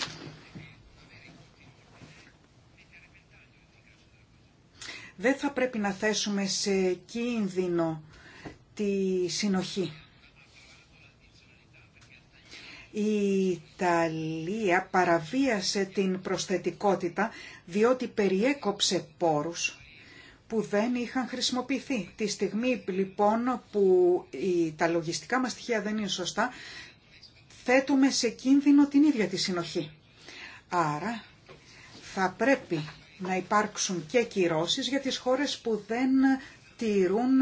δεν θα πρέπει να θέσουμε σε κίνδυνο τη συνοχή. Η Ιταλία παραβίασε την προσθετικότητα διότι περιέκοψε πόρους που δεν είχαν χρησιμοποιηθεί. Τη στιγμή λοιπόν που τα λογιστικά μας στοιχεία δεν είναι σωστά, θέτουμε σε κίνδυνο την ίδια τη συνοχή. Άρα θα πρέπει να υπάρξουν και κυρώσεις για τις χώρες που δεν τηρούν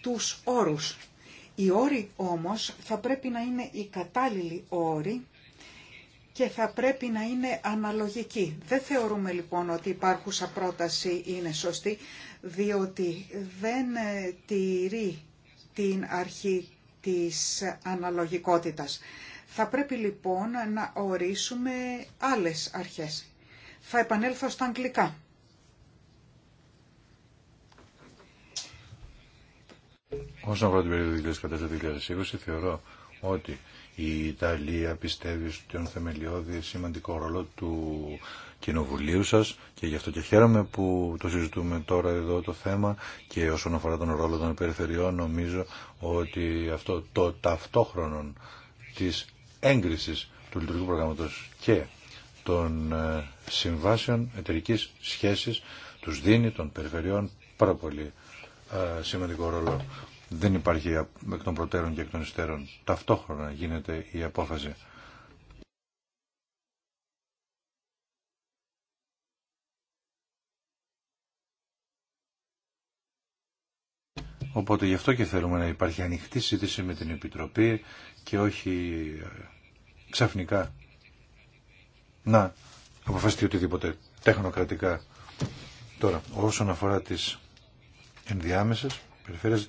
τους όρους. Οι όροι όμως θα πρέπει να είναι οι κατάλληλοι όροι και θα πρέπει να είναι αναλογικοί. Δεν θεωρούμε λοιπόν ότι υπάρχουσα πρόταση είναι σωστή, διότι δεν τηρεί την αρχή της αναλογικότητας. Θα πρέπει λοιπόν να ορίσουμε άλλες αρχές. Θα επανέλθω στα αγγλικά. Όσον αφορά την περίοδο 2014-2020, θεωρώ ότι η Ιταλία πιστεύει στον θεμελιώδη σημαντικό ρόλο του κοινοβουλίου σας και γι' αυτό και χαίρομαι που το συζητούμε τώρα εδώ το θέμα και όσον αφορά τον ρόλο των περιφερειών νομίζω ότι αυτό το ταυτόχρονο της έγκρισης του λειτουργικού προγράμματος και των ε, συμβάσεων εταιρικής σχέσης τους δίνει των περιφερειών πάρα πολύ ε, σημαντικό ρόλο. Δεν υπάρχει εκ των προτέρων και εκ των υστέρων. Ταυτόχρονα γίνεται η απόφαση. Οπότε γι' αυτό και θέλουμε να υπάρχει ανοιχτή συζήτηση με την Επιτροπή και όχι ε, ξαφνικά να αποφασιστεί οτιδήποτε τεχνοκρατικά. Τώρα, όσον αφορά τις ενδιάμεσες περιφέρειες,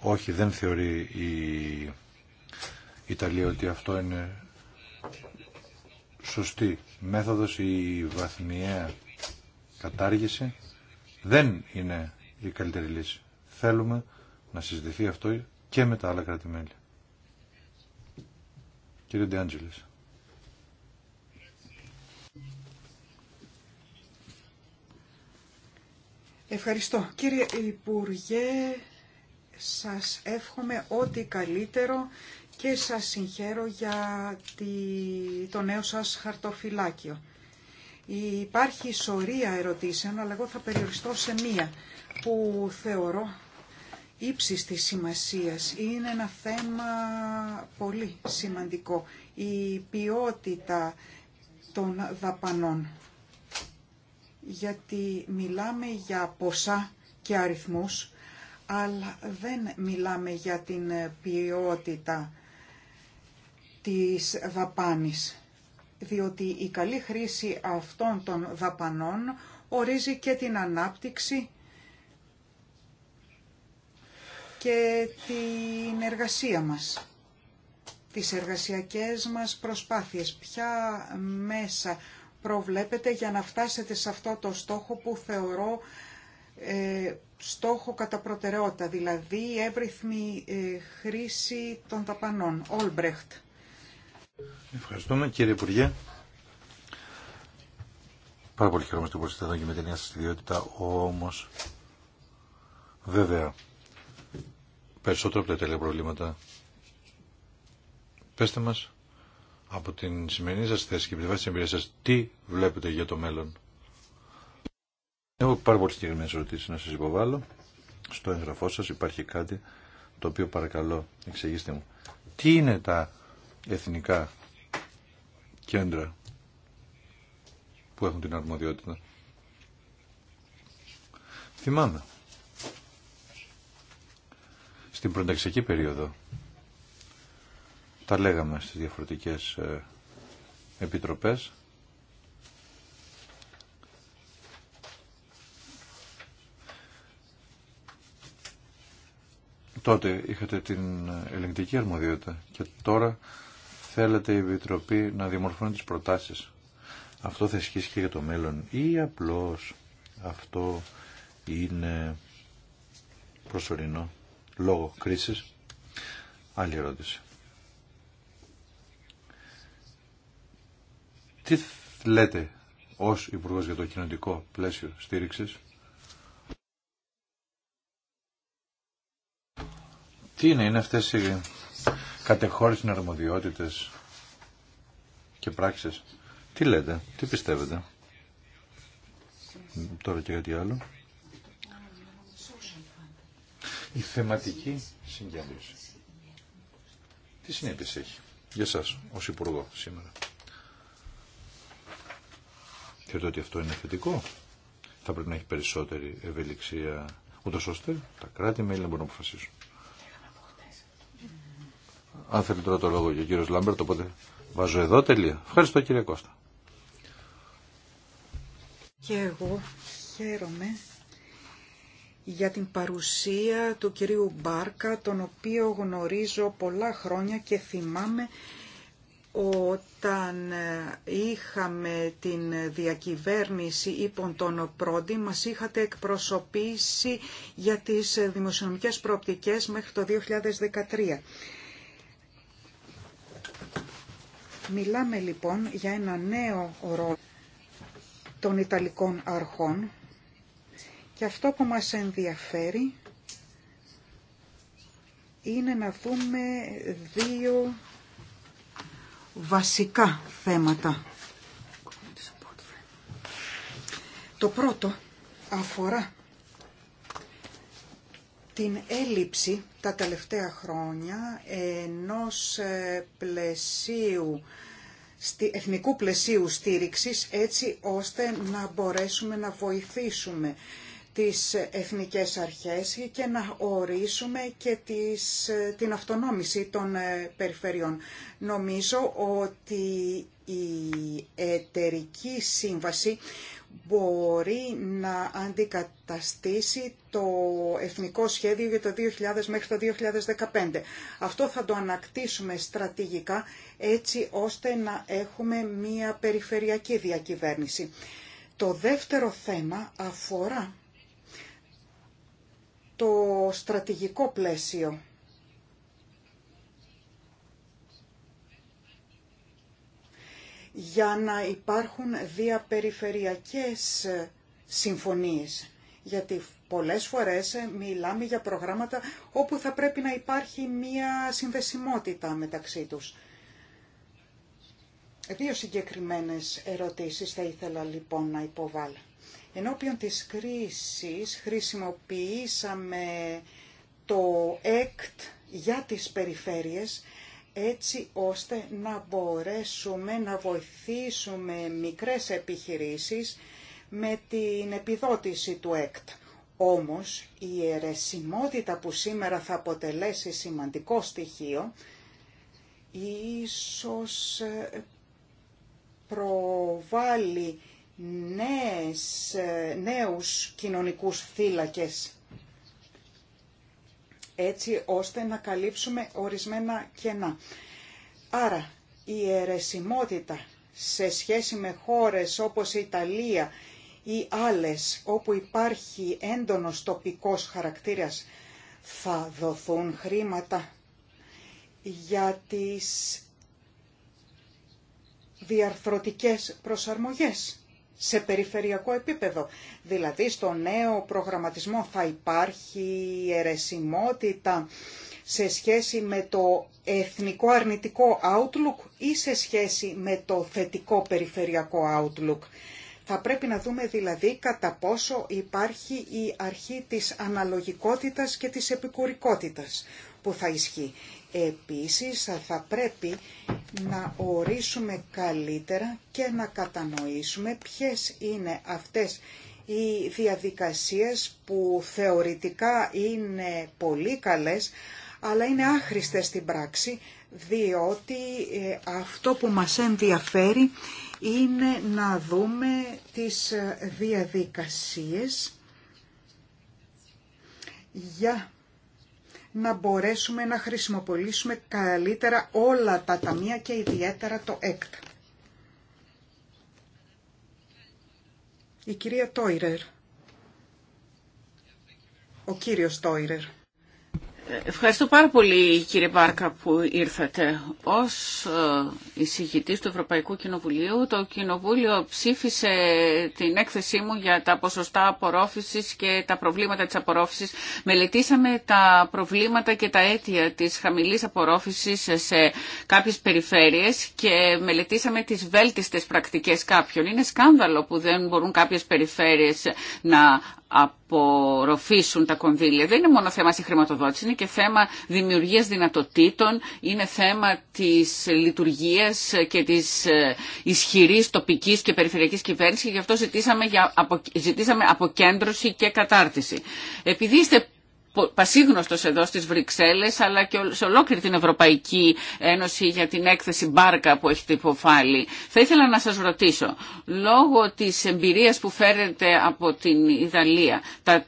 όχι, δεν θεωρεί η Ιταλία ότι αυτό είναι σωστή μέθοδος, η βαθμιαία κατάργηση δεν είναι η καλύτερη λύση. Θέλουμε να συζητηθεί αυτό και με τα άλλα κράτη-μέλη. Κύριε Ντιάντζελης. Ευχαριστώ. Κύριε Υπουργέ, σας εύχομαι ό,τι καλύτερο και σας συγχαίρω για το νέο σας χαρτοφυλάκιο. Υπάρχει σωρία ερωτήσεων, αλλά εγώ θα περιοριστώ σε μία που θεωρώ ύψης της σημασίας. Είναι ένα θέμα πολύ σημαντικό, η ποιότητα των δαπανών γιατί μιλάμε για ποσά και αριθμούς, αλλά δεν μιλάμε για την ποιότητα της δαπάνης, διότι η καλή χρήση αυτών των δαπανών ορίζει και την ανάπτυξη και την εργασία μας, τις εργασιακές μας προσπάθειες, ποια μέσα προβλέπετε για να φτάσετε σε αυτό το στόχο που θεωρώ ε, στόχο κατά προτεραιότητα, δηλαδή η εύρυθμη ε, χρήση των ταπανών. Όλμπρεχτ. Ευχαριστούμε κύριε Υπουργέ. Πάρα πολύ χαιρόμαστε που είστε εδώ και με την νέα σας ιδιότητα, όμως βέβαια περισσότερο από τα τέλεια προβλήματα. Πέστε μας από την σημερινή σας θέση και βάση της εμπειρίας σας, τι βλέπετε για το μέλλον. Έχω πάρα πολύ συγκεκριμένε ερωτήσει να σας υποβάλω. Στο εγγραφό σας υπάρχει κάτι το οποίο παρακαλώ εξηγήστε μου. Τι είναι τα εθνικά κέντρα που έχουν την αρμοδιότητα. Θυμάμαι. Στην πρωταξιακή περίοδο τα λέγαμε στις διαφορετικές ε, επιτροπές. Τότε είχατε την ελεγκτική αρμοδιότητα και τώρα θέλετε η Επιτροπή να διαμορφώνει τις προτάσεις. Αυτό θα ισχύσει και για το μέλλον ή απλώς αυτό είναι προσωρινό λόγω κρίσης. Άλλη ερώτηση. Τι λέτε ως Υπουργό για το κοινωνικό πλαίσιο στήριξης. Τι είναι, είναι αυτές οι κατεχώρες αρμοδιότητες και πράξεις. Τι λέτε, τι πιστεύετε. Τώρα και κάτι άλλο. Η θεματική συγκέντρωση. Τι συνέπειες έχει για σας ως Υπουργό σήμερα. Θεωρείτε ότι αυτό είναι θετικό. Θα πρέπει να έχει περισσότερη ευελιξία, ούτω ώστε τα κράτη-μέλη να μπορούν να αποφασίσουν. Αν θέλει τώρα το λόγο και ο κύριος Λάμπερτ, οπότε βάζω εδώ τελεία. Ευχαριστώ κύριε Κώστα. Και εγώ χαίρομαι για την παρουσία του κυρίου Μπάρκα, τον οποίο γνωρίζω πολλά χρόνια και θυμάμαι όταν ε, είχαμε την διακυβέρνηση υπό τον πρώτη μας είχατε εκπροσωπήσει για τις ε, δημοσιονομικές προοπτικές μέχρι το 2013. Μιλάμε λοιπόν για ένα νέο ρόλο των Ιταλικών αρχών και αυτό που μας ενδιαφέρει είναι να δούμε δύο βασικά θέματα. Το πρώτο αφορά την έλλειψη τα τελευταία χρόνια ενός ε, πλαισίου, εθνικού πλαισίου στήριξης έτσι ώστε να μπορέσουμε να βοηθήσουμε τις εθνικές αρχές και να ορίσουμε και τις, την αυτονόμηση των ε, περιφερειών. Νομίζω ότι η εταιρική σύμβαση μπορεί να αντικαταστήσει το εθνικό σχέδιο για το 2000 μέχρι το 2015. Αυτό θα το ανακτήσουμε στρατηγικά έτσι ώστε να έχουμε μία περιφερειακή διακυβέρνηση. Το δεύτερο θέμα αφορά το στρατηγικό πλαίσιο. για να υπάρχουν διαπεριφερειακές συμφωνίες. Γιατί πολλές φορές μιλάμε για προγράμματα όπου θα πρέπει να υπάρχει μία συνδεσιμότητα μεταξύ τους. Δύο συγκεκριμένες ερωτήσεις θα ήθελα λοιπόν να υποβάλω. Ενώπιον της κρίσης χρησιμοποιήσαμε το ΕΚΤ για τις περιφέρειες έτσι ώστε να μπορέσουμε να βοηθήσουμε μικρές επιχειρήσεις με την επιδότηση του ΕΚΤ. Όμως η αιρεσιμότητα που σήμερα θα αποτελέσει σημαντικό στοιχείο ίσως ε, προβάλλει νέες, ε, νέους κοινωνικούς θύλακες έτσι ώστε να καλύψουμε ορισμένα κενά. Άρα η αιρεσιμότητα σε σχέση με χώρες όπως η Ιταλία ή άλλες όπου υπάρχει έντονος τοπικός χαρακτήρας θα δοθούν χρήματα για τις διαρθρωτικές προσαρμογές σε περιφερειακό επίπεδο. Δηλαδή στο νέο προγραμματισμό θα υπάρχει ερεσιμότητα σε σχέση με το εθνικό αρνητικό outlook ή σε σχέση με το θετικό περιφερειακό outlook. Θα πρέπει να δούμε δηλαδή κατά πόσο υπάρχει η αρχή της αναλογικότητας και της επικουρικότητας που θα ισχύει. Επίσης θα πρέπει να ορίσουμε καλύτερα και να κατανοήσουμε ποιες είναι αυτές οι διαδικασίες που θεωρητικά είναι πολύ καλές αλλά είναι άχρηστες στην πράξη διότι ε, αυτό που μας ενδιαφέρει είναι να δούμε τις ε, διαδικασίες για να μπορέσουμε να χρησιμοποιήσουμε καλύτερα όλα τα ταμεία και ιδιαίτερα το ΕΚΤ. Η κυρία Τόιρερ. Ο κύριος Τόιρερ. Ευχαριστώ πάρα πολύ κύριε Μπάρκα που ήρθατε. Ως ε, εισηγητής του Ευρωπαϊκού Κοινοβουλίου, το Κοινοβούλιο ψήφισε την έκθεσή μου για τα ποσοστά απορρόφησης και τα προβλήματα της απορρόφησης. Μελετήσαμε τα προβλήματα και τα αίτια της χαμηλής απορρόφησης σε κάποιες περιφέρειες και μελετήσαμε τις βέλτιστες πρακτικές κάποιων. Είναι σκάνδαλο που δεν μπορούν κάποιες περιφέρειες να απορροφήσουν τα κονδύλια. Δεν είναι μόνο θέμα στη χρηματοδότηση, είναι και θέμα δημιουργίας δυνατοτήτων, είναι θέμα της λειτουργίας και της ε, ισχυρής τοπικής και περιφερειακής κυβέρνησης και γι' αυτό ζητήσαμε, για, ζητήσαμε αποκέντρωση και κατάρτιση. Επειδή πασίγνωστος εδώ στις Βρυξέλλες αλλά και σε ολόκληρη την Ευρωπαϊκή Ένωση για την έκθεση Μπάρκα που έχετε υποφάλει. Θα ήθελα να σας ρωτήσω, λόγω της εμπειρίας που φέρετε από την Ιταλία, τα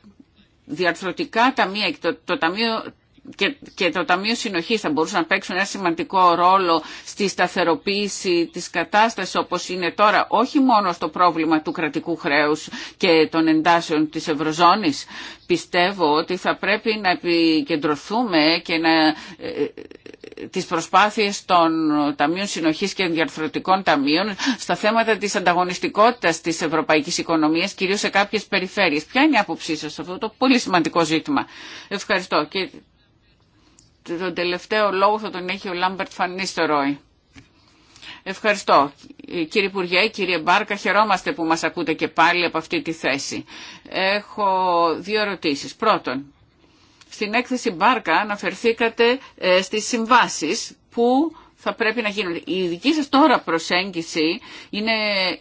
διαρθρωτικά ταμεία και το, το Ταμείο και, και το Ταμείο Συνοχής θα μπορούσε να παίξουν ένα σημαντικό ρόλο στη σταθεροποίηση της κατάστασης όπως είναι τώρα, όχι μόνο στο πρόβλημα του κρατικού χρέους και των εντάσεων της Ευρωζώνης. Πιστεύω ότι θα πρέπει να επικεντρωθούμε και να, ε, τις προσπάθειες των Ταμείων Συνοχής και Διαρθρωτικών Ταμείων στα θέματα της ανταγωνιστικότητας της ευρωπαϊκής οικονομίας, κυρίως σε κάποιες περιφέρειες. Ποια είναι η άποψή σας σε αυτό το πολύ σημαντικό ζήτημα. Ευχαριστώ τον τελευταίο λόγο θα τον έχει ο Λάμπερτ Φανίστεροι. Ευχαριστώ. Κύριε Υπουργέ, κύριε Μπάρκα, χαιρόμαστε που μας ακούτε και πάλι από αυτή τη θέση. Έχω δύο ερωτήσεις. Πρώτον, στην έκθεση Μπάρκα αναφερθήκατε ε, στις συμβάσεις που θα πρέπει να γίνονται. Η δική σας τώρα προσέγγιση είναι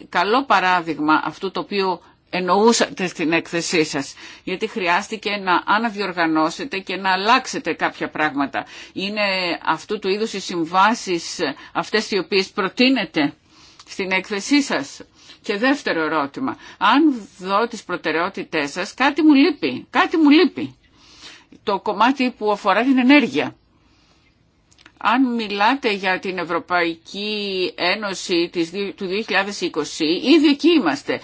καλό παράδειγμα αυτού το οποίο εννοούσατε στην έκθεσή σας. Γιατί χρειάστηκε να αναδιοργανώσετε και να αλλάξετε κάποια πράγματα. Είναι αυτού του είδους οι συμβάσεις αυτές οι οποίες προτείνετε στην έκθεσή σας. Και δεύτερο ερώτημα. Αν δω τις προτεραιότητές σας, κάτι μου λείπει. Κάτι μου λείπει. Το κομμάτι που αφορά την ενέργεια. Αν μιλάτε για την Ευρωπαϊκή Ένωση του 2020, ήδη εκεί είμαστε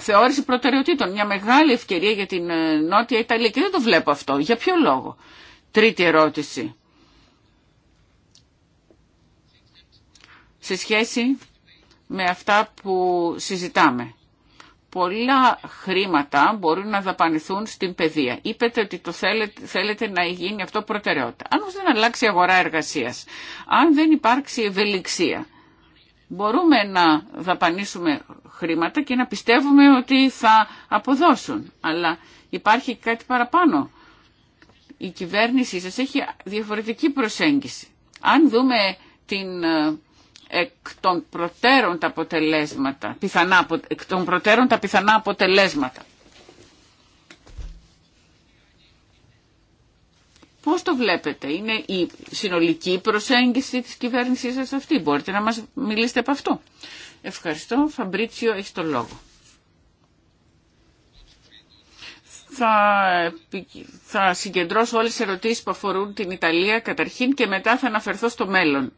θεώρηση προτεραιοτήτων. Μια μεγάλη ευκαιρία για την ε, Νότια Ιταλία και δεν το βλέπω αυτό. Για ποιο λόγο. Τρίτη ερώτηση. Σε σχέση με αυτά που συζητάμε. Πολλά χρήματα μπορούν να δαπανηθούν στην παιδεία. Είπετε ότι το θέλετε, θέλετε να γίνει αυτό προτεραιότητα. Αν δεν αλλάξει η αγορά εργασίας, αν δεν υπάρξει ευελιξία, μπορούμε να δαπανίσουμε χρήματα και να πιστεύουμε ότι θα αποδώσουν. Αλλά υπάρχει κάτι παραπάνω. Η κυβέρνησή σας έχει διαφορετική προσέγγιση. Αν δούμε την, ε, εκ των προτέρων τα αποτελέσματα, πιθανά, εκ των προτέρων τα πιθανά αποτελέσματα Πώς το βλέπετε, είναι η συνολική προσέγγιση της κυβέρνησής σας αυτή. Μπορείτε να μας μιλήσετε από αυτό. Ευχαριστώ. Φαμπρίτσιο, έχει το λόγο. θα, θα συγκεντρώσω όλες τις ερωτήσεις που αφορούν την Ιταλία καταρχήν και μετά θα αναφερθώ στο μέλλον.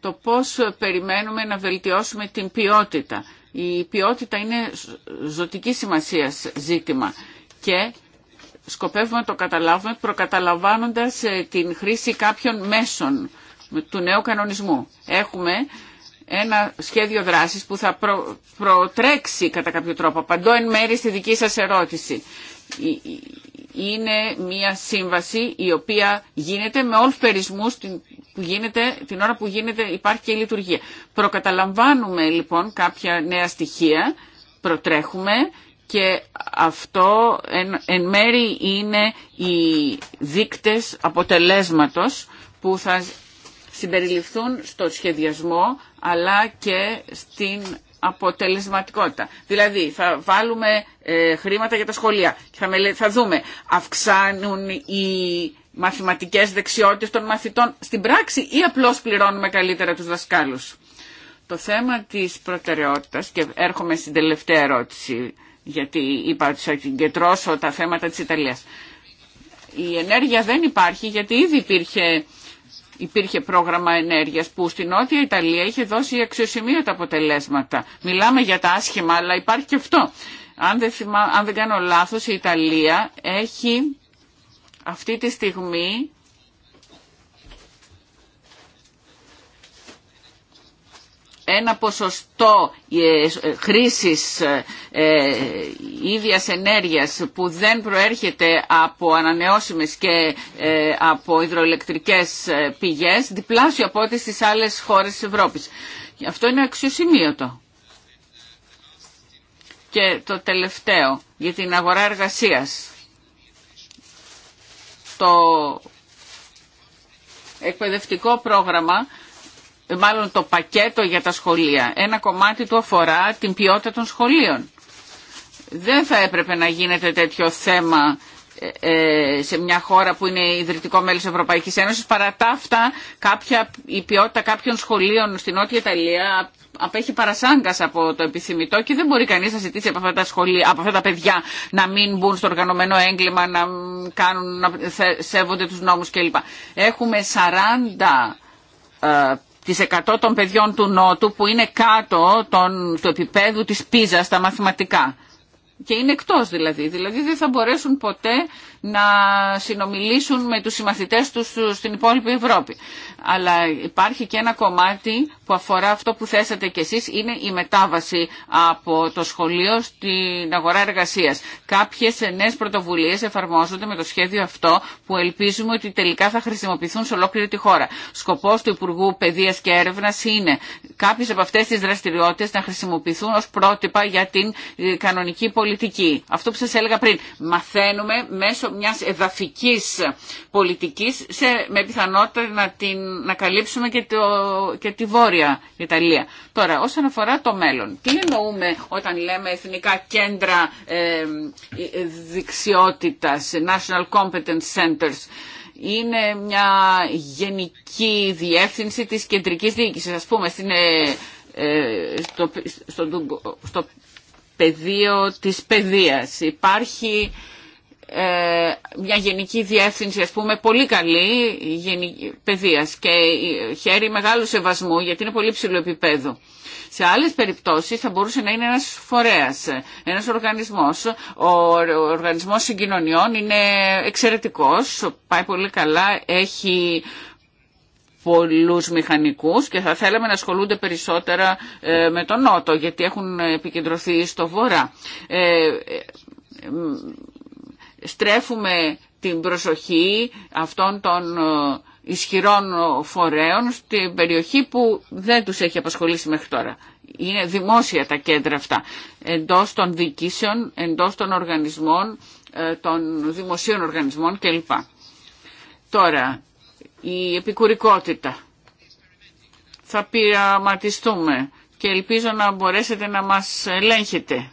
Το πώς περιμένουμε να βελτιώσουμε την ποιότητα. Η ποιότητα είναι ζωτική σημασία ζήτημα και σκοπεύουμε να το καταλάβουμε προκαταλαμβάνοντας ε, την χρήση κάποιων μέσων του νέου κανονισμού. Έχουμε ένα σχέδιο δράσης που θα προτρέξει κατά κάποιο τρόπο. Απαντώ εν μέρη στη δική σας ερώτηση. Είναι μια σύμβαση η οποία γίνεται με όλους περισμούς που γίνεται, την ώρα που γίνεται υπάρχει και η λειτουργία. Προκαταλαμβάνουμε λοιπόν κάποια νέα στοιχεία, προτρέχουμε και αυτό εν, μέρη είναι οι δείκτες αποτελέσματος που θα συμπεριληφθούν στο σχεδιασμό αλλά και στην αποτελεσματικότητα. Δηλαδή θα βάλουμε ε, χρήματα για τα σχολεία και θα, θα δούμε αυξάνουν οι μαθηματικές δεξιότητες των μαθητών στην πράξη ή απλώς πληρώνουμε καλύτερα τους δασκάλους. Το θέμα της προτεραιότητας και έρχομαι στην τελευταία ερώτηση γιατί είπα ότι θα κεντρώσω τα θέματα της Ιταλίας. Η ενέργεια δεν υπάρχει γιατί ήδη υπήρχε, υπήρχε πρόγραμμα ενέργειας που στην Νότια Ιταλία είχε δώσει αξιοσημείωτα αποτελέσματα. Μιλάμε για τα άσχημα αλλά υπάρχει και αυτό. Αν δεν, αν δεν κάνω λάθος η Ιταλία έχει αυτή τη στιγμή ένα ποσοστό ε, ε, χρήσης ε, ίδιας ενέργειας που δεν προέρχεται από ανανεώσιμες και από υδροελεκτρικές πηγές διπλάσιο από ό,τι στις άλλες χώρες της Ευρώπης. Αυτό είναι αξιοσημείωτο. Και το τελευταίο για την αγορά εργασίας. Το εκπαιδευτικό πρόγραμμα μάλλον το πακέτο για τα σχολεία. Ένα κομμάτι του αφορά την ποιότητα των σχολείων. Δεν θα έπρεπε να γίνεται τέτοιο θέμα ε, ε, σε μια χώρα που είναι ιδρυτικό μέλος της Ευρωπαϊκής Ένωσης. Παρά τα αυτά, κάποια, η ποιότητα κάποιων σχολείων στην Νότια Ιταλία απέχει παρασάγκας από το επιθυμητό και δεν μπορεί κανείς να ζητήσει από αυτά τα, σχολεία, από αυτά τα παιδιά να μην μπουν στο οργανωμένο έγκλημα, να, κάνουν, να σέβονται τους νόμους κλπ. Έχουμε 40 100 των παιδιών του Νότου που είναι κάτω των, του επίπεδου της πίζα στα μαθηματικά. Και είναι εκτός δηλαδή. Δηλαδή δεν θα μπορέσουν ποτέ να συνομιλήσουν με τους συμμαθητές τους στην υπόλοιπη Ευρώπη. Αλλά υπάρχει και ένα κομμάτι που αφορά αυτό που θέσατε κι εσείς, είναι η μετάβαση από το σχολείο στην αγορά εργασίας. Κάποιες νέες πρωτοβουλίες εφαρμόζονται με το σχέδιο αυτό που ελπίζουμε ότι τελικά θα χρησιμοποιηθούν σε ολόκληρη τη χώρα. Σκοπός του Υπουργού Παιδείας και Έρευνας είναι κάποιες από αυτές τις δραστηριότητες να χρησιμοποιηθούν ως πρότυπα για την ε, κανονική πολιτική. Αυτό που σας έλεγα πριν, μαθαίνουμε μέσω μιας εδαφικής πολιτικής σε, με πιθανότητα να, την, να καλύψουμε και, το, και τη Βόρεια Ιταλία. Τώρα, όσον αφορά το μέλλον, τι εννοούμε όταν λέμε εθνικά κέντρα ε, National Competence Centers, είναι μια γενική διεύθυνση της κεντρικής διοίκησης. Ας πούμε, ε, ε, στο, στο, στο πεδίο της παιδείας. Υπάρχει ε, μια γενική διεύθυνση ας πούμε πολύ καλή παιδείας και χαίρει μεγάλου σεβασμού γιατί είναι πολύ ψηλό επίπεδο. Σε άλλες περιπτώσεις θα μπορούσε να είναι ένας φορέας, ένας οργανισμός. Ο οργανισμός συγκοινωνιών είναι εξαιρετικός, πάει πολύ καλά, έχει πολλούς μηχανικούς και θα θέλαμε να ασχολούνται περισσότερα ε, με τον Νότο γιατί έχουν επικεντρωθεί στο Βορρά ε, στρέφουμε την προσοχή αυτών των ε, ισχυρών φορέων στην περιοχή που δεν τους έχει απασχολήσει μέχρι τώρα. Είναι δημόσια τα κέντρα αυτά, εντός των διοικήσεων, εντός των οργανισμών, ε, των δημοσίων οργανισμών κλπ. Τώρα, η επικουρικότητα. Θα πειραματιστούμε και ελπίζω να μπορέσετε να μας ελέγχετε.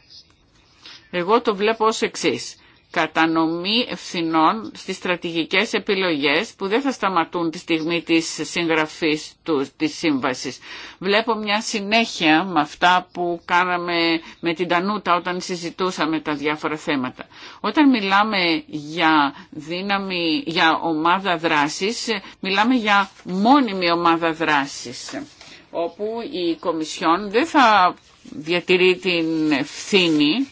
Εγώ το βλέπω ως εξής κατανομή ευθυνών στις στρατηγικές επιλογές που δεν θα σταματούν τη στιγμή της συγγραφής του, της σύμβασης. Βλέπω μια συνέχεια με αυτά που κάναμε με την Τανούτα όταν συζητούσαμε τα διάφορα θέματα. Όταν μιλάμε για, δύναμη, για ομάδα δράσης, μιλάμε για μόνιμη ομάδα δράσης όπου η Κομισιόν δεν θα διατηρεί την ευθύνη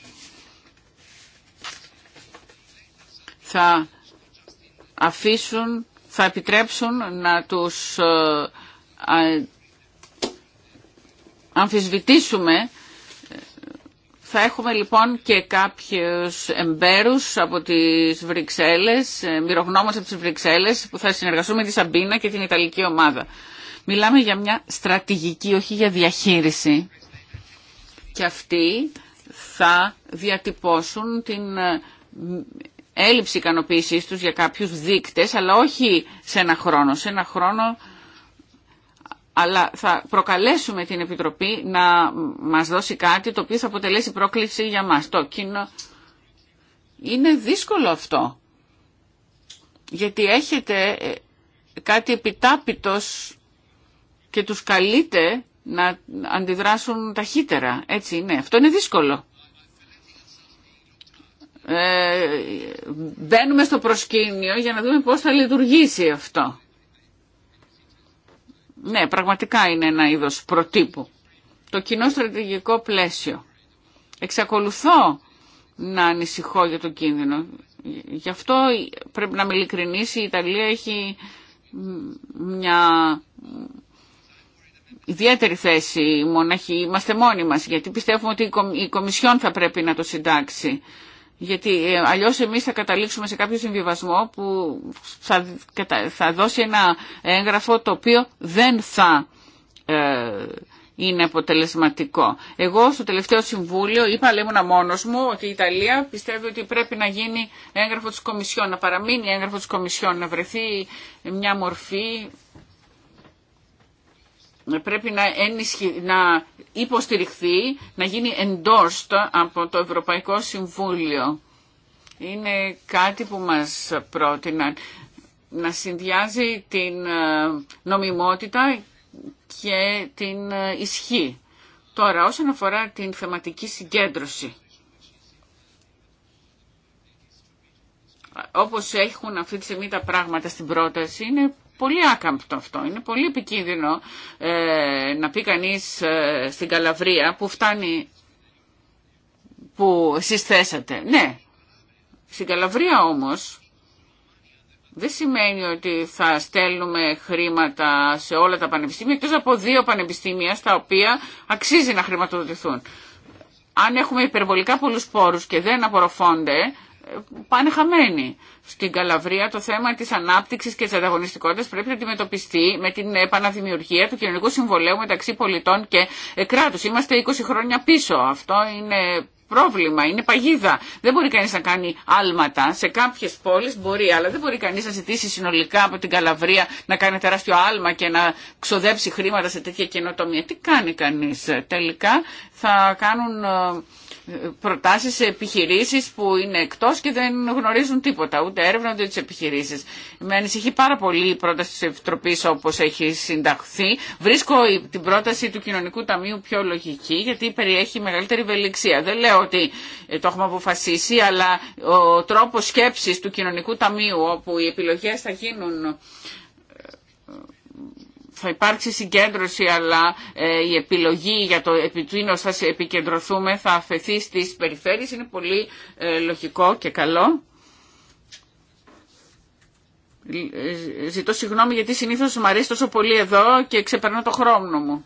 θα αφήσουν, θα επιτρέψουν να τους ε, αμφισβητήσουμε. Θα έχουμε λοιπόν και κάποιους εμπέρους από τις Βρυξέλλες, ε, μυρογνώμες από τις Βρυξέλλες που θα συνεργαστούμε με τη Σαμπίνα και την Ιταλική ομάδα. Μιλάμε για μια στρατηγική, όχι για διαχείριση. Και αυτοί θα διατυπώσουν την ε, έλλειψη ικανοποίησή τους για κάποιους δείκτες, αλλά όχι σε ένα χρόνο. Σε ένα χρόνο αλλά θα προκαλέσουμε την Επιτροπή να μας δώσει κάτι το οποίο θα αποτελέσει πρόκληση για μας. Το είναι δύσκολο αυτό, γιατί έχετε ε, κάτι επιτάπητος και τους καλείτε να αντιδράσουν ταχύτερα. Έτσι είναι. Αυτό είναι δύσκολο. Ε, μπαίνουμε στο προσκήνιο για να δούμε πώς θα λειτουργήσει αυτό. Ναι, πραγματικά είναι ένα είδος προτύπου. Το κοινό στρατηγικό πλαίσιο. Εξακολουθώ να ανησυχώ για το κίνδυνο. Γι' αυτό πρέπει να με η Ιταλία έχει μια ιδιαίτερη θέση μοναχή. Είμαστε μόνοι μας γιατί πιστεύουμε ότι η Κομισιόν θα πρέπει να το συντάξει. Γιατί ε, αλλιώς εμείς θα καταλήξουμε σε κάποιο συμβιβασμό που θα δώσει ένα έγγραφο το οποίο δεν θα ε, είναι αποτελεσματικό. Εγώ στο τελευταίο συμβούλιο είπα, λέμουνα μόνος μου, ότι η Ιταλία πιστεύει ότι πρέπει να γίνει έγγραφο της Κομισιόν, να παραμείνει έγγραφο της Κομισιόν, να βρεθεί μια μορφή πρέπει να, ενισχυ... να υποστηριχθεί, να γίνει endorsed από το Ευρωπαϊκό Συμβούλιο. Είναι κάτι που μας πρότειναν να συνδυάζει την ε, νομιμότητα και την ε, ισχύ. Τώρα, όσον αφορά την θεματική συγκέντρωση, όπως έχουν αυτή τη στιγμή τα πράγματα στην πρόταση, είναι πολύ άκαμπτο αυτό. Είναι πολύ επικίνδυνο ε, να πει κανεί ε, στην Καλαβρία που φτάνει που εσείς θέσατε. Ναι, στην Καλαβρία όμως δεν σημαίνει ότι θα στέλνουμε χρήματα σε όλα τα πανεπιστήμια, εκτός από δύο πανεπιστήμια στα οποία αξίζει να χρηματοδοτηθούν. Αν έχουμε υπερβολικά πολλούς πόρους και δεν απορροφώνται, πάνε χαμένοι. Στην Καλαβρία το θέμα της ανάπτυξης και της ανταγωνιστικότητας πρέπει να αντιμετωπιστεί με την επαναδημιουργία του κοινωνικού συμβολέου μεταξύ πολιτών και κράτους. Είμαστε 20 χρόνια πίσω. Αυτό είναι πρόβλημα, είναι παγίδα. Δεν μπορεί κανείς να κάνει άλματα. Σε κάποιες πόλεις μπορεί, αλλά δεν μπορεί κανείς να ζητήσει συνολικά από την Καλαβρία να κάνει τεράστιο άλμα και να ξοδέψει χρήματα σε τέτοια καινοτομία. Τι κάνει κανείς ε, τελικά. Θα κάνουν ε, προτάσεις σε επιχειρήσεις που είναι εκτός και δεν γνωρίζουν τίποτα, ούτε έρευνα ούτε τις επιχειρήσεις. Με ανησυχεί πάρα πολύ η πρόταση της Επιτροπής όπως έχει συνταχθεί. Βρίσκω την πρόταση του Κοινωνικού Ταμείου πιο λογική γιατί περιέχει μεγαλύτερη ευελιξία. Δεν ότι το έχουμε αποφασίσει, αλλά ο τρόπος σκέψης του κοινωνικού ταμείου όπου οι επιλογές θα γίνουν ε, θα υπάρξει συγκέντρωση, αλλά ε, η επιλογή για το επιτύνος θα επικεντρωθούμε, θα αφαιθεί στις περιφέρειες. Είναι πολύ ε, λογικό και καλό. Ζητώ συγγνώμη γιατί συνήθως μου αρέσει τόσο πολύ εδώ και ξεπερνώ το χρόνο μου.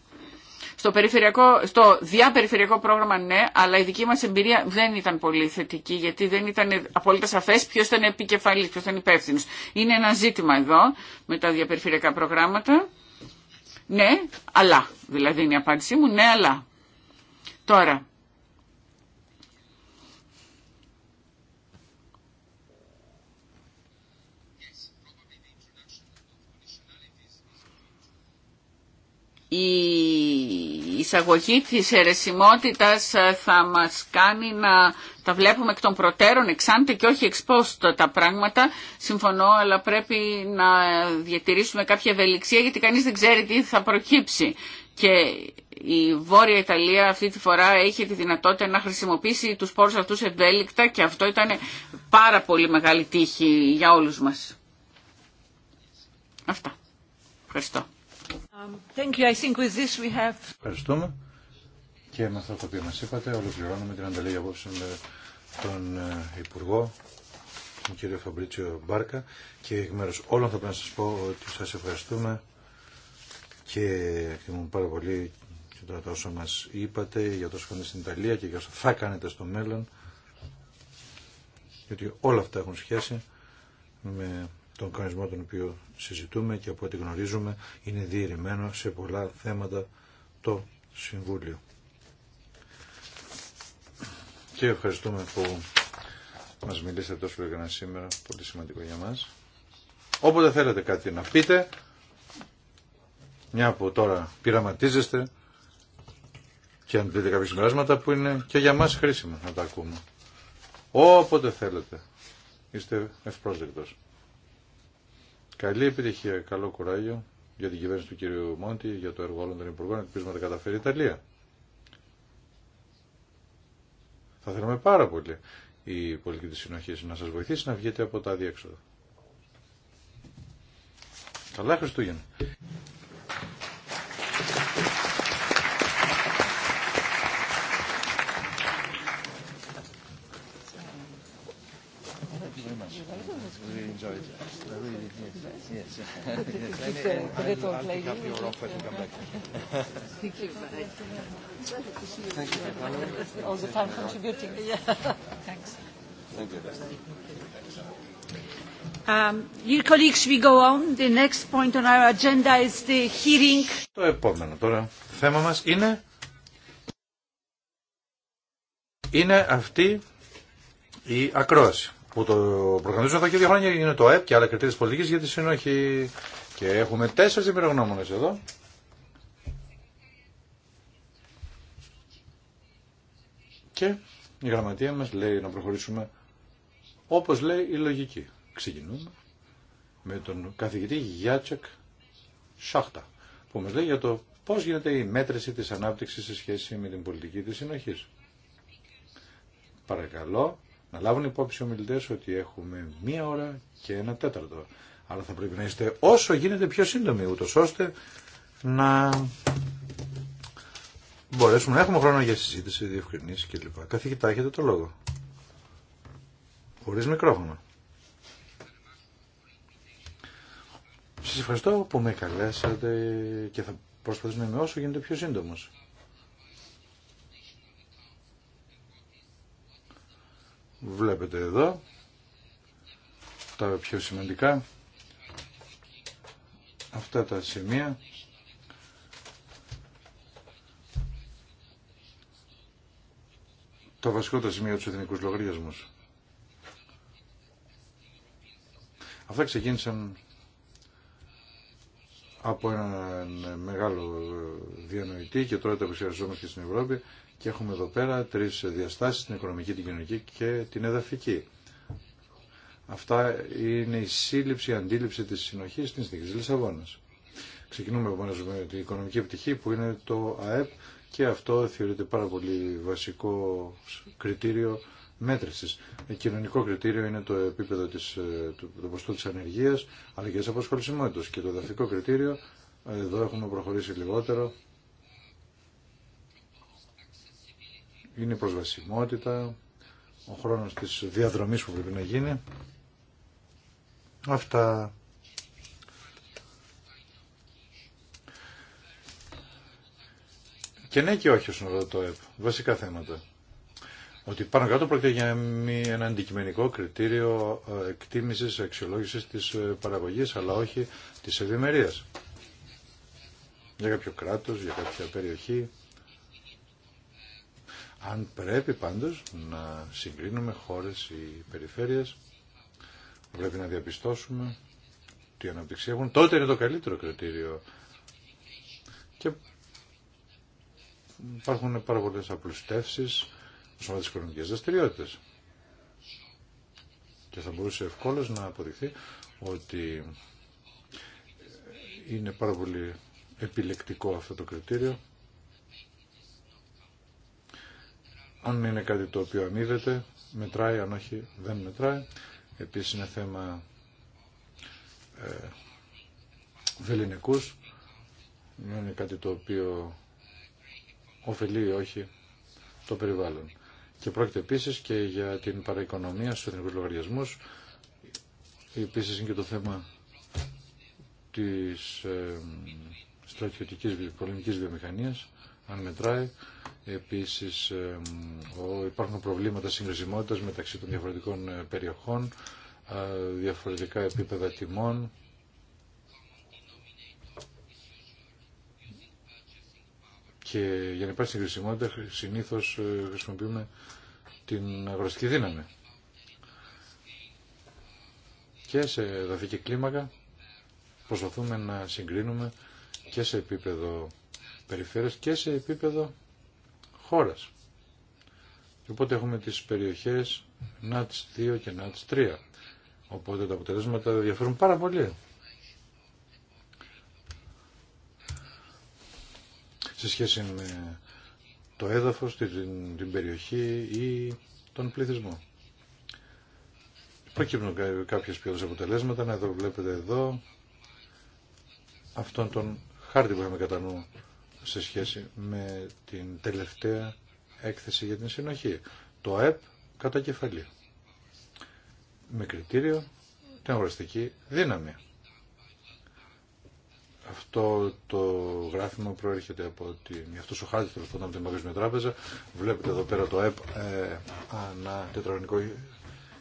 Στο, περιφερειακό, στο διαπεριφερειακό πρόγραμμα ναι, αλλά η δική μας εμπειρία δεν ήταν πολύ θετική, γιατί δεν ήταν απόλυτα σαφές ποιος ήταν επικεφαλής, ποιος ήταν υπεύθυνος. Είναι ένα ζήτημα εδώ με τα διαπεριφερειακά προγράμματα. Ναι, αλλά. Δηλαδή είναι η απάντησή μου, ναι, αλλά. Τώρα, η εισαγωγή της αιρεσιμότητας ε, θα μας κάνει να τα βλέπουμε εκ των προτέρων εξάντε και όχι εξπόστο τα πράγματα. Συμφωνώ, αλλά πρέπει να διατηρήσουμε κάποια ευελιξία γιατί κανείς δεν ξέρει τι θα προκύψει. Και η Βόρεια Ιταλία αυτή τη φορά είχε τη δυνατότητα να χρησιμοποιήσει τους πόρους αυτούς ευέλικτα και αυτό ήταν πάρα πολύ μεγάλη τύχη για όλους μας. Αυτά. Ευχαριστώ. Um, ευχαριστούμε. Και με αυτό τα οποία μας είπατε ολοκληρώνουμε την ανταλλαγή απόψε με τον ε, Υπουργό, τον κύριο Φαμπρίτσιο Μπάρκα και εκ μέρου όλων θα πρέπει να σας πω ότι σας ευχαριστούμε και εκτιμούμε πάρα πολύ και τώρα τα όσα μας είπατε για το σχόλιο στην Ιταλία και για όσα θα κάνετε στο μέλλον γιατί όλα αυτά έχουν σχέση με τον κανονισμό τον οποίο συζητούμε και από ό,τι γνωρίζουμε είναι διαιρημένο σε πολλά θέματα το Συμβούλιο. Και ευχαριστούμε που μας μιλήσατε τόσο λίγα σήμερα, πολύ σημαντικό για μας. Όποτε θέλετε κάτι να πείτε, μια που τώρα πειραματίζεστε και αν δείτε κάποια συμπεράσματα που είναι και για μας χρήσιμα να τα ακούμε. Όποτε θέλετε. Είστε ευπρόσδεκτος. Καλή επιτυχία, καλό κουράγιο για την κυβέρνηση του κυρίου Μόντι, για το έργο όλων των υπουργών, ελπίζουμε να τα καταφέρει η Ιταλία. Θα θέλαμε πάρα πολύ η πολιτική της συνοχής να σας βοηθήσει να βγείτε από τα διέξοδα. Καλά Χριστούγεννα. enjoyed it. I really did, yes. Yes. yes. I, I'll pick up your offer to come back. Thank you. Thank you. Thank you. All the time contributing. Yeah. Thanks. Thank you. Dear colleagues, we go on. The next point on our agenda is the hearing. Το επόμενο τώρα θέμα μας είναι είναι αυτή η ακρόαση που το προγραμματίζουμε εδώ και δύο χρόνια είναι το ΕΠ και άλλα κριτήρια τη πολιτική για τη συνοχή. Και έχουμε τέσσερι εμπειρογνώμονε εδώ. Και η γραμματεία μα λέει να προχωρήσουμε όπω λέει η λογική. Ξεκινούμε με τον καθηγητή Γιάτσεκ Σάχτα που μας λέει για το πώς γίνεται η μέτρηση της ανάπτυξης σε σχέση με την πολιτική της συνοχή. Παρακαλώ να λάβουν υπόψη οι ομιλητέ ότι έχουμε μία ώρα και ένα τέταρτο. Αλλά θα πρέπει να είστε όσο γίνεται πιο σύντομοι, ούτω ώστε να μπορέσουμε να έχουμε χρόνο για συζήτηση, διευκρινήσει κλπ. Καθηγητά, έχετε το λόγο. Χωρί μικρόφωνο. Σα ευχαριστώ που με καλέσατε και θα προσπαθήσουμε να όσο γίνεται πιο σύντομος. Βλέπετε εδώ τα πιο σημαντικά αυτά τα σημεία τα βασικότερα σημεία του εθνικού λογαριασμού. Αυτά ξεκίνησαν από έναν μεγάλο διανοητή και τώρα τα επεξεργαζόμαστε και στην Ευρώπη και έχουμε εδώ πέρα τρεις διαστάσεις, την οικονομική, την κοινωνική και την εδαφική. Αυτά είναι η σύλληψη, η αντίληψη της συνοχής στην συνθήκη της Λισαβόνας. Ξεκινούμε από με την οικονομική πτυχή που είναι το ΑΕΠ και αυτό θεωρείται πάρα πολύ βασικό κριτήριο μέτρησης. Ε, κοινωνικό κριτήριο είναι το επίπεδο της, ε, του, το ποστού της ανεργίας αλλά και της απασχολησιμότητας και το εδαφικό κριτήριο ε, εδώ έχουμε προχωρήσει λιγότερο είναι η προσβασιμότητα, ο χρόνος της διαδρομής που πρέπει να γίνει. Αυτά. Και ναι και όχι όσον το ΕΠ. Βασικά θέματα. Ότι πάνω κάτω πρόκειται για ένα αντικειμενικό κριτήριο ε, εκτίμησης, αξιολόγησης της ε, παραγωγής, αλλά όχι της ευημερίας. Για κάποιο κράτος, για κάποια περιοχή. Αν πρέπει πάντως να συγκρίνουμε χώρες ή περιφέρειες, πρέπει να διαπιστώσουμε τι αναπτυξία έχουν, τότε είναι το καλύτερο κριτήριο. Και υπάρχουν πάρα πολλές απλουστεύσεις σχετικά με οικονομικές δραστηριότητες. Και θα μπορούσε ευκόλως να αποδειχθεί ότι είναι πάρα πολύ επιλεκτικό αυτό το κριτήριο αν είναι κάτι το οποίο αμείβεται, μετράει, αν όχι δεν μετράει. Επίσης είναι θέμα ε, βεληνικούς, είναι κάτι το οποίο ωφελεί ή όχι το περιβάλλον. Και πρόκειται επίσης και για την παραοικονομία στους εθνικούς λογαριασμούς. Επίσης είναι και το θέμα της ε, στρατιωτικής πολεμικής βιομηχανίας, αν μετράει. Επίσης ε, υπάρχουν προβλήματα συγκρισιμότητας μεταξύ των διαφορετικών ε, περιοχών, διαφορετικά επίπεδα τιμών. Και για να υπάρχει συγκρισιμότητα συνήθως ε, χρησιμοποιούμε την αγροστική δύναμη. Και σε δαφική κλίμακα προσπαθούμε να συγκρίνουμε και σε επίπεδο περιφέρειας και σε επίπεδο χώρας. Οπότε έχουμε τις περιοχές ΝΑΤΣ 2 και ΝΑΤΣ 3. Οπότε τα αποτελέσματα διαφέρουν πάρα πολύ. Σε σχέση με το έδαφος, την, περιοχή ή τον πληθυσμό. Προκύπτουν κάποιες ποιότητες αποτελέσματα. Να εδώ βλέπετε εδώ αυτόν τον χάρτη που είχαμε κατά νου σε σχέση με την τελευταία έκθεση για την συνοχή. Το ΕΠ κατά κεφαλή. Με κριτήριο την αγοραστική δύναμη. Αυτό το γράφημα προέρχεται από την, Αυτό ο χάρτης του πάντων από την Παγκόσμια Τράπεζα. Βλέπετε εδώ πέρα το ΕΠ ε, ανά τετραγωνικό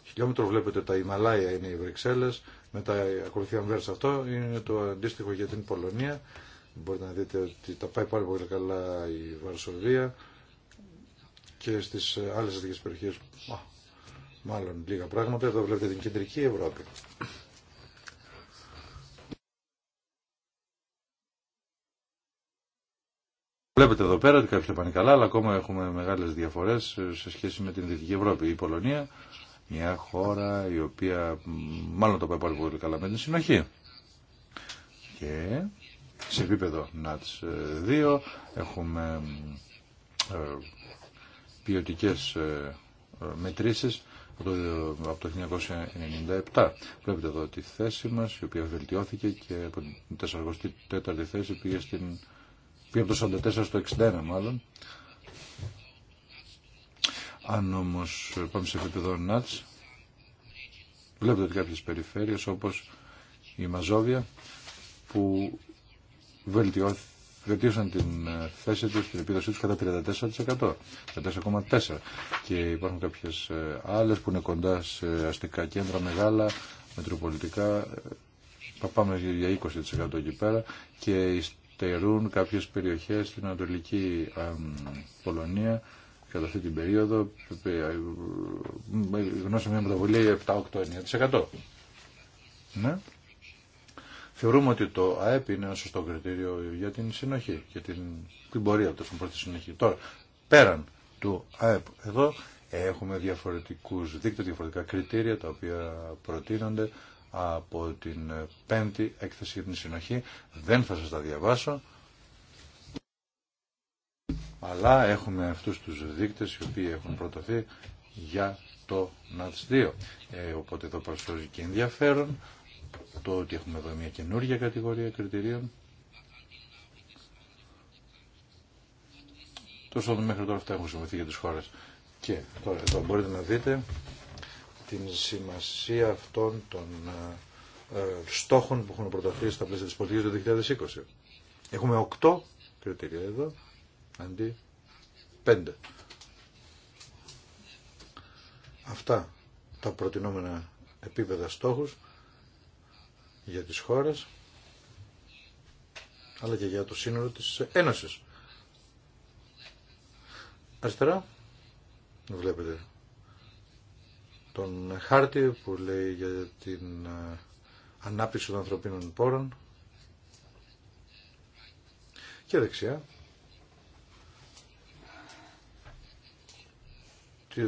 χιλιόμετρο. Βλέπετε τα Ιμαλάια είναι οι Βρυξέλλες. Μετά ακολουθεί αμβέρς αυτό. Είναι το αντίστοιχο για την Πολωνία. Μπορείτε να δείτε ότι τα πάει πάρα πολύ καλά η Βαρσοβία και στις άλλες αστικές περιοχές μάλλον λίγα πράγματα. Εδώ βλέπετε την κεντρική Ευρώπη. Βλέπετε εδώ πέρα ότι κάποια πάνε καλά, αλλά ακόμα έχουμε μεγάλες διαφορές σε σχέση με την Δυτική Ευρώπη. Η Πολωνία, μια χώρα η οποία μάλλον το πάει πάρα πολύ καλά με την συνοχή. Και σε επίπεδο ΝΑΤΣ 2, ε, έχουμε ε, ποιοτικές ε, μετρήσεις από το 1997. Βλέπετε εδώ τη θέση μας, η οποία βελτιώθηκε και από την 44η θέση πήγε, στην, πήγε από το 44 στο 61 μάλλον. Αν όμως πάμε σε επίπεδο ΝΑΤΣ, βλέπετε ότι κάποιες περιφέρειες όπως η Μαζόβια που βελτιώσαν την ε, θέση τους, την επίδοσή τους κατά 34%. 34,4%. Και υπάρχουν κάποιες ε, άλλες που είναι κοντά σε αστικά κέντρα μεγάλα, μετροπολιτικά, ε, πάμε για 20% εκεί πέρα και στερούν κάποιες περιοχές στην Ανατολική Πολωνία κατά αυτή την περίοδο γνώσαμε μια μεταβολή 7-8-9%. Ναι. Θεωρούμε ότι το ΑΕΠ είναι ένα σωστό κριτήριο για την συνοχή και την, την πορεία του προ τη συνοχή. Τώρα, πέραν του ΑΕΠ, εδώ έχουμε διαφορετικούς δείκτες, διαφορετικά κριτήρια τα οποία προτείνονται από την πέμπτη έκθεση για την συνοχή. Δεν θα σας τα διαβάσω. Αλλά έχουμε αυτούς τους δείκτες οι οποίοι έχουν προταθεί για το ΝΑΤΣ 2. Ε, οπότε εδώ προσφέρει και ενδιαφέρον το ότι έχουμε εδώ μια καινούργια κατηγορία κριτηρίων. Τόσο μέχρι τώρα αυτά έχουν συμβαθεί για τις χώρες. Και τώρα εδώ μπορείτε να δείτε την σημασία αυτών των ε, ε, στόχων που έχουν προταθεί στα πλαίσια της πολιτικής του 2020. Έχουμε 8 κριτήρια εδώ, αντί 5. Αυτά τα προτινόμενα επίπεδα στόχους για τις χώρες αλλά και για το σύνολο της Ένωσης. Αριστερά βλέπετε τον χάρτη που λέει για την ε, ανάπτυξη των ανθρωπίνων πόρων και δεξιά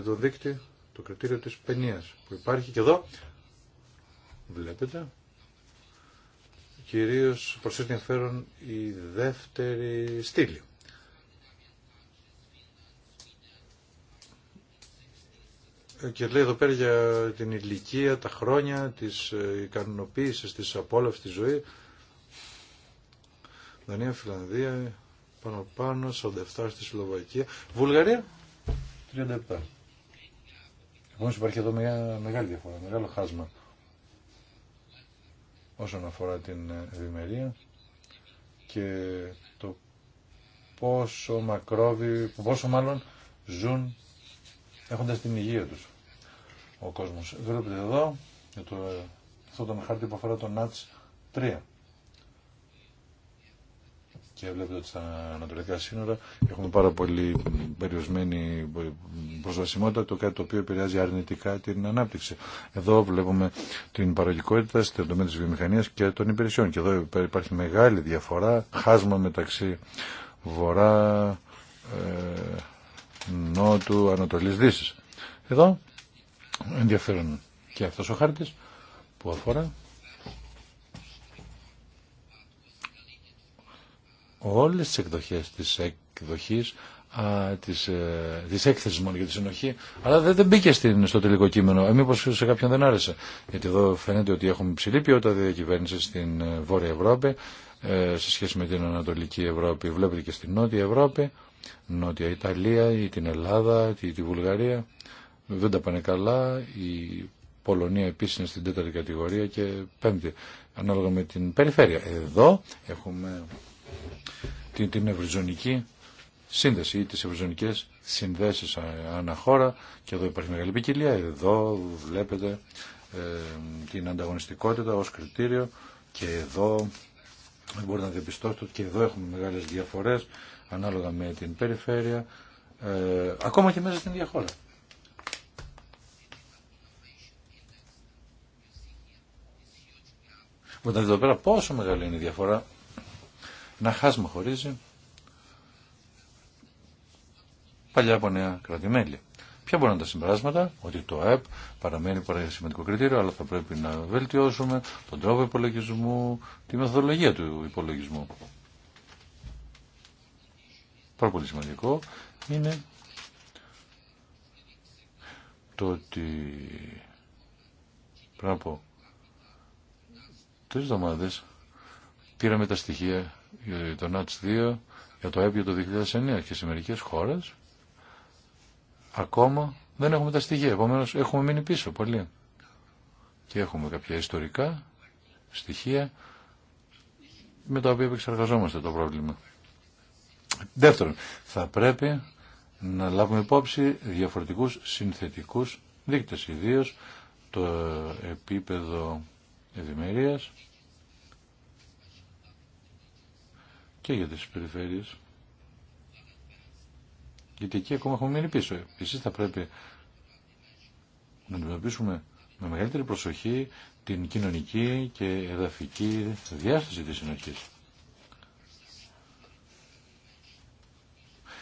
το δίκτυο, το κριτήριο της παινίας που υπάρχει και εδώ βλέπετε κυρίως προς ενδιαφέρον η δεύτερη στήλη. Και λέει εδώ πέρα για την ηλικία, τα χρόνια, της ε, ικανοποίησης, της απόλαυσης της ζωής. Δανία, Φιλανδία, πάνω πάνω, 47 στη Σλοβακία. Βουλγαρία, 37. Επομένως υπάρχει εδώ μια μεγάλη διαφορά, μεγάλο χάσμα όσον αφορά την ε, ευημερία και το πόσο μακρόβι, πόσο μάλλον ζουν έχοντας την υγεία τους ο κόσμος. Βλέπετε εδώ το, αυτό το χάρτη που αφορά το ΝΑΤΣ 3 και βλέπετε ότι στα ανατολικά σύνορα έχουμε πάρα πολύ περιορισμένη προσβασιμότητα, το κάτι το οποίο επηρεάζει αρνητικά την ανάπτυξη. Εδώ βλέπουμε την παραγωγικότητα στην τομέα τη βιομηχανία και των υπηρεσιών και εδώ υπάρχει μεγάλη διαφορά, χάσμα μεταξύ βορρά, ε, νότου, ανατολή, δύση. Εδώ ενδιαφέρον και αυτός ο χάρτη που αφορά όλες τις εκδοχές της εκδοχής α, της, ε, της έκθεσης μόνο για τη συνοχή αλλά δεν, δεν μπήκε στο τελικό κείμενο ε, μήπως σε κάποιον δεν άρεσε γιατί εδώ φαίνεται ότι έχουμε ψηλή ποιότητα διακυβέρνηση στην ε, Βόρεια Ευρώπη ε, σε σχέση με την Ανατολική Ευρώπη βλέπετε και στην Νότια Ευρώπη Νότια Ιταλία ή την Ελλάδα ή τη Βουλγαρία δεν τα πάνε καλά η Πολωνία επίσης είναι στην τέταρτη κατηγορία και πέμπτη ανάλογα με την περιφέρεια εδώ έχουμε την, την σύνδεση ή τις ευρυζωνικές συνδέσεις αναχώρα και εδώ υπάρχει μεγάλη ποικιλία. Εδώ βλέπετε ε, την ανταγωνιστικότητα ως κριτήριο και εδώ μπορείτε να διαπιστώσετε ότι και εδώ έχουμε μεγάλες διαφορές ανάλογα με την περιφέρεια ε, ακόμα και μέσα στην διαχώρα Μπορείτε να δείτε εδώ πέρα πόσο μεγάλη είναι η διαφορά να χάσμα χωρίζει παλιά από νέα κρατημέλη. Ποια μπορούν τα συμπεράσματα, ότι το ΑΕΠ παραμένει παρά σημαντικό κριτήριο, αλλά θα πρέπει να βελτιώσουμε τον τρόπο υπολογισμού, τη μεθοδολογία του υπολογισμού. Πάρα πολύ σημαντικό είναι το ότι πριν από τρεις εβδομάδες πήραμε τα στοιχεία ε, για το ΝΑΤΣ 2, για το ΕΠΙΟ το 2009 και σε μερικέ χώρε ακόμα δεν έχουμε τα στοιχεία. Επομένω έχουμε μείνει πίσω πολύ. Και έχουμε κάποια ιστορικά στοιχεία με τα οποία επεξεργαζόμαστε το πρόβλημα. Δεύτερον, θα πρέπει να λάβουμε υπόψη διαφορετικούς συνθετικούς δείκτες, ιδίως το επίπεδο ευημερίας, και για τις περιφέρειες. Γιατί εκεί ακόμα έχουμε μείνει πίσω. Επίσης θα πρέπει να αντιμετωπίσουμε με μεγαλύτερη προσοχή την κοινωνική και εδαφική διάσταση της συνοχής.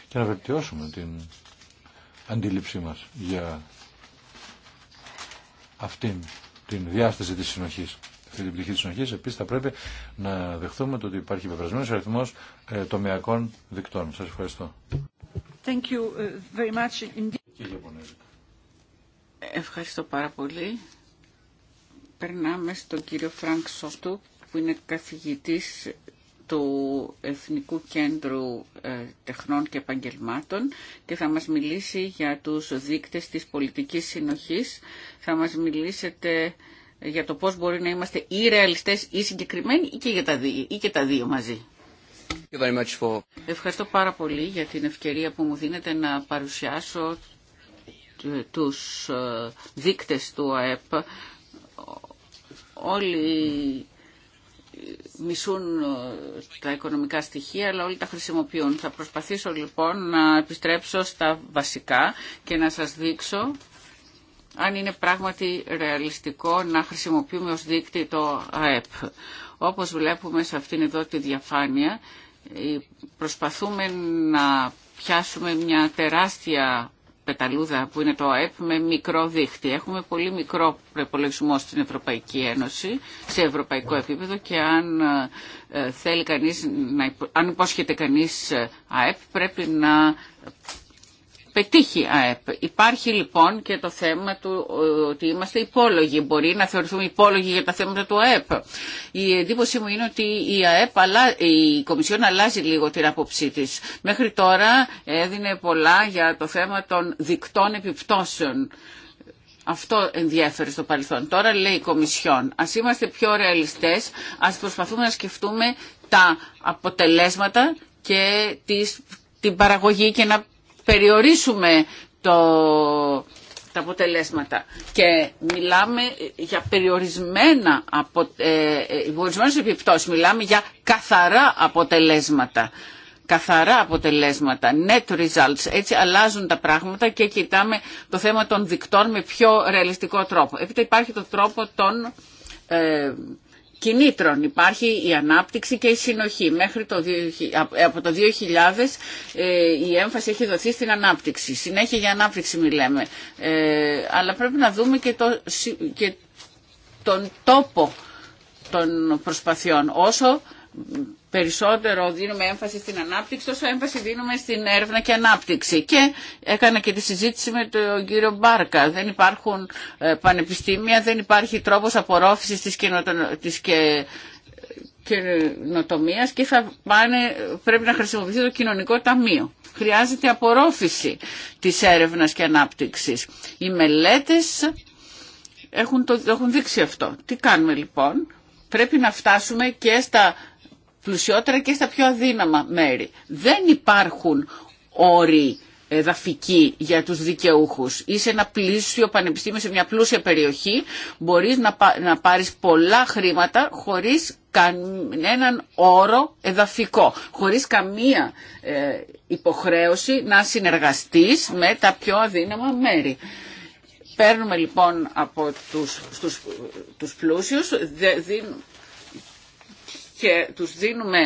Και να βελτιώσουμε την αντίληψή μας για αυτήν την διάσταση της συνοχής αυτή την πτυχή τη συνοχή, επίση θα πρέπει να δεχθούμε το ότι υπάρχει πεπρασμένο αριθμό ε, τομεακών δικτών. Σα ευχαριστώ. Thank you ε, very much. Ευχαριστώ πάρα πολύ. Περνάμε στον κύριο Φρανκ Σότου, που είναι καθηγητής του Εθνικού Κέντρου ε, Τεχνών και Επαγγελμάτων και θα μας μιλήσει για τους δείκτες της πολιτικής συνοχής. Θα μας μιλήσετε για το πώς μπορεί να είμαστε ή ρεαλιστές ή συγκεκριμένοι ή και, τα δύο, ή τα δύο μαζί. Ευχαριστώ πάρα πολύ για την ευκαιρία που μου δίνετε να παρουσιάσω τους ε, δείκτες του ΑΕΠ. Όλοι μισούν ε, τα οικονομικά στοιχεία, αλλά όλοι τα χρησιμοποιούν. Θα προσπαθήσω λοιπόν να επιστρέψω στα βασικά και να σας δείξω αν είναι πράγματι ρεαλιστικό να χρησιμοποιούμε ως δείκτη το ΑΕΠ. Όπως βλέπουμε σε αυτήν εδώ τη διαφάνεια, ε, προσπαθούμε να πιάσουμε μια τεράστια πεταλούδα που είναι το ΑΕΠ με μικρό δίχτυ. Έχουμε πολύ μικρό προπολογισμό στην Ευρωπαϊκή Ένωση, σε ευρωπαϊκό επίπεδο και αν, ε, θέλει κανείς, αν υπόσχεται κανείς ε, ΑΕΠ πρέπει να πετύχει ΑΕΠ. Υπάρχει λοιπόν και το θέμα του ε, ότι είμαστε υπόλογοι. Μπορεί να θεωρηθούμε υπόλογοι για τα θέματα του ΑΕΠ. Η εντύπωση μου είναι ότι η ΑΕΠ, αλλά η Κομισιόν αλλάζει λίγο την άποψή τη. Μέχρι τώρα έδινε πολλά για το θέμα των δικτών επιπτώσεων. Αυτό ενδιαφέρει στο παρελθόν. Τώρα λέει η Κομισιόν, ας είμαστε πιο ρεαλιστές, ας προσπαθούμε να σκεφτούμε τα αποτελέσματα και τις, την παραγωγή και να περιορίσουμε το, τα αποτελέσματα. Και μιλάμε για περιορισμένα απο, ε, ε επιπτώσεις. Μιλάμε για καθαρά αποτελέσματα. Καθαρά αποτελέσματα, net results. Έτσι αλλάζουν τα πράγματα και κοιτάμε το θέμα των δικτών με πιο ρεαλιστικό τρόπο. Έπειτα υπάρχει το τρόπο των... Ε, κινήτρων. Υπάρχει η ανάπτυξη και η συνοχή. Μέχρι το, ε, από το 2000 ε, η έμφαση έχει δοθεί στην ανάπτυξη. Συνέχεια για ανάπτυξη μιλάμε. Ε, αλλά πρέπει να δούμε και, το, και τον τόπο των προσπαθειών. Όσο περισσότερο δίνουμε έμφαση στην ανάπτυξη, τόσο έμφαση δίνουμε στην έρευνα και ανάπτυξη. Και έκανα και τη συζήτηση με τον κύριο Μπάρκα. Δεν υπάρχουν ε, πανεπιστήμια, δεν υπάρχει τρόπος απορρόφησης της, κοινοτομίας και... και θα πάνε... πρέπει να χρησιμοποιηθεί το κοινωνικό ταμείο. Χρειάζεται απορρόφηση της έρευνας και ανάπτυξης. Οι μελέτες έχουν, έχουν δείξει αυτό. Τι κάνουμε λοιπόν. Πρέπει να φτάσουμε και στα πλουσιότερα και στα πιο αδύναμα μέρη. Δεν υπάρχουν όροι εδαφική για τους δικαιούχους. Είσαι ένα πλούσιο πανεπιστήμιο σε μια πλούσια περιοχή, μπορείς να, πά, πάρεις πολλά χρήματα χωρίς κανέναν όρο εδαφικό, χωρίς καμία ε, υποχρέωση να συνεργαστείς με τα πιο αδύναμα μέρη. Παίρνουμε λοιπόν από τους, στους, πλούσιους, και τους δίνουμε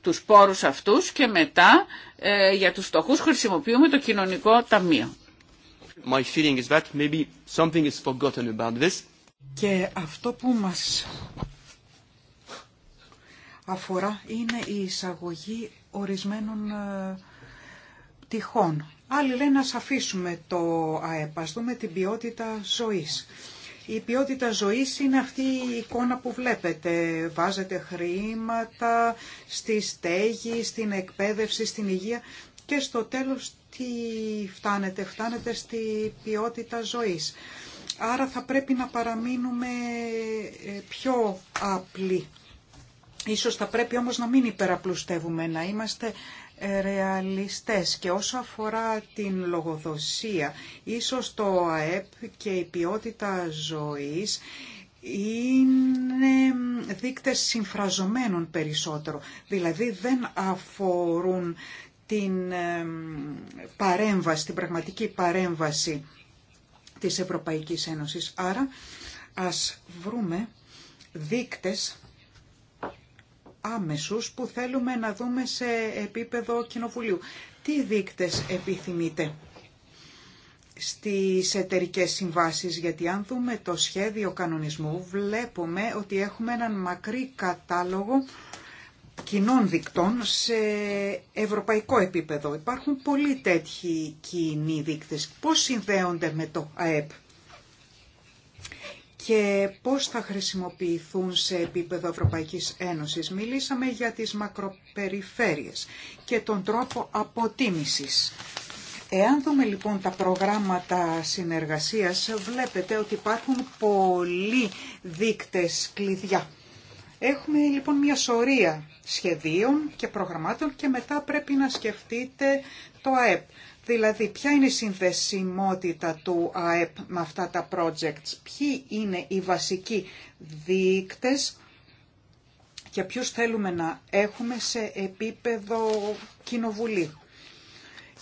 τους πόρους αυτούς και μετά ε, για τους στοχούς χρησιμοποιούμε το κοινωνικό ταμείο. My feeling is that maybe something is forgotten Και αυτό που μας αφορά είναι η εισαγωγή ορισμένων ε, τυχών. Άλλοι λένε να αφήσουμε το ΑΕΠ, ας δούμε την ποιότητα ζωής. Η ποιότητα ζωής είναι αυτή η εικόνα που βλέπετε. Βάζετε χρήματα στη στέγη, στην εκπαίδευση, στην υγεία και στο τέλος τι φτάνετε. Φτάνετε στη ποιότητα ζωής. Άρα θα πρέπει να παραμείνουμε ε, πιο απλοί. Ίσως θα πρέπει όμως να μην υπεραπλουστεύουμε, να είμαστε ρεαλιστές και όσο αφορά την λογοδοσία, ίσως το ΑΕΠ και η ποιότητα ζωής είναι δείκτες συμφραζομένων περισσότερο, δηλαδή δεν αφορούν την παρέμβαση, την πραγματική παρέμβαση της Ευρωπαϊκής Ένωσης. Άρα ας βρούμε δείκτες άμεσους που θέλουμε να δούμε σε επίπεδο κοινοβουλίου. Τι δείκτες επιθυμείτε στις εταιρικές συμβάσεις, γιατί αν δούμε το σχέδιο κανονισμού βλέπουμε ότι έχουμε έναν μακρύ κατάλογο κοινών δικτών σε ευρωπαϊκό επίπεδο. Υπάρχουν πολλοί τέτοιοι κοινοί δείκτες. Πώς συνδέονται με το ΑΕΠ και πώς θα χρησιμοποιηθούν σε επίπεδο Ευρωπαϊκής Ένωσης. Μιλήσαμε για τις μακροπεριφέρειες και τον τρόπο αποτίμησης. Εάν δούμε λοιπόν τα προγράμματα συνεργασίας, βλέπετε ότι υπάρχουν πολλοί δείκτες κλειδιά. Έχουμε λοιπόν μια σωρία σχεδίων και προγραμμάτων και μετά πρέπει να σκεφτείτε το ΑΕΠ. Δηλαδή, ποια είναι η συνδεσιμότητα του ΑΕΠ με αυτά τα projects, ποιοι είναι οι βασικοί δείκτες και ποιους θέλουμε να έχουμε σε επίπεδο κοινοβουλίου.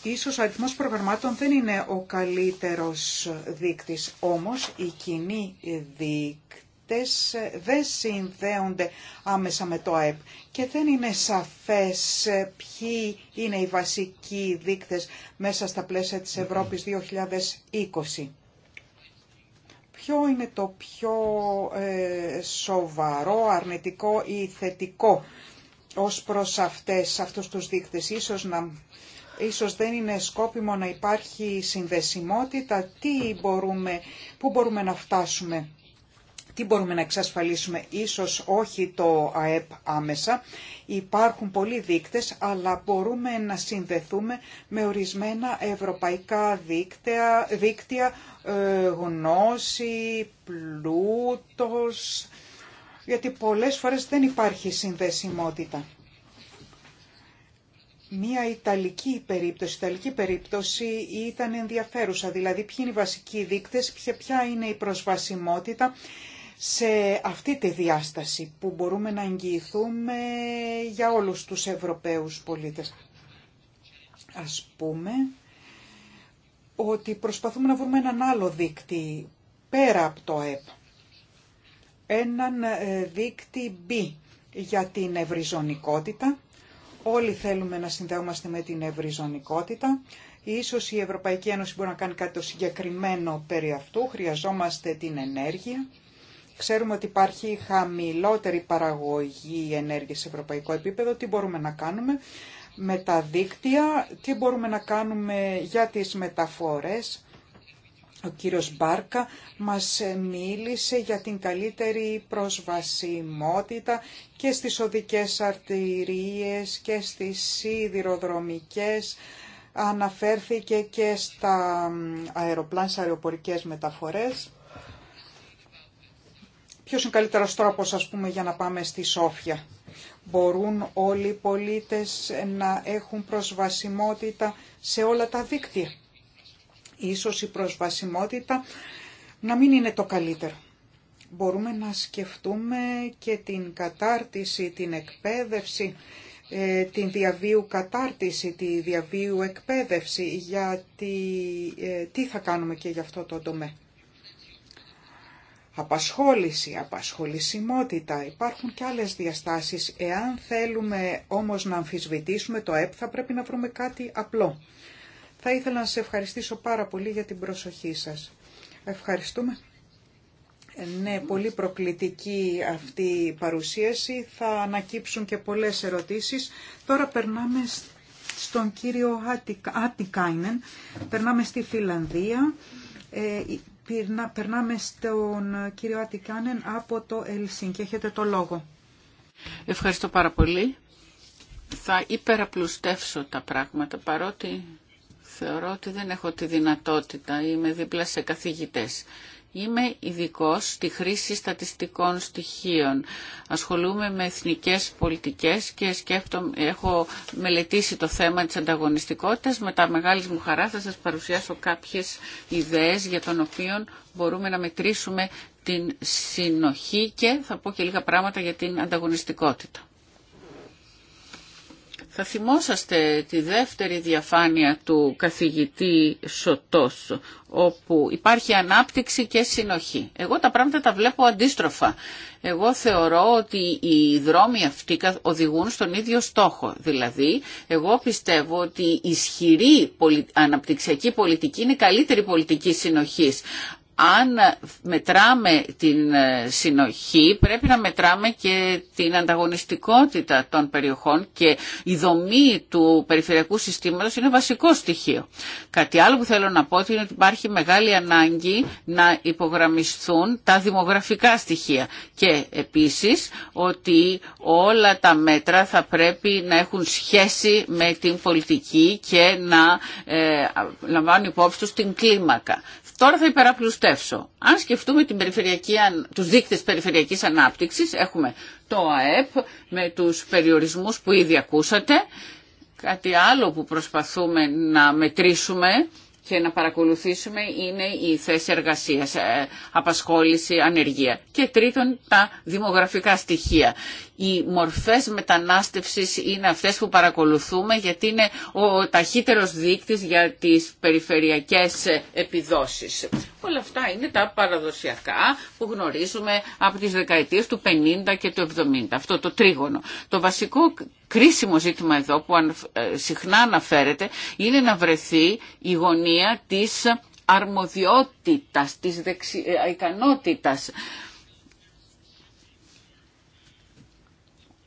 Ίσως ο αριθμός προγραμμάτων δεν είναι ο καλύτερος δείκτης, όμως η κοινή δίκ αυτές ε, δεν συνδέονται άμεσα με το ΑΕΠ και δεν είναι σαφές ε, ποιοι είναι οι βασικοί δείκτες μέσα στα πλαίσια της Ευρώπης 2020. Ποιο είναι το πιο ε, σοβαρό, αρνητικό ή θετικό ως προς αυτές, αυτούς τους δείκτες. Ίσως, να, ίσως δεν είναι σκόπιμο να υπάρχει συνδεσιμότητα. Τι μπορούμε, πού μπορούμε να φτάσουμε τι μπορούμε να εξασφαλίσουμε, ίσως όχι το ΑΕΠ άμεσα. Υπάρχουν πολλοί δείκτες, αλλά μπορούμε να συνδεθούμε με ορισμένα ευρωπαϊκά δίκτυα, δίκτυα ε, γνώση, πλούτος, γιατί πολλές φορές δεν υπάρχει συνδεσιμότητα. Μία Ιταλική περίπτωση, Ιταλική περίπτωση ήταν ενδιαφέρουσα, δηλαδή ποιοι είναι οι βασικοί δείκτες, ποια είναι η προσβασιμότητα σε αυτή τη διάσταση που μπορούμε να εγγυηθούμε για όλους τους Ευρωπαίους πολίτες. Ας πούμε ότι προσπαθούμε να βρούμε έναν άλλο δίκτυ πέρα από το ΕΠ. Έναν ε, δίκτυ B για την ευρυζωνικότητα. Όλοι θέλουμε να συνδέομαστε με την ευρυζωνικότητα. Ίσως η Ευρωπαϊκή Ένωση μπορεί να κάνει κάτι το συγκεκριμένο περί αυτού. Χρειαζόμαστε την ενέργεια Ξέρουμε ότι υπάρχει χαμηλότερη παραγωγή ενέργειας σε ευρωπαϊκό επίπεδο. Τι μπορούμε να κάνουμε με τα δίκτυα, τι μπορούμε να κάνουμε για τις μεταφορές. Ο κύριος Μπάρκα μας μίλησε για την καλύτερη προσβασιμότητα και στις οδικές αρτηρίες και στις σιδηροδρομικές. Αναφέρθηκε και στα αεροπλάνα, αεροπορικές μεταφορές. Ποιο είναι καλύτερος τρόπος ας πούμε για να πάμε στη Σόφια. Μπορούν όλοι οι πολίτες να έχουν προσβασιμότητα σε όλα τα δίκτυα. Ίσως η προσβασιμότητα να μην είναι το καλύτερο. Μπορούμε να σκεφτούμε και την κατάρτιση, την εκπαίδευση, ε, την διαβίου κατάρτιση, τη διαβίου εκπαίδευση, γιατί ε, τι θα κάνουμε και για αυτό το τομέα απασχόληση, απασχολησιμότητα. Υπάρχουν και άλλες διαστάσεις. Εάν θέλουμε όμως να αμφισβητήσουμε το ΕΠ θα πρέπει να βρούμε κάτι απλό. Θα ήθελα να σε ευχαριστήσω πάρα πολύ για την προσοχή σας. Ευχαριστούμε. Ε, ναι, πολύ προκλητική αυτή η παρουσίαση. Θα ανακύψουν και πολλές ερωτήσεις. Τώρα περνάμε στον κύριο Άτικάινεν. Περνάμε στη Φιλανδία. Ε, Περνάμε στον κύριο Ατικάνεν από το Ελσίν και έχετε το λόγο. Ευχαριστώ πάρα πολύ. Θα υπεραπλουστεύσω τα πράγματα παρότι θεωρώ ότι δεν έχω τη δυνατότητα, είμαι δίπλα σε καθηγητές Είμαι ειδικό στη χρήση στατιστικών στοιχείων. Ασχολούμαι με εθνικές πολιτικές και σκέφτομαι, έχω μελετήσει το θέμα της ανταγωνιστικότητας. Με τα μεγάλη μου χαρά θα σας παρουσιάσω κάποιες ιδέες για τον οποίο μπορούμε να μετρήσουμε την συνοχή και θα πω και λίγα πράγματα για την ανταγωνιστικότητα. Θα θυμόσαστε τη δεύτερη διαφάνεια του καθηγητή Σωτός, όπου υπάρχει ανάπτυξη και συνοχή. Εγώ τα πράγματα τα βλέπω αντίστροφα. Εγώ θεωρώ ότι οι δρόμοι αυτοί οδηγούν στον ίδιο στόχο. Δηλαδή, εγώ πιστεύω ότι η ισχυρή αναπτυξιακή πολιτική είναι καλύτερη πολιτική συνοχής αν μετράμε την ε, συνοχή πρέπει να μετράμε και την ανταγωνιστικότητα των περιοχών και η δομή του περιφερειακού συστήματος είναι βασικό στοιχείο. Κάτι άλλο που θέλω να πω είναι ότι υπάρχει μεγάλη ανάγκη να υπογραμμιστούν τα δημογραφικά στοιχεία και επίσης ότι όλα τα μέτρα θα πρέπει να έχουν σχέση με την πολιτική και να ε, λαμβάνουν υπόψη τους την κλίμακα. Τώρα θα υπεραπλουστεύσω. Αν σκεφτούμε την περιφερειακή, τους δείκτες περιφερειακής ανάπτυξης, έχουμε το ΑΕΠ με τους περιορισμούς που ήδη ακούσατε, κάτι άλλο που προσπαθούμε να μετρήσουμε και να παρακολουθήσουμε είναι η θέση εργασίας, ε, απασχόληση, ανεργία. Και τρίτον, τα δημογραφικά στοιχεία οι μορφές μετανάστευσης είναι αυτές που παρακολουθούμε γιατί είναι ο ταχύτερος δείκτης για τις περιφερειακές επιδόσεις. Όλα αυτά είναι τα παραδοσιακά που γνωρίζουμε από τις δεκαετίες του 50 και του 70. Αυτό το τρίγωνο. Το βασικό κρίσιμο ζήτημα εδώ που ε, συχνά αναφέρεται είναι να βρεθεί η γωνία της αρμοδιότητας, της δεξι... Ε, ικανότητας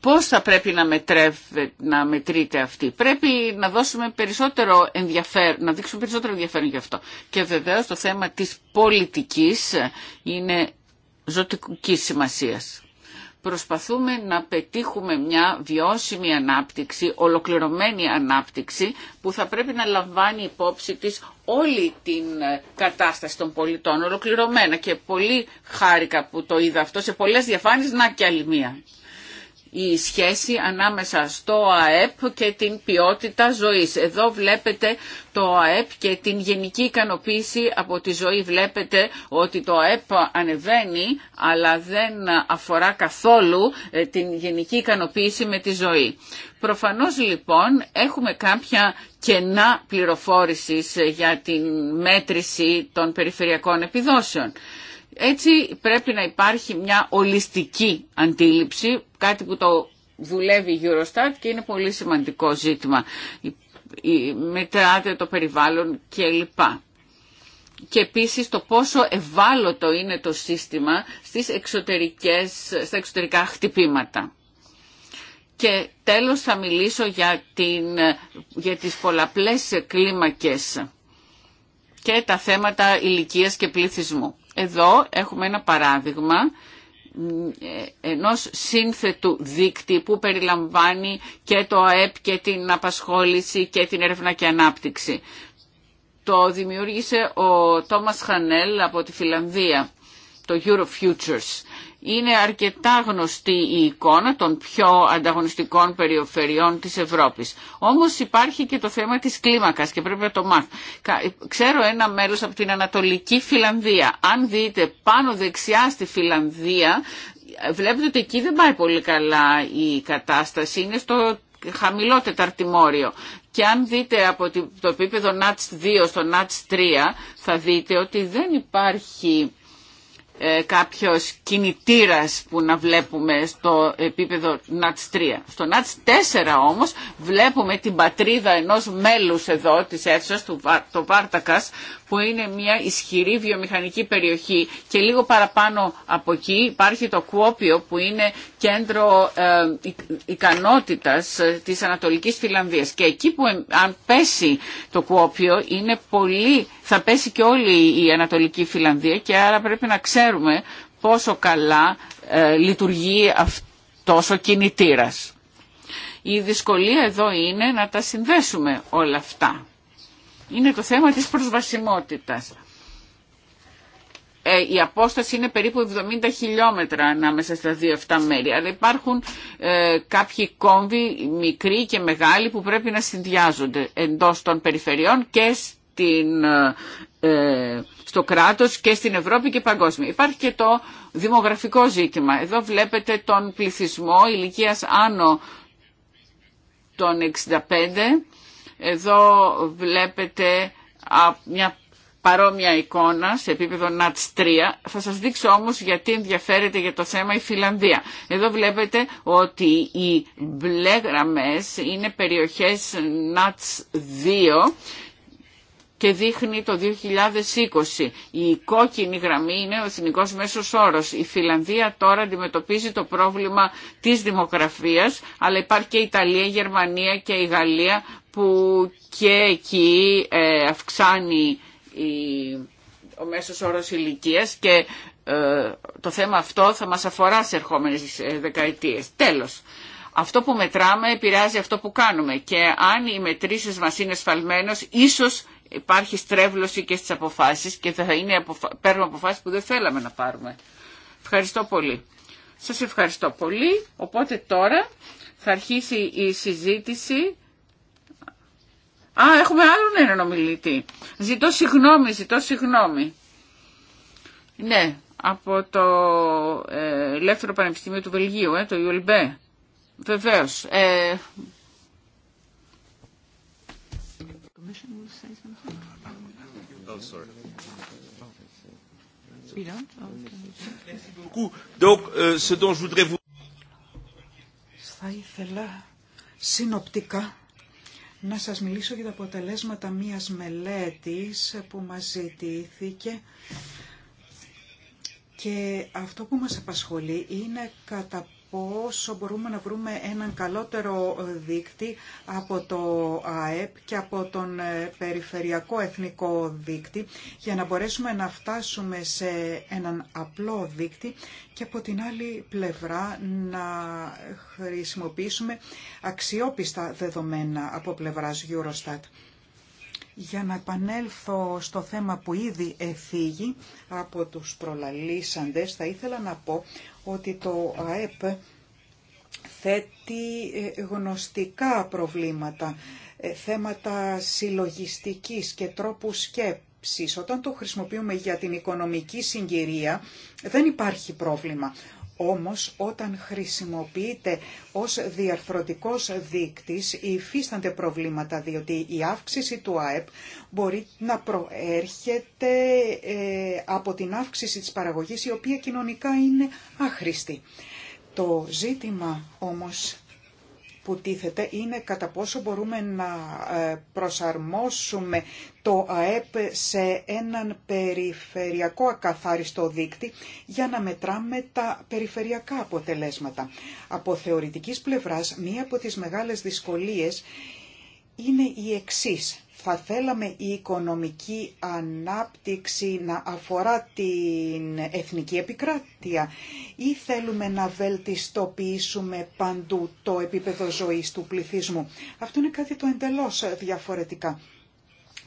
πώς θα πρέπει να, μετρεύε, να μετρείται αυτή. Πρέπει να, δώσουμε περισσότερο ενδιαφέρον, να δείξουμε περισσότερο ενδιαφέρον γι' αυτό. Και βεβαίως το θέμα της πολιτικής είναι ζωτικής σημασίας. Προσπαθούμε να πετύχουμε μια βιώσιμη ανάπτυξη, ολοκληρωμένη ανάπτυξη που θα πρέπει να λαμβάνει υπόψη της όλη την ε, κατάσταση των πολιτών ολοκληρωμένα και πολύ χάρηκα που το είδα αυτό σε πολλές διαφάνειες, να και άλλη μία η σχέση ανάμεσα στο ΑΕΠ και την ποιότητα ζωής. Εδώ βλέπετε το ΑΕΠ και την γενική ικανοποίηση από τη ζωή. Βλέπετε ότι το ΑΕΠ ανεβαίνει αλλά δεν αφορά καθόλου ε, την γενική ικανοποίηση με τη ζωή. Προφανώς λοιπόν έχουμε κάποια κενά πληροφόρησης ε, για την μέτρηση των περιφερειακών επιδόσεων. Έτσι πρέπει να υπάρχει μια ολιστική αντίληψη, κάτι που το δουλεύει η Eurostat και είναι πολύ σημαντικό ζήτημα. Μετράτε το περιβάλλον κλπ. Και επίσης το πόσο ευάλωτο είναι το σύστημα στις εξωτερικές, στα εξωτερικά χτυπήματα. Και τέλος θα μιλήσω για, την, για τις πολλαπλές κλίμακες και τα θέματα ηλικίας και πληθυσμού. Εδώ έχουμε ένα παράδειγμα ε, ενός σύνθετου δίκτυ που περιλαμβάνει και το ΑΕΠ και την απασχόληση και την έρευνα και ανάπτυξη. Το δημιούργησε ο Τόμας Χανέλ από τη Φιλανδία, το Eurofutures. Futures είναι αρκετά γνωστή η εικόνα των πιο ανταγωνιστικών περιοφεριών της Ευρώπης. Όμως υπάρχει και το θέμα της κλίμακας και πρέπει να το μάθουμε. Ξέρω ένα μέρος από την Ανατολική Φιλανδία. Αν δείτε πάνω δεξιά στη Φιλανδία, βλέπετε ότι εκεί δεν πάει πολύ καλά η κατάσταση. Είναι στο χαμηλό τεταρτημόριο. Και αν δείτε από το επίπεδο ΝΑΤΣ 2 στο ΝΑΤΣ 3, θα δείτε ότι δεν υπάρχει ε, κάποιος κινητήρας που να βλέπουμε στο επίπεδο νατς 3. Στο νατς 4 όμως βλέπουμε την πατρίδα ενός μέλους εδώ της αίθουσας, του, το Βάρτακας, που είναι μια ισχυρή βιομηχανική περιοχή και λίγο παραπάνω από εκεί υπάρχει το Κουόπιο που είναι κέντρο ε, ικανότητας ε, της Ανατολικής Φιλανδίας. Και εκεί που ε, αν πέσει το Κουόπιο είναι πολύ θα πέσει και όλη η Ανατολική Φιλανδία και άρα πρέπει να ξέρουμε πόσο καλά ε, λειτουργεί αυτός ο κινητήρας. Η δυσκολία εδώ είναι να τα συνδέσουμε όλα αυτά. Είναι το θέμα της προσβασιμότητας. Ε, η απόσταση είναι περίπου 70 χιλιόμετρα ανάμεσα στα δύο αυτά μέρη. Αλλά υπάρχουν ε, κάποιοι κόμβοι μικροί και μεγάλοι που πρέπει να συνδυάζονται εντός των περιφερειών και ε, στο κράτος και στην Ευρώπη και παγκόσμια. Υπάρχει και το δημογραφικό ζήτημα. Εδώ βλέπετε τον πληθυσμό ηλικίας άνω των 65. Εδώ βλέπετε μια παρόμοια εικόνα σε επίπεδο ΝΑΤΣ 3. Θα σας δείξω όμως γιατί ενδιαφέρεται για το θέμα η Φιλανδία. Εδώ βλέπετε ότι οι μπλε γραμμές είναι περιοχές ΝΑΤΣ 2 και δείχνει το 2020. Η κόκκινη γραμμή είναι ο εθνικός μέσος όρος. Η Φιλανδία τώρα αντιμετωπίζει το πρόβλημα της δημογραφία, αλλά υπάρχει και η Ιταλία, η Γερμανία και η Γαλλία που και εκεί ε, αυξάνει ο μέσος όρος ηλικίας και ε, το θέμα αυτό θα μας αφορά σε ερχόμενες ε, δεκαετίες. Τέλος. Αυτό που μετράμε επηρεάζει αυτό που κάνουμε και αν οι μετρήσεις μας είναι σφαλμένες, ίσως υπάρχει στρέβλωση και στις αποφάσεις και θα είναι αποφα... παίρνουμε αποφάσεις που δεν θέλαμε να πάρουμε. Ευχαριστώ πολύ. Σας ευχαριστώ πολύ. Οπότε τώρα θα αρχίσει η συζήτηση. Α, έχουμε άλλον έναν ομιλητή. Ζητώ συγγνώμη, ζητώ συγγνώμη. Ναι, από το ε, Ελεύθερο Πανεπιστήμιο του Βελγίου, ε, το ULB. Βεβαίως. Ε, Θα ήθελα συνοπτικά να σας μιλήσω για τα αποτελέσματα μιας μελέτης που μας ζητήθηκε και αυτό που μας απασχολεί είναι κατά πόσο μπορούμε να βρούμε έναν καλότερο δείκτη από το ΑΕΠ και από τον ε, περιφερειακό εθνικό δείκτη για να μπορέσουμε να φτάσουμε σε έναν απλό δείκτη και από την άλλη πλευρά να χρησιμοποιήσουμε αξιόπιστα δεδομένα από πλευράς Eurostat. Για να επανέλθω στο θέμα που ήδη εφήγει από τους προλαλήσαντες, θα ήθελα να πω ότι το ΑΕΠ θέτει ε, γνωστικά προβλήματα, ε, θέματα συλλογιστικής και τρόπου σκέψης. Όταν το χρησιμοποιούμε για την οικονομική συγκυρία δεν υπάρχει πρόβλημα. Όμως όταν χρησιμοποιείται ως διαρθρωτικός δείκτης υφίστανται προβλήματα διότι η αύξηση του ΑΕΠ μπορεί να προέρχεται ε, από την αύξηση της παραγωγής η οποία κοινωνικά είναι άχρηστη. Το ζήτημα όμως που τίθεται είναι κατά πόσο μπορούμε να ε, προσαρμόσουμε το ΑΕΠ σε έναν περιφερειακό ακαθάριστο δίκτυ για να μετράμε τα περιφερειακά αποτελέσματα. Από θεωρητικής πλευράς, μία από τις μεγάλες δυσκολίες είναι η εξής. Θα θέλαμε η οικονομική ανάπτυξη να αφορά την εθνική επικράτεια ή θέλουμε να βελτιστοποιήσουμε παντού το επίπεδο ζωής του πληθυσμού. Αυτό είναι κάτι το εντελώς διαφορετικά.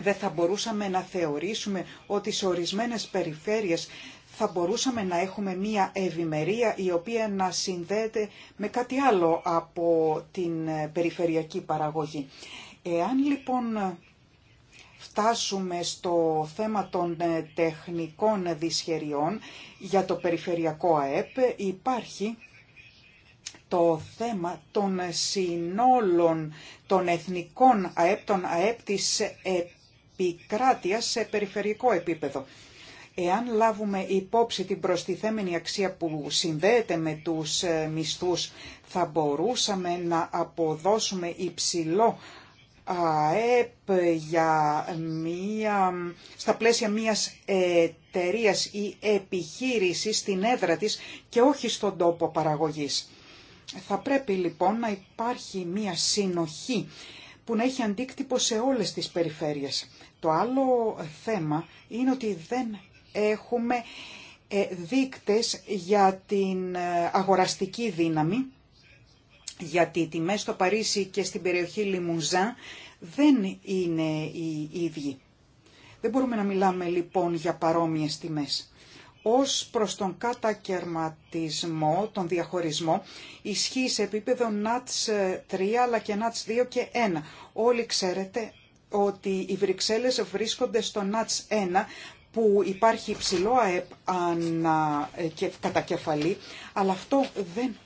Δεν θα μπορούσαμε να θεωρήσουμε ότι σε ορισμένες περιφέρειες θα μπορούσαμε να έχουμε μία ευημερία η οποία να συνδέεται με κάτι άλλο από την περιφερειακή παραγωγή. Εάν λοιπόν φτάσουμε στο θέμα των ε, τεχνικών δυσχεριών για το περιφερειακό ΑΕΠ, υπάρχει το θέμα των συνόλων των εθνικών ΑΕΠ, των ΑΕΠ της επικράτειας σε περιφερειακό επίπεδο. Εάν λάβουμε υπόψη την προστιθέμενη αξία που συνδέεται με τους ε, μισθούς, θα μπορούσαμε να αποδώσουμε υψηλό ΑΕΠ για μία, στα πλαίσια μιας εταιρεία ή επιχείρησης στην έδρα της και όχι στον τόπο παραγωγής. Θα πρέπει λοιπόν να υπάρχει μία συνοχή που να έχει αντίκτυπο σε όλες τις περιφέρειες. Το άλλο θέμα είναι ότι δεν έχουμε ε, δείκτες για την ε, αγοραστική δύναμη γιατί οι τιμές στο Παρίσι και στην περιοχή Λιμουζά δεν είναι οι ίδιοι. Δεν μπορούμε να μιλάμε λοιπόν για παρόμοιες τιμές. Ως προς τον κατακαιρματισμό, τον διαχωρισμό, ισχύει σε επίπεδο ΝΑΤΣ 3 αλλά και ΝΑΤΣ 2 και 1. Όλοι ξέρετε ότι οι Βρυξέλλες βρίσκονται στο ΝΑΤΣ 1 που υπάρχει υψηλό ΑΕΠ ανα, και, κατά αλλά αυτό δεν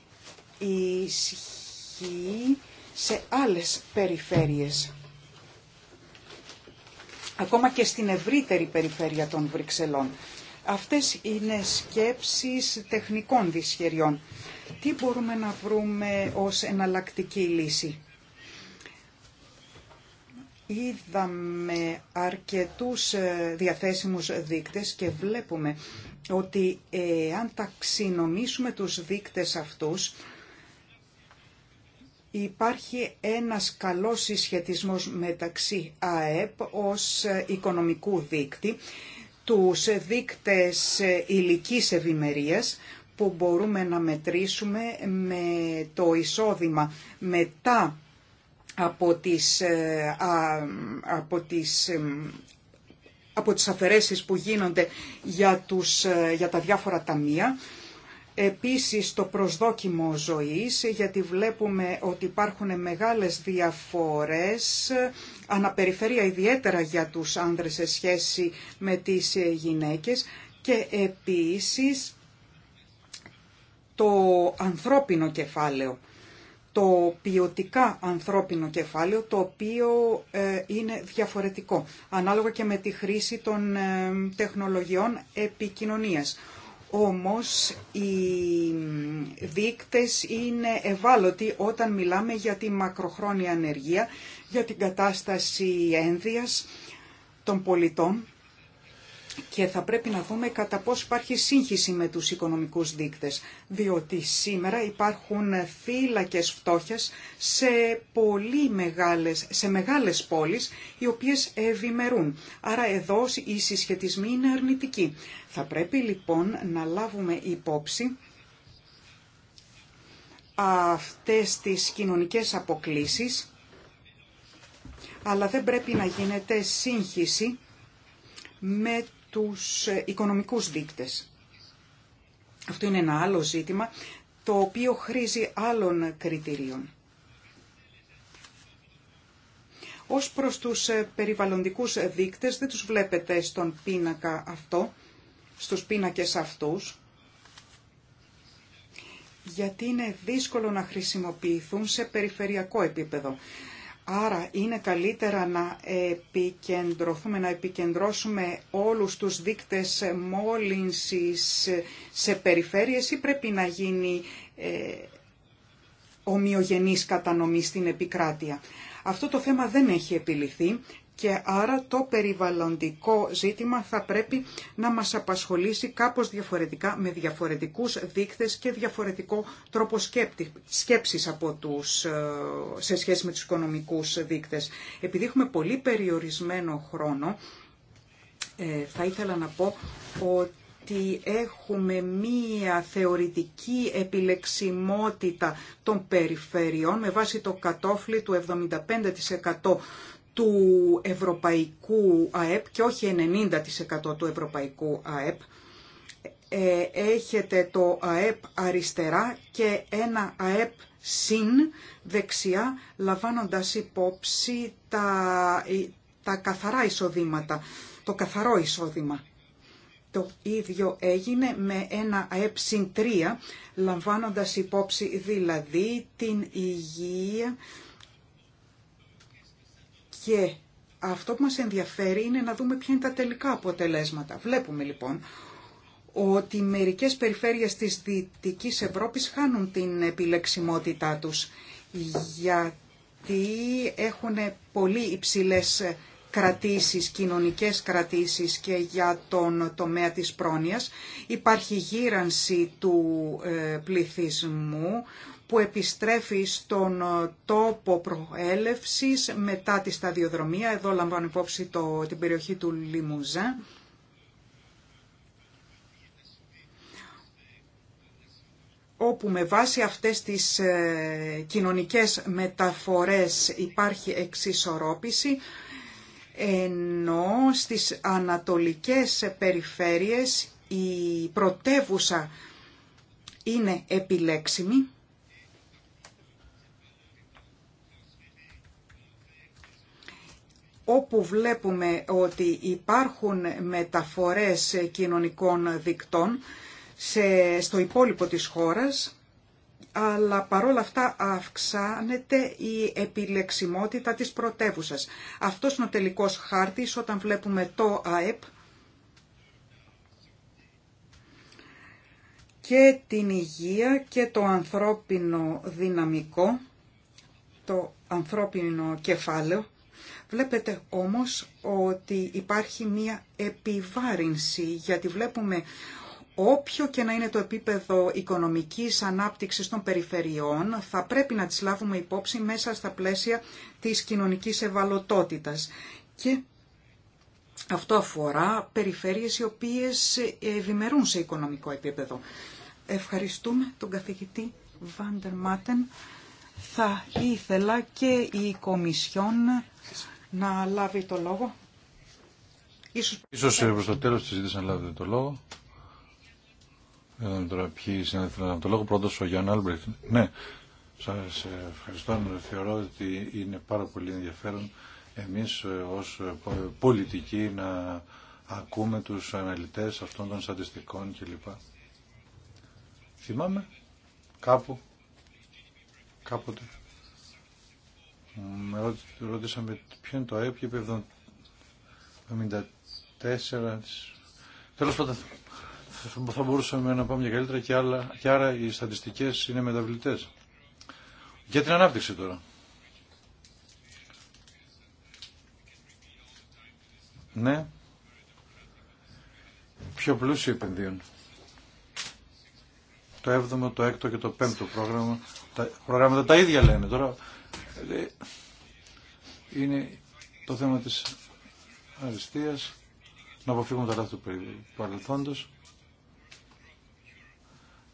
ισχύει σε άλλες περιφέρειες. Ακόμα και στην ευρύτερη περιφέρεια των Βρυξελών. Αυτές είναι σκέψεις τεχνικών δυσχεριών. Τι μπορούμε να βρούμε ως εναλλακτική λύση. Είδαμε αρκετούς ε, διαθέσιμους δείκτες και βλέπουμε ότι ε, αν ταξινομήσουμε τους δείκτες αυτούς, Υπάρχει ένας καλός συσχετισμός μεταξύ ΑΕΠ ως οικονομικού δείκτη, τους δείκτες ηλικής ευημερίας που μπορούμε να μετρήσουμε με το εισόδημα μετά από τις, ε, από τις, ε, από τις αφαιρέσεις που γίνονται για, τους, ε, για τα διάφορα ταμεία Επίσης το προσδόκιμο ζωής, γιατί βλέπουμε ότι υπάρχουν μεγάλες διαφορές, αναπεριφέρεια ιδιαίτερα για τους άνδρες σε σχέση με τις γυναίκες και επίσης το ανθρώπινο κεφάλαιο, το ποιοτικά ανθρώπινο κεφάλαιο, το οποίο ε, είναι διαφορετικό, ανάλογα και με τη χρήση των ε, τεχνολογιών επικοινωνίας. Όμως οι δείκτες είναι ευάλωτοι όταν μιλάμε για τη μακροχρόνια ανεργία, για την κατάσταση ένδυας των πολιτών και θα πρέπει να δούμε κατά πώς υπάρχει σύγχυση με τους οικονομικούς δείκτες, διότι σήμερα υπάρχουν φύλακες φτώχειας σε πολύ μεγάλες, σε μεγάλες πόλεις οι οποίες ευημερούν. Άρα εδώ οι συσχετισμοί είναι αρνητικοί. Θα πρέπει λοιπόν να λάβουμε υπόψη αυτές τις κοινωνικές αποκλίσεις, αλλά δεν πρέπει να γίνεται σύγχυση με τους οικονομικούς δείκτες. Αυτό είναι ένα άλλο ζήτημα, το οποίο χρήζει άλλων κριτηρίων. Ως προς τους περιβαλλοντικούς δείκτες, δεν τους βλέπετε στον πίνακα αυτό, στους πίνακες αυτούς, γιατί είναι δύσκολο να χρησιμοποιηθούν σε περιφερειακό επίπεδο. Άρα είναι καλύτερα να επικεντρωθούμε, να επικεντρώσουμε όλους τους δείκτες μόλυνσης σε περιφέρειες ή πρέπει να γίνει ε, ομοιογενής κατανομή στην επικράτεια. Αυτό το θέμα δεν έχει επιληθεί και άρα το περιβαλλοντικό ζήτημα θα πρέπει να μας απασχολήσει κάπως διαφορετικά με διαφορετικούς δείκτες και διαφορετικό τρόπο σκέψης από τους, ε, σε σχέση με τους οικονομικούς δείκτες. Επειδή έχουμε πολύ περιορισμένο χρόνο, ε, θα ήθελα να πω ότι έχουμε μία θεωρητική επιλεξιμότητα των περιφερειών με βάση το κατόφλι του 75% του ευρωπαϊκού ΑΕΠ και όχι 90% του ευρωπαϊκού ΑΕΠ. Ε, έχετε το ΑΕΠ αριστερά και ένα ΑΕΠ συν δεξιά λαμβάνοντας υπόψη τα, ε, τα καθαρά εισοδήματα, το καθαρό εισόδημα. Το ίδιο έγινε με ένα ΑΕΠ συν 3 λαμβάνοντας υπόψη δηλαδή την υγεία και αυτό που μας ενδιαφέρει είναι να δούμε ποια είναι τα τελικά αποτελέσματα. Βλέπουμε λοιπόν ότι μερικές περιφέρειες της Δυτικής Ευρώπης χάνουν την επιλεξιμότητά τους γιατί έχουν πολύ υψηλές κρατήσεις, κοινωνικές κρατήσεις και για τον τομέα της πρόνοιας. Υπάρχει γύρανση του ε, πληθυσμού που επιστρέφει στον ε, τόπο προέλευσης μετά τη σταδιοδρομία. Εδώ λαμβάνω υπόψη το, την περιοχή του Λιμουζά. όπου με βάση αυτές τις ε, κοινωνικές μεταφορές υπάρχει εξισορρόπηση, ενώ στις ανατολικές περιφέρειες η πρωτεύουσα είναι επιλέξιμη όπου βλέπουμε ότι υπάρχουν μεταφορές κοινωνικών δικτών σε, στο υπόλοιπο της χώρας, αλλά παρόλα αυτά αυξάνεται η επιλεξιμότητα της πρωτεύουσα. Αυτός είναι ο τελικός χάρτης όταν βλέπουμε το ΑΕΠ και την υγεία και το ανθρώπινο δυναμικό, το ανθρώπινο κεφάλαιο Βλέπετε όμως ότι υπάρχει μία επιβάρυνση, γιατί βλέπουμε όποιο και να είναι το επίπεδο οικονομικής ανάπτυξης των περιφερειών, θα πρέπει να τις λάβουμε υπόψη μέσα στα πλαίσια της κοινωνικής ευαλωτότητας. Και αυτό αφορά περιφέρειες οι οποίες ευημερούν σε οικονομικό επίπεδο. Ευχαριστούμε τον καθηγητή Βάντερ Μάτεν. Θα ήθελα και η Κομισιόν να λάβει το λόγο. Ίσως, Ίσως ε, προς το τέλος της ζήτησε να λάβετε το λόγο. Εδώ τώρα ποιοι να το λόγο. Πρώτος ο Γιάννη Άλμπρεχτ. Ναι, σας ευχαριστώ. Θεωρώ ότι είναι πάρα πολύ ενδιαφέρον εμείς ε, ως ε, πολιτικοί να ακούμε τους αναλυτές αυτών των στατιστικών κλπ. Θυμάμαι κάπου, κάποτε με ρώτησαμε ποιο είναι το ΑΕΠ και είπε 74. Τέλος πάντων θα μπορούσαμε να πάμε για καλύτερα και, άλλα, και άρα οι στατιστικές είναι μεταβλητές. Για την ανάπτυξη τώρα. Ναι. Πιο πλούσιοι επενδύον Το 7ο, το 6ο και το 5ο πρόγραμμα. Τα προγράμματα τα ίδια λένε. Τώρα είναι το θέμα της αριστείας, να αποφύγουμε τα λάθη του παρελθόντος.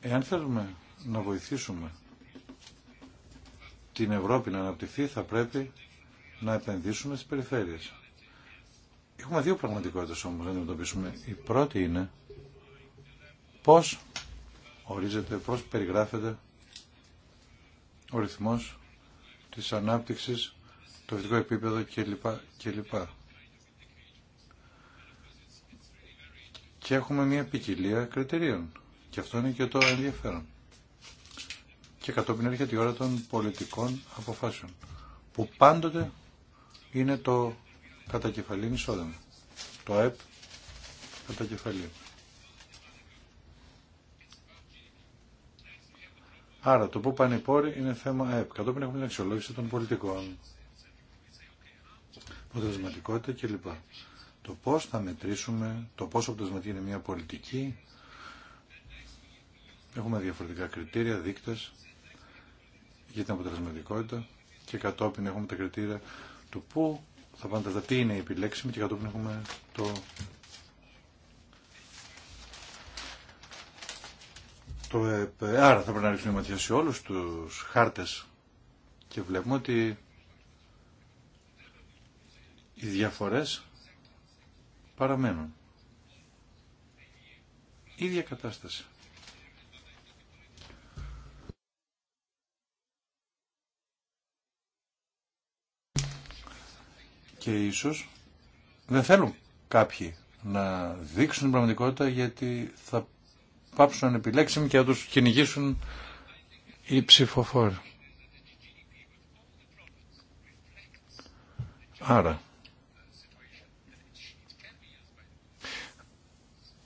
Εάν θέλουμε να βοηθήσουμε την Ευρώπη να αναπτυχθεί, θα πρέπει να επενδύσουμε στις περιφέρειες. Έχουμε δύο πραγματικότητες όμως να αντιμετωπίσουμε. Η πρώτη είναι πώς ορίζεται, πώς περιγράφεται ο ρυθμός της ανάπτυξης, το ειδικό επίπεδο κλπ. κλπ. Και έχουμε μια ποικιλία κριτηρίων. Και αυτό είναι και το ενδιαφέρον. Και κατόπιν έρχεται η ώρα των πολιτικών αποφάσεων, που πάντοτε είναι το κατακεφαλήν εισόδημα. Το επ κατακεφαλήν. Άρα το που πάνε οι πόροι είναι θέμα ΕΠ. Κατόπιν έχουμε την αξιολόγηση των πολιτικών. Αποτελεσματικότητα κλπ. Το πώς θα μετρήσουμε, το πόσο αποτελεσματική είναι μια πολιτική. Έχουμε διαφορετικά κριτήρια, δείκτες για την αποτελεσματικότητα και κατόπιν έχουμε τα κριτήρια του πού θα πάνε τα τι είναι επιλέξιμη και κατόπιν έχουμε το Το Άρα θα πρέπει να ρίξουμε ματιά σε όλους τους χάρτες και βλέπουμε ότι οι διαφορές παραμένουν. Ίδια κατάσταση. Και ίσως δεν θέλουν κάποιοι να δείξουν την πραγματικότητα γιατί θα πάψουν να επιλέξουν και να τους κυνηγήσουν οι ψηφοφόροι. Άρα,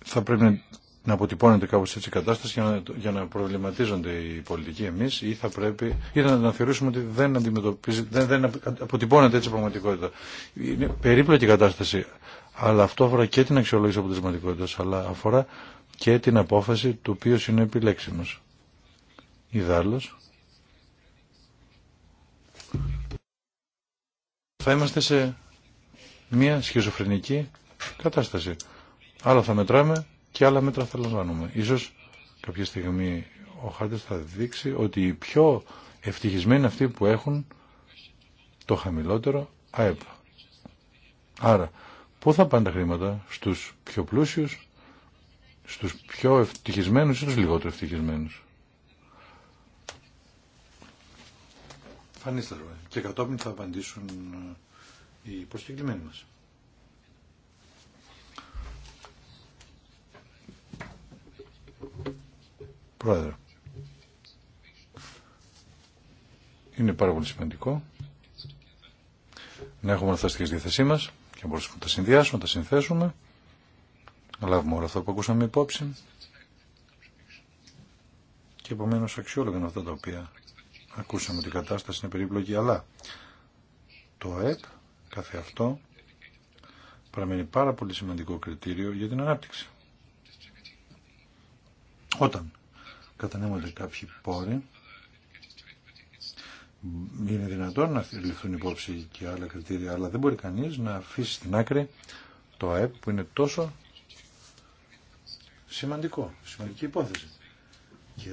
θα πρέπει να αποτυπώνεται κάπως έτσι η κατάσταση για να, για να προβληματίζονται οι πολιτικοί εμείς ή θα πρέπει ή να, να θεωρήσουμε ότι δεν, αντιμετωπίζει, δεν, δεν αποτυπώνεται έτσι η πραγματικότητα. Είναι περίπλοκη κατάσταση, αλλά αυτό αφορά και την αξιολόγηση αποτελεσματικότητα, αλλά αφορά και την απόφαση του ποιο είναι επιλέξιμος. Ιδάλλως, θα είμαστε σε μια σχιζοφρενική κατάσταση. Άλλα θα μετράμε και άλλα μέτρα θα λαμβάνουμε. Ίσως κάποια στιγμή ο χάρτης θα δείξει ότι οι πιο ευτυχισμένοι αυτοί που έχουν το χαμηλότερο ΑΕΠ. Άρα, πού θα πάνε τα χρήματα, στους πιο πλούσιους στους πιο ευτυχισμένους ή στους λιγότερο ευτυχισμένους. Φανίστερο. Και κατόπιν θα απαντήσουν ε, οι προσκεκλημένοι μας. Πρόεδρε. Είναι πάρα πολύ σημαντικό να έχουμε αυτά στη διάθεσή μας και μπορούμε να τα συνδυάσουμε, να τα συνθέσουμε αλλά λάβουμε όλα αυτά που ακούσαμε υπόψη και επομένω αξιόλογα αυτά τα οποία ακούσαμε ότι η κατάσταση είναι περίπλοκη, αλλά το ΑΕΠ καθε αυτό παραμένει πάρα πολύ σημαντικό κριτήριο για την ανάπτυξη. Όταν κατανέμονται κάποιοι πόροι, είναι δυνατόν να ληφθούν υπόψη και άλλα κριτήρια, αλλά δεν μπορεί κανείς να αφήσει στην άκρη το ΑΕΠ που είναι τόσο σημαντικό, σημαντική υπόθεση. Και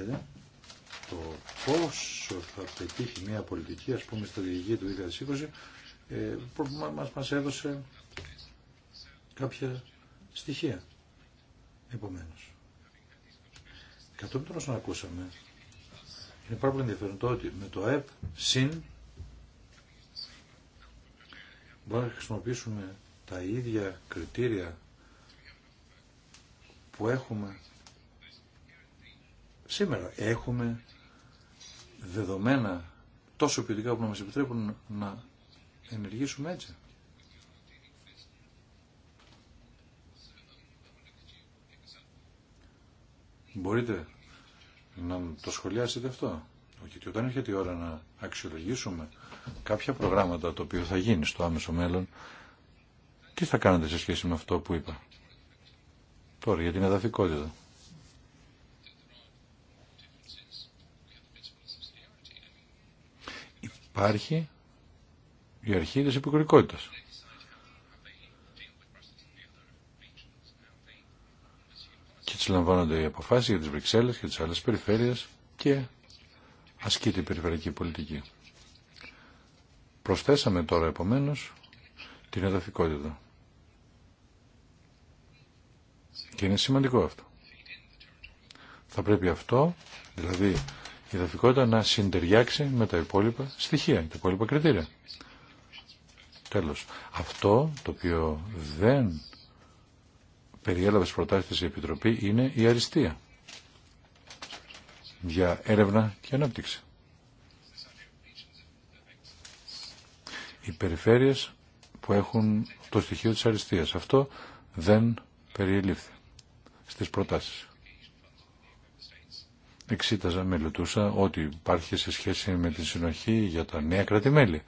το πόσο θα πετύχει μια πολιτική, ας πούμε, στρατηγική του 2020, ε, μας, μας έδωσε κάποια στοιχεία. Επομένως, κατόπιν το όσων ακούσαμε, είναι πάρα πολύ ενδιαφέρον το ότι με το ΑΕΠ συν μπορούμε να χρησιμοποιήσουμε τα ίδια κριτήρια που έχουμε σήμερα. Έχουμε δεδομένα τόσο ποιοτικά που να μας επιτρέπουν να ενεργήσουμε έτσι. Μπορείτε να το σχολιάσετε αυτό. Γιατί όταν έρχεται η ώρα να αξιολογήσουμε κάποια προγράμματα το οποίο θα γίνει στο άμεσο μέλλον, τι θα κάνετε σε σχέση με αυτό που είπα. Τώρα για την εδαφικότητα. Υπάρχει η αρχή της υποκριτικότητας. Και έτσι λαμβάνονται οι αποφάσεις για τις Βρυξέλλες και τις άλλες περιφέρειες και ασκείται η περιφερειακή πολιτική. Προσθέσαμε τώρα επομένως την εδαφικότητα. Και είναι σημαντικό αυτό. Θα πρέπει αυτό, δηλαδή η δαφικότητα, να συντεριάξει με τα υπόλοιπα στοιχεία, τα υπόλοιπα κριτήρια. Τέλος, αυτό το οποίο δεν περιέλαβε προτάσεις η Επιτροπή είναι η αριστεία για έρευνα και ανάπτυξη. Οι περιφέρειες που έχουν το στοιχείο της αριστείας. Αυτό δεν περιελήφθη στις προτάσεις. Εξήταζα, μελετούσα ότι υπάρχει σε σχέση με τη συνοχή για τα νέα κρατημέλη.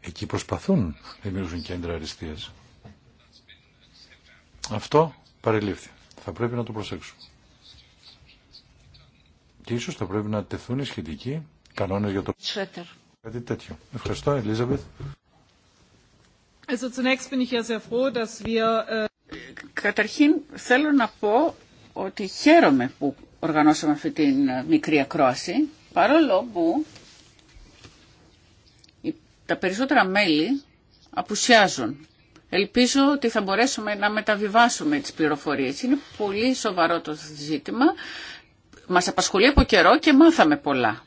Εκεί προσπαθούν να δημιουργούν κέντρα αριστείας. Αυτό παρελήφθη. Θα πρέπει να το προσέξω. Και ίσως θα πρέπει να τεθούν οι σχετικοί κανόνες για το... Σέτερ. Κάτι τέτοιο. Ευχαριστώ, Ελίζαβετ. Äh Καταρχήν θέλω να πω ότι χαίρομαι που οργανώσαμε αυτή τη ε, μικρή ακρόαση, παρόλο που τα περισσότερα μέλη απουσιάζουν. Ελπίζω ότι θα μπορέσουμε να μεταβιβάσουμε τις πληροφορίες. Είναι πολύ σοβαρό το ζήτημα. Μας απασχολεί από καιρό και μάθαμε πολλά.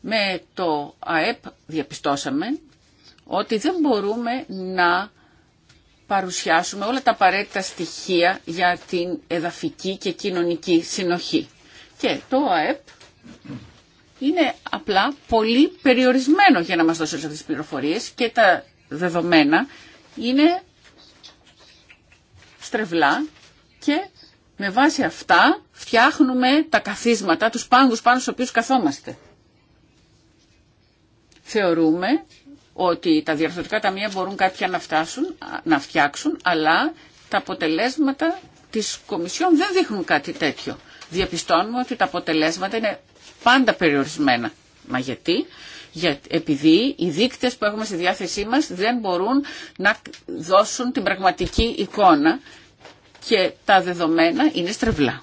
Με το ΑΕΠ διαπιστώσαμε ότι δεν μπορούμε να παρουσιάσουμε όλα τα απαραίτητα στοιχεία για την εδαφική και κοινωνική συνοχή. Και το ΑΕΠ είναι απλά πολύ περιορισμένο για να μας δώσει αυτές τις πληροφορίες και τα δεδομένα είναι στρεβλά και με βάση αυτά φτιάχνουμε τα καθίσματα, τους πάγκους πάνω στους οποίους καθόμαστε. Θεωρούμε ότι τα διαρθρωτικά ταμεία μπορούν κάποια να, φτάσουν, να φτιάξουν, αλλά τα αποτελέσματα της Κομισιόν δεν δείχνουν κάτι τέτοιο. Διαπιστώνουμε ότι τα αποτελέσματα είναι πάντα περιορισμένα. Μα γιατί, για, επειδή οι δείκτες που έχουμε στη διάθεσή μας δεν μπορούν να δώσουν την πραγματική εικόνα και τα δεδομένα είναι στρεβλά.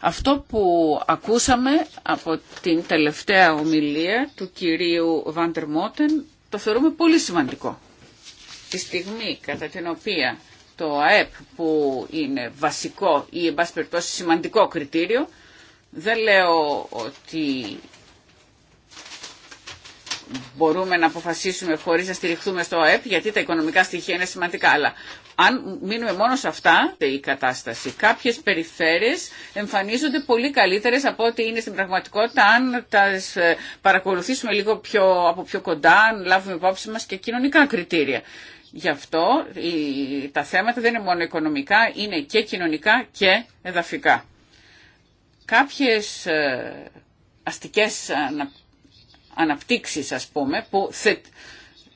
Αυτό που ακούσαμε από την τελευταία ομιλία του κυρίου Βάντερ Μότεν το θεωρούμε πολύ σημαντικό. Τη στιγμή κατά την οποία το ΑΕΠ που είναι βασικό ή εν πάση σημαντικό κριτήριο δεν λέω ότι μπορούμε να αποφασίσουμε χωρίς να στηριχθούμε στο ΑΕΠ, γιατί τα οικονομικά στοιχεία είναι σημαντικά. Αλλά αν μείνουμε μόνο σε αυτά, η κατάσταση. Κάποιες περιφέρειες εμφανίζονται πολύ καλύτερες από ό,τι είναι στην πραγματικότητα, αν τα ε, παρακολουθήσουμε λίγο πιο, από πιο κοντά, αν λάβουμε υπόψη μα και κοινωνικά κριτήρια. Γι' αυτό η, τα θέματα δεν είναι μόνο οικονομικά, είναι και κοινωνικά και εδαφικά. Κάποιες ε, αστικές αναπτύξεις ας πούμε που θε,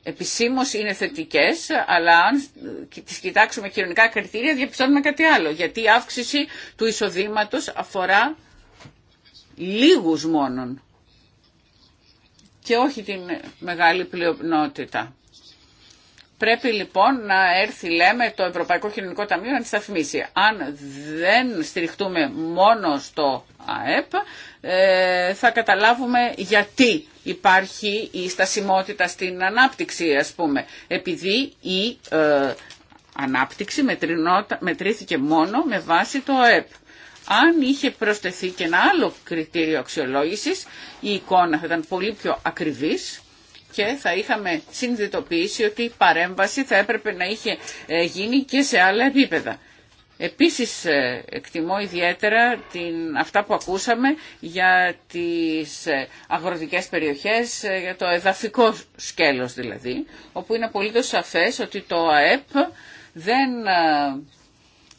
επισήμως είναι θετικές αλλά αν τις κοιτάξουμε κοινωνικά κριτήρια διαπιστώνουμε κάτι άλλο γιατί η αύξηση του εισοδήματος αφορά λίγους μόνον και όχι την μεγάλη πλειονότητα. Πρέπει λοιπόν να έρθει, λέμε, το Ευρωπαϊκό Κοινωνικό Ταμείο να τη σταθμίσει. Αν δεν στηριχτούμε μόνο στο ΑΕΠ, ε, θα καταλάβουμε γιατί υπάρχει η στασιμότητα στην ανάπτυξη, ας πούμε. Επειδή η ε, ανάπτυξη μετρήθηκε μόνο με βάση το ΑΕΠ. Αν είχε προσθεθεί και ένα άλλο κριτήριο αξιολόγησης, η εικόνα θα ήταν πολύ πιο ακριβής και θα είχαμε συνειδητοποιήσει ότι η παρέμβαση θα έπρεπε να είχε ε, γίνει και σε άλλα επίπεδα. Επίσης ε, εκτιμώ ιδιαίτερα την, αυτά που ακούσαμε για τις ε, αγροτικές περιοχές, για το εδαφικό σκέλος δηλαδή, όπου είναι απολύτως σαφές ότι το ΑΕΠ δεν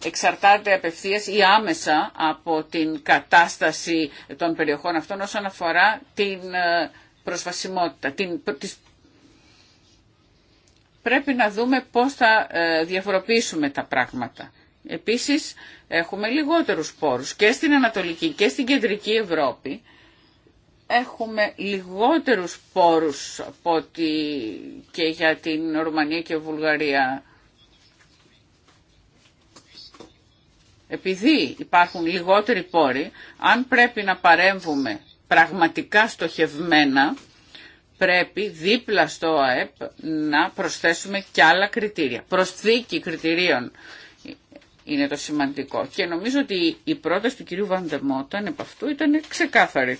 εξαρτάται απευθείας ή άμεσα από την κατάσταση των περιοχών αυτών όσον αφορά την προσβασιμότητα, την, πρέπει να δούμε πώς θα ε, διαφοροποιήσουμε τα πράγματα. Επίσης έχουμε λιγότερους πόρους και στην Ανατολική και στην Κεντρική Ευρώπη. Έχουμε λιγότερους πόρους από ότι και για την Ρουμανία και Βουλγαρία. Επειδή υπάρχουν λιγότεροι πόροι, αν πρέπει να παρέμβουμε πραγματικά στοχευμένα πρέπει δίπλα στο ΑΕΠ να προσθέσουμε και άλλα κριτήρια. Προσθήκη κριτηρίων είναι το σημαντικό. Και νομίζω ότι η πρόταση του κυρίου Βαντεμόταν επ' αυτού ήταν ξεκάθαρη.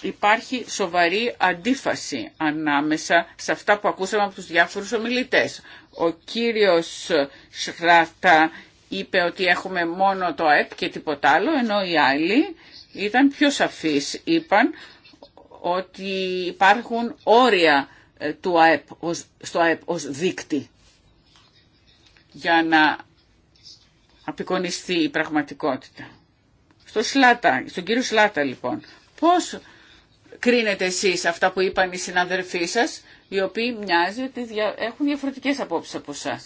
Υπάρχει σοβαρή αντίφαση ανάμεσα σε αυτά που ακούσαμε από τους διάφορους ομιλητές. Ο κύριος Σράτα είπε ότι έχουμε μόνο το ΑΕΠ και τίποτα άλλο, ενώ οι άλλοι ήταν πιο σαφείς. Είπαν ότι υπάρχουν όρια ε, του ΑΕΠ, στο ΑΕΠ ως δίκτυ για να απεικονιστεί η πραγματικότητα. Στο Σλάτα, στον κύριο Σλάτα λοιπόν, πώς κρίνετε εσείς αυτά που είπαν οι συναδελφοί σας, οι οποίοι μοιάζει ότι έχουν διαφορετικές απόψεις από εσά.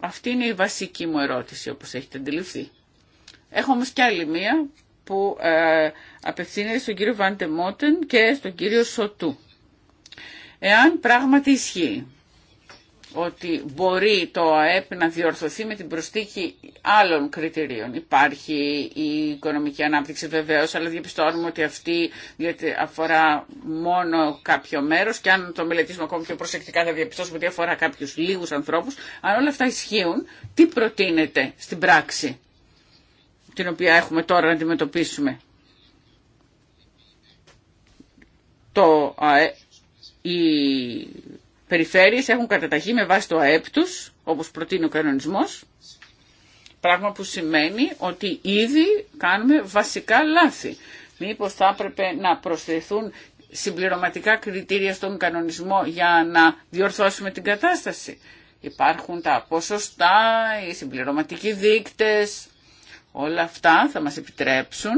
Αυτή είναι η βασική μου ερώτηση, όπως έχετε αντιληφθεί. Έχω όμως και άλλη μία που ε, απευθύνεται στον κύριο Βάντε και στον κύριο Σοτού. Εάν πράγματι ισχύει ότι μπορεί το ΑΕΠ να διορθωθεί με την προστίχη άλλων κριτηρίων. Υπάρχει η οικονομική ανάπτυξη βεβαίως, αλλά διαπιστώνουμε ότι αυτή αφορά μόνο κάποιο μέρος και αν το μελετήσουμε ακόμη πιο προσεκτικά θα διαπιστώσουμε ότι αφορά κάποιους λίγους ανθρώπους. Αν όλα αυτά ισχύουν, τι προτείνεται στην πράξη την οποία έχουμε τώρα να αντιμετωπίσουμε. Το, οι περιφέρειες έχουν καταταχεί με βάση το ΑΕΠ τους, όπως προτείνει ο κανονισμός, πράγμα που σημαίνει ότι ήδη κάνουμε βασικά λάθη. Μήπως θα έπρεπε να προσθεθούν συμπληρωματικά κριτήρια στον κανονισμό για να διορθώσουμε την κατάσταση. Υπάρχουν τα ποσοστά, οι συμπληρωματικοί δείκτες, Όλα αυτά θα μας επιτρέψουν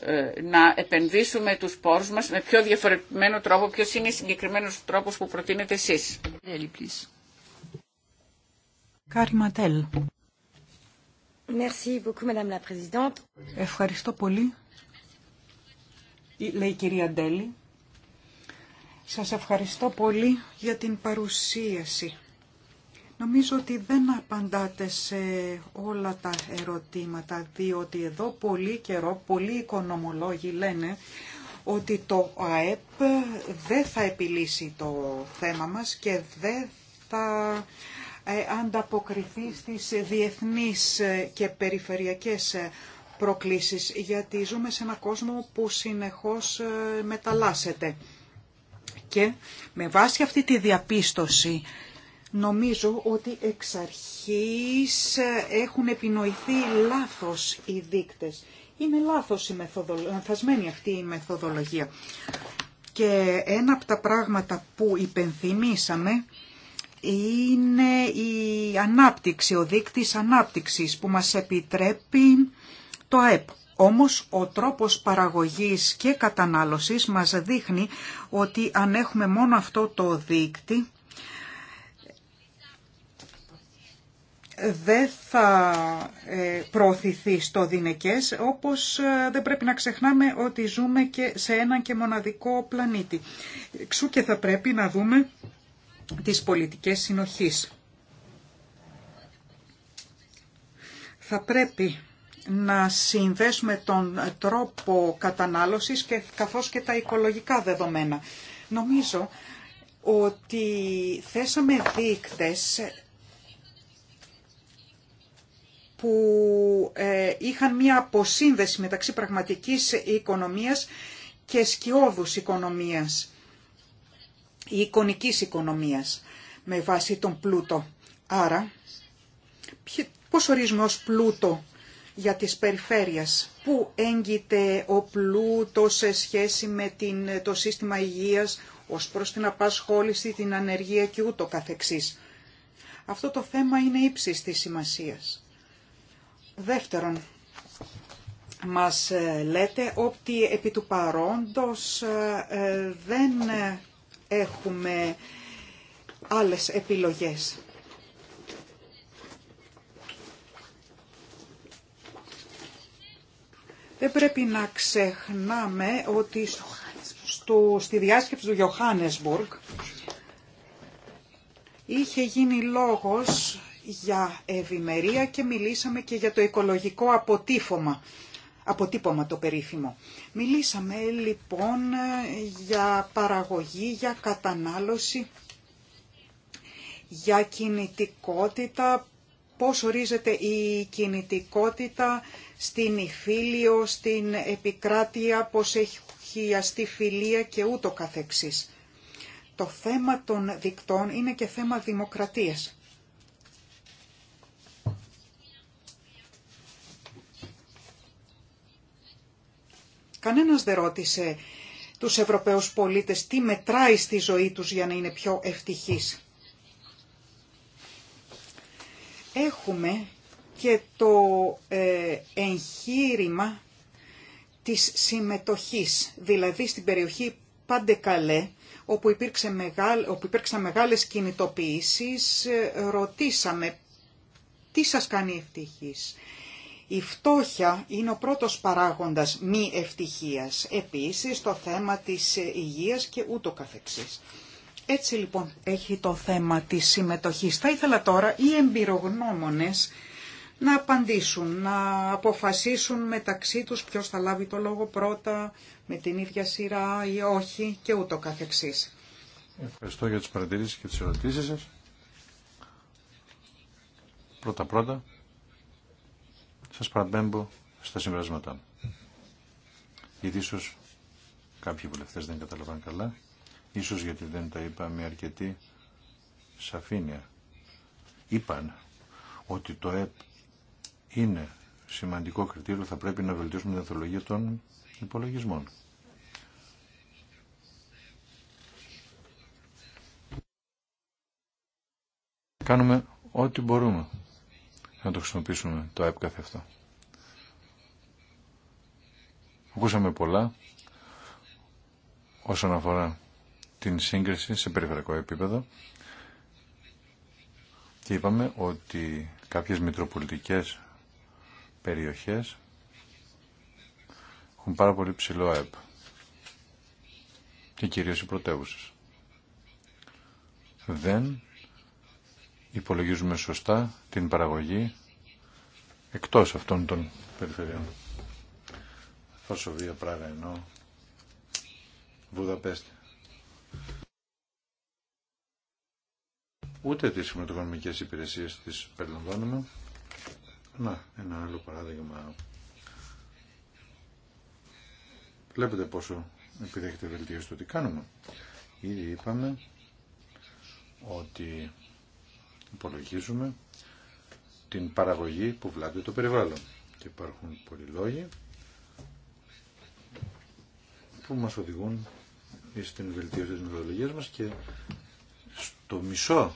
ε, να επενδύσουμε τους πόρους μας με πιο διαφορετικό τρόπο. Ποιος είναι ο συγκεκριμένους τρόπους που προτείνετε εσείς. Ευχαριστώ πολύ. Λέει η κυρία Ντέλη. Σας ευχαριστώ πολύ για την παρουσίαση. Νομίζω ότι δεν απαντάτε σε όλα τα ερωτήματα, διότι εδώ πολύ καιρό, πολλοί οικονομολόγοι λένε ότι το ΑΕΠ δεν θα επιλύσει το θέμα μας και δεν θα ε, ανταποκριθεί στις διεθνείς ε, και περιφερειακές ε, προκλήσεις, γιατί ζούμε σε ένα κόσμο που συνεχώς μεταλλάσσεται. Και με βάση αυτή τη διαπίστωση Νομίζω ότι εξ αρχής έχουν επινοηθεί λάθος οι δείκτες. Είναι λάθος η μεθοδολογία, αυτή η μεθοδολογία. Και ένα από τα πράγματα που υπενθυμίσαμε είναι η ανάπτυξη, ο δείκτης ανάπτυξης που μας επιτρέπει το ΑΕΠ. Όμως ο τρόπος παραγωγής και κατανάλωσης μας δείχνει ότι αν έχουμε μόνο αυτό το δείκτη δεν θα ε, προωθηθεί στο δίνεκες, όπως ε, δεν πρέπει να ξεχνάμε ότι ζούμε και σε έναν και μοναδικό πλανήτη. Ξού και θα πρέπει να δούμε τις πολιτικές συνοχής. Θα πρέπει να συνδέσουμε τον τρόπο κατανάλωσης και καθώς και τα οικολογικά δεδομένα. Νομίζω ότι θέσαμε δείκτες που ε, είχαν μία αποσύνδεση μεταξύ πραγματικής οικονομίας και σκιώδους οικονομίας ή εικονικής οικονομίας με βάση τον πλούτο. Άρα, πώς ορίζουμε ως πλούτο για τις περιφέρειες, πού έγκυται ο πλούτος σε σχέση με την, το σύστημα υγείας ως προς την απασχόληση, την ανεργία και ούτω καθεξής. Αυτό το θέμα είναι ύψης της σημασίας. Δεύτερον, μας ε, λέτε ότι επί του παρόντος ε, ε, δεν έχουμε άλλες επιλογές. Δεν πρέπει να ξεχνάμε ότι στη διάσκεψη του Johannesburg είχε γίνει λόγος για ευημερία και μιλήσαμε και για το οικολογικό αποτύπωμα αποτύπωμα το περίφημο. Μιλήσαμε λοιπόν για παραγωγή, για κατανάλωση, για κινητικότητα, πώς ορίζεται η κινητικότητα στην υφήλιο στην επικράτεια, πώς έχει αστεί φιλία και ούτω καθεξής. Το θέμα των δικτών είναι και θέμα δημοκρατίας. Κανένας δεν ρώτησε τους Ευρωπαίους πολίτες τι μετράει στη ζωή τους για να είναι πιο ευτυχείς. Έχουμε και το ε, εγχείρημα της συμμετοχής, δηλαδή στην περιοχή Παντεκαλέ, όπου, υπήρξε μεγάλ, όπου υπήρξαν μεγάλες κινητοποιήσεις, ε, ρωτήσαμε τι σας κάνει ευτυχής η φτώχεια είναι ο πρώτος παράγοντας μη ευτυχίας, επίσης το θέμα της υγείας και ούτω καθεξής. Έτσι λοιπόν έχει το θέμα της συμμετοχής. Θα ήθελα τώρα οι εμπειρογνώμονες να απαντήσουν, να αποφασίσουν μεταξύ τους ποιος θα λάβει το λόγο πρώτα, με την ίδια σειρά ή όχι και ούτω καθεξής. Ευχαριστώ για τις παρατηρήσεις και τις ερωτήσεις σας. Πρώτα-πρώτα σας παραπέμπω στα συμπεράσματά μου. Γιατί ίσως κάποιοι βουλευτές δεν καταλαβαίνουν καλά, ίσως γιατί δεν τα είπα με αρκετή σαφήνεια. Είπαν ότι το ΕΠ είναι σημαντικό κριτήριο, θα πρέπει να βελτιώσουμε την αθολογία των υπολογισμών. Κάνουμε ό,τι μπορούμε να το χρησιμοποιήσουμε το ΑΕΠ καθε αυτό. Ακούσαμε πολλά όσον αφορά την σύγκριση σε περιφερειακό επίπεδο και είπαμε ότι κάποιες μητροπολιτικές περιοχές έχουν πάρα πολύ ψηλό ΑΕΠ και κυρίως οι πρωτεύουσες. Δεν υπολογίζουμε σωστά την παραγωγή εκτός αυτών των περιφερειών. Φασοβία, Πράγα εννοώ, Βουδαπέστη. Ούτε τις χρηματοοικονομικές υπηρεσίες τις περιλαμβάνουμε. Να, ένα άλλο παράδειγμα. Βλέπετε πόσο επιδέχεται βελτίωση το τι κάνουμε. Ήδη είπαμε ότι υπολογίζουμε την παραγωγή που βλάπτει το περιβάλλον. Και υπάρχουν πολλοί λόγοι που μας οδηγούν στην βελτίωση της μεθοδολογίας μας και στο μισό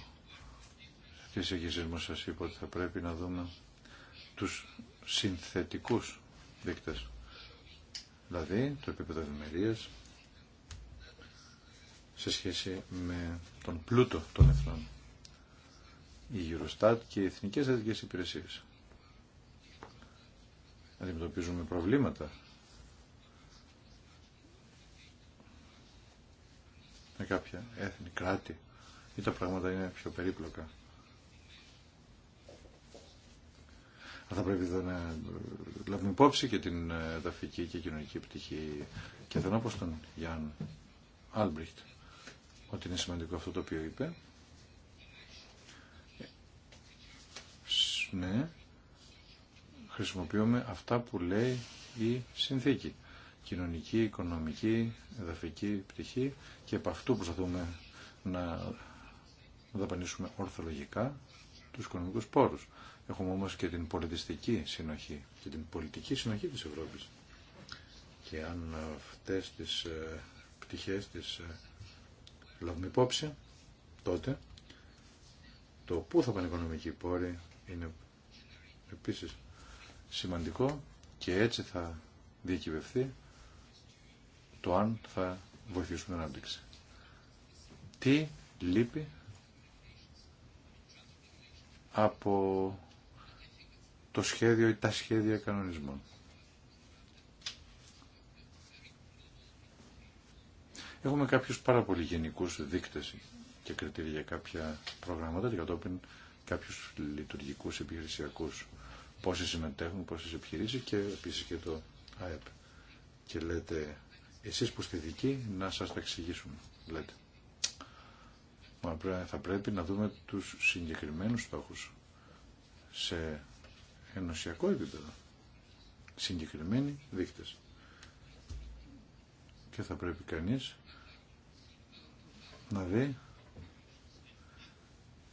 της εγγύσης μας σας είπα ότι θα πρέπει να δούμε τους συνθετικούς δείκτες. Δηλαδή το επίπεδο ευημερίας σε σχέση με τον πλούτο των εθνών η Eurostat και οι εθνικές αστικές υπηρεσίες. Αντιμετωπίζουμε προβλήματα. Με κάποια έθνη, κράτη ή τα πράγματα είναι πιο περίπλοκα. θα πρέπει εδώ να λάβουμε υπόψη και την ταφική ε, και κοινωνική πτυχή και δεν όπως τον Γιάνν Άλμπριχτ ότι είναι σημαντικό αυτό το οποίο είπε Ναι, χρησιμοποιούμε αυτά που λέει η συνθήκη. Κοινωνική, οικονομική, εδαφική πτυχή και από αυτού προσπαθούμε να δαπανίσουμε ορθολογικά τους οικονομικούς πόρους. Έχουμε όμως και την πολιτιστική συνοχή και την πολιτική συνοχή της Ευρώπης. Και αν αυτές τις ε, πτυχές τις ε, λάβουμε υπόψη, τότε το πού θα πάνε οι οικονομικοί πόροι είναι επίσης σημαντικό και έτσι θα διακυβευτεί το αν θα βοηθήσουμε την ανάπτυξη. Τι λείπει από το σχέδιο ή τα σχέδια κανονισμών. Έχουμε κάποιους πάρα πολύ γενικούς δείκτες και κριτήρια για κάποια προγράμματα και κατόπιν κάποιους λειτουργικούς επιχειρησιακούς πόσοι συμμετέχουν, πόσε επιχειρήσει και επίσης και το ΑΕΠ. Και λέτε, εσείς που είστε δική να σας τα εξηγήσουμε, λέτε. Μα θα πρέπει να δούμε τους συγκεκριμένου στόχου σε ενωσιακό επίπεδο. Συγκεκριμένοι δείχτες. Και θα πρέπει κανείς να δει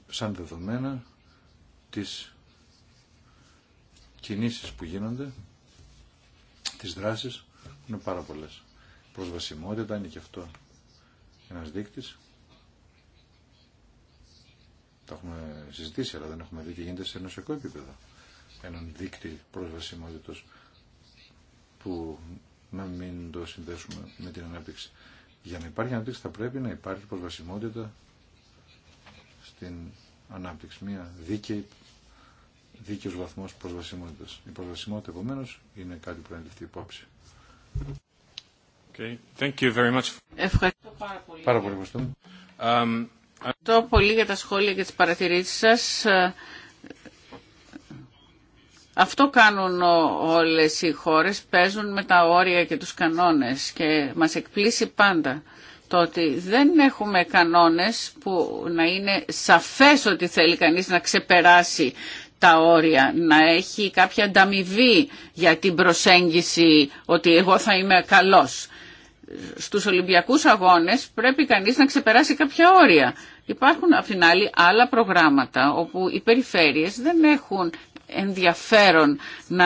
σαν δεδομένα τις κινήσεις που γίνονται, τις δράσεις, είναι πάρα πολλές. Προσβασιμότητα είναι και αυτό ένας δείκτης. Τα έχουμε συζητήσει, αλλά δεν έχουμε δει τι γίνεται σε ενωσιακό επίπεδο. Έναν δείκτη προσβασιμότητος που να μην το συνδέσουμε με την ανάπτυξη. Για να υπάρχει ανάπτυξη θα πρέπει να υπάρχει προσβασιμότητα στην ανάπτυξη. Μια δίκαιη δίκαιος βαθμός προσβασιμότητας. Η προσβασιμότητα επομένω είναι κάτι που πρέπει να ληφθεί υπόψη. Ευχαριστώ πάρα πολύ. Πάρα πολύ um, Ευχαριστώ πολύ για τα σχόλια και τις παρατηρήσεις σας. Αυτό κάνουν όλες οι χώρες, παίζουν με τα όρια και τους κανόνες και μας εκπλήσει πάντα το ότι δεν έχουμε κανόνες που να είναι σαφές ότι θέλει κανείς να ξεπεράσει τα όρια, να έχει κάποια ανταμοιβή για την προσέγγιση ότι εγώ θα είμαι καλός. Στους Ολυμπιακούς Αγώνες πρέπει κανείς να ξεπεράσει κάποια όρια. Υπάρχουν απ' την άλλη άλλα προγράμματα όπου οι περιφέρειες δεν έχουν ενδιαφέρον να,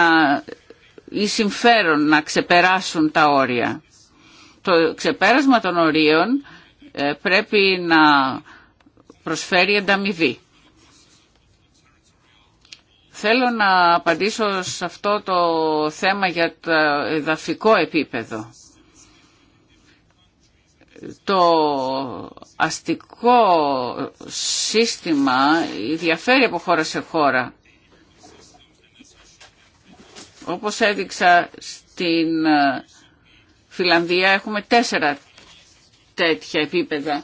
ή συμφέρον να ξεπεράσουν τα όρια. Το ξεπέρασμα των ορίων ε, πρέπει να προσφέρει ανταμοιβή. Θέλω να απαντήσω σε αυτό το θέμα για το εδαφικό επίπεδο. Το αστικό σύστημα διαφέρει από χώρα σε χώρα. Όπως έδειξα στην ε, Φιλανδία έχουμε τέσσερα τέτοια επίπεδα.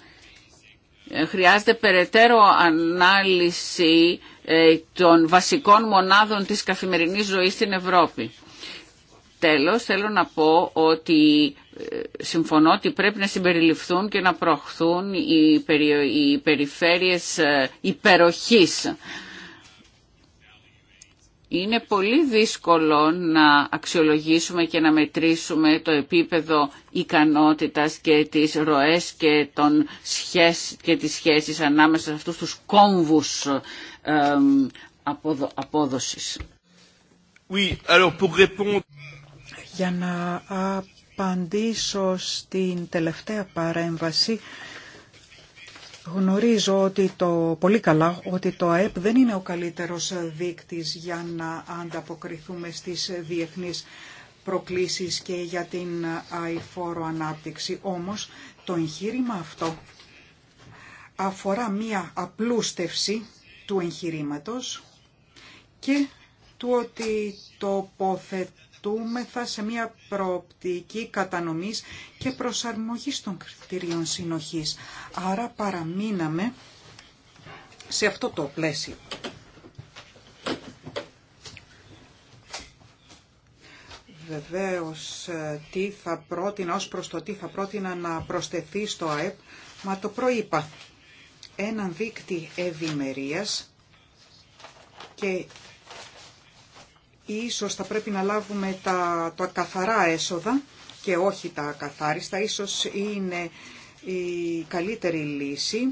Ε, χρειάζεται περαιτέρω ανάλυση ε, των βασικών μονάδων της καθημερινής ζωής στην Ευρώπη. Τέλος, θέλω να πω ότι ε, συμφωνώ ότι πρέπει να συμπεριληφθούν και να προχθούν οι περιφέρειες ε, υπεροχής είναι πολύ δύσκολο να αξιολογήσουμε και να μετρήσουμε το επίπεδο ικανότητας και τις ροές και, των σχέσ, και τις σχέσεις ανάμεσα σε αυτούς τους κόμβους ε, απόδοσης. Για να απαντήσω στην τελευταία παρέμβαση, Γνωρίζω ότι το, πολύ καλά ότι το ΑΕΠ δεν είναι ο καλύτερος δείκτης για να ανταποκριθούμε στις διεθνείς προκλήσεις και για την αηφόρο ανάπτυξη. Όμως το εγχείρημα αυτό αφορά μία απλούστευση του εγχειρήματος και του ότι τοποθετούμε σε μια προοπτική κατανομής και προσαρμογής των κριτηρίων συνοχής. Άρα παραμείναμε σε αυτό το πλαίσιο. Βεβαίως, ε, τι θα πρότεινα, ως προς το τι θα πρότεινα να προσθεθεί στο ΑΕΠ, μα το προείπα. Έναν δίκτυ ευημερίας και Ίσως θα πρέπει να λάβουμε τα, τα καθαρά έσοδα και όχι τα καθάριστα. Ίσως είναι η καλύτερη λύση.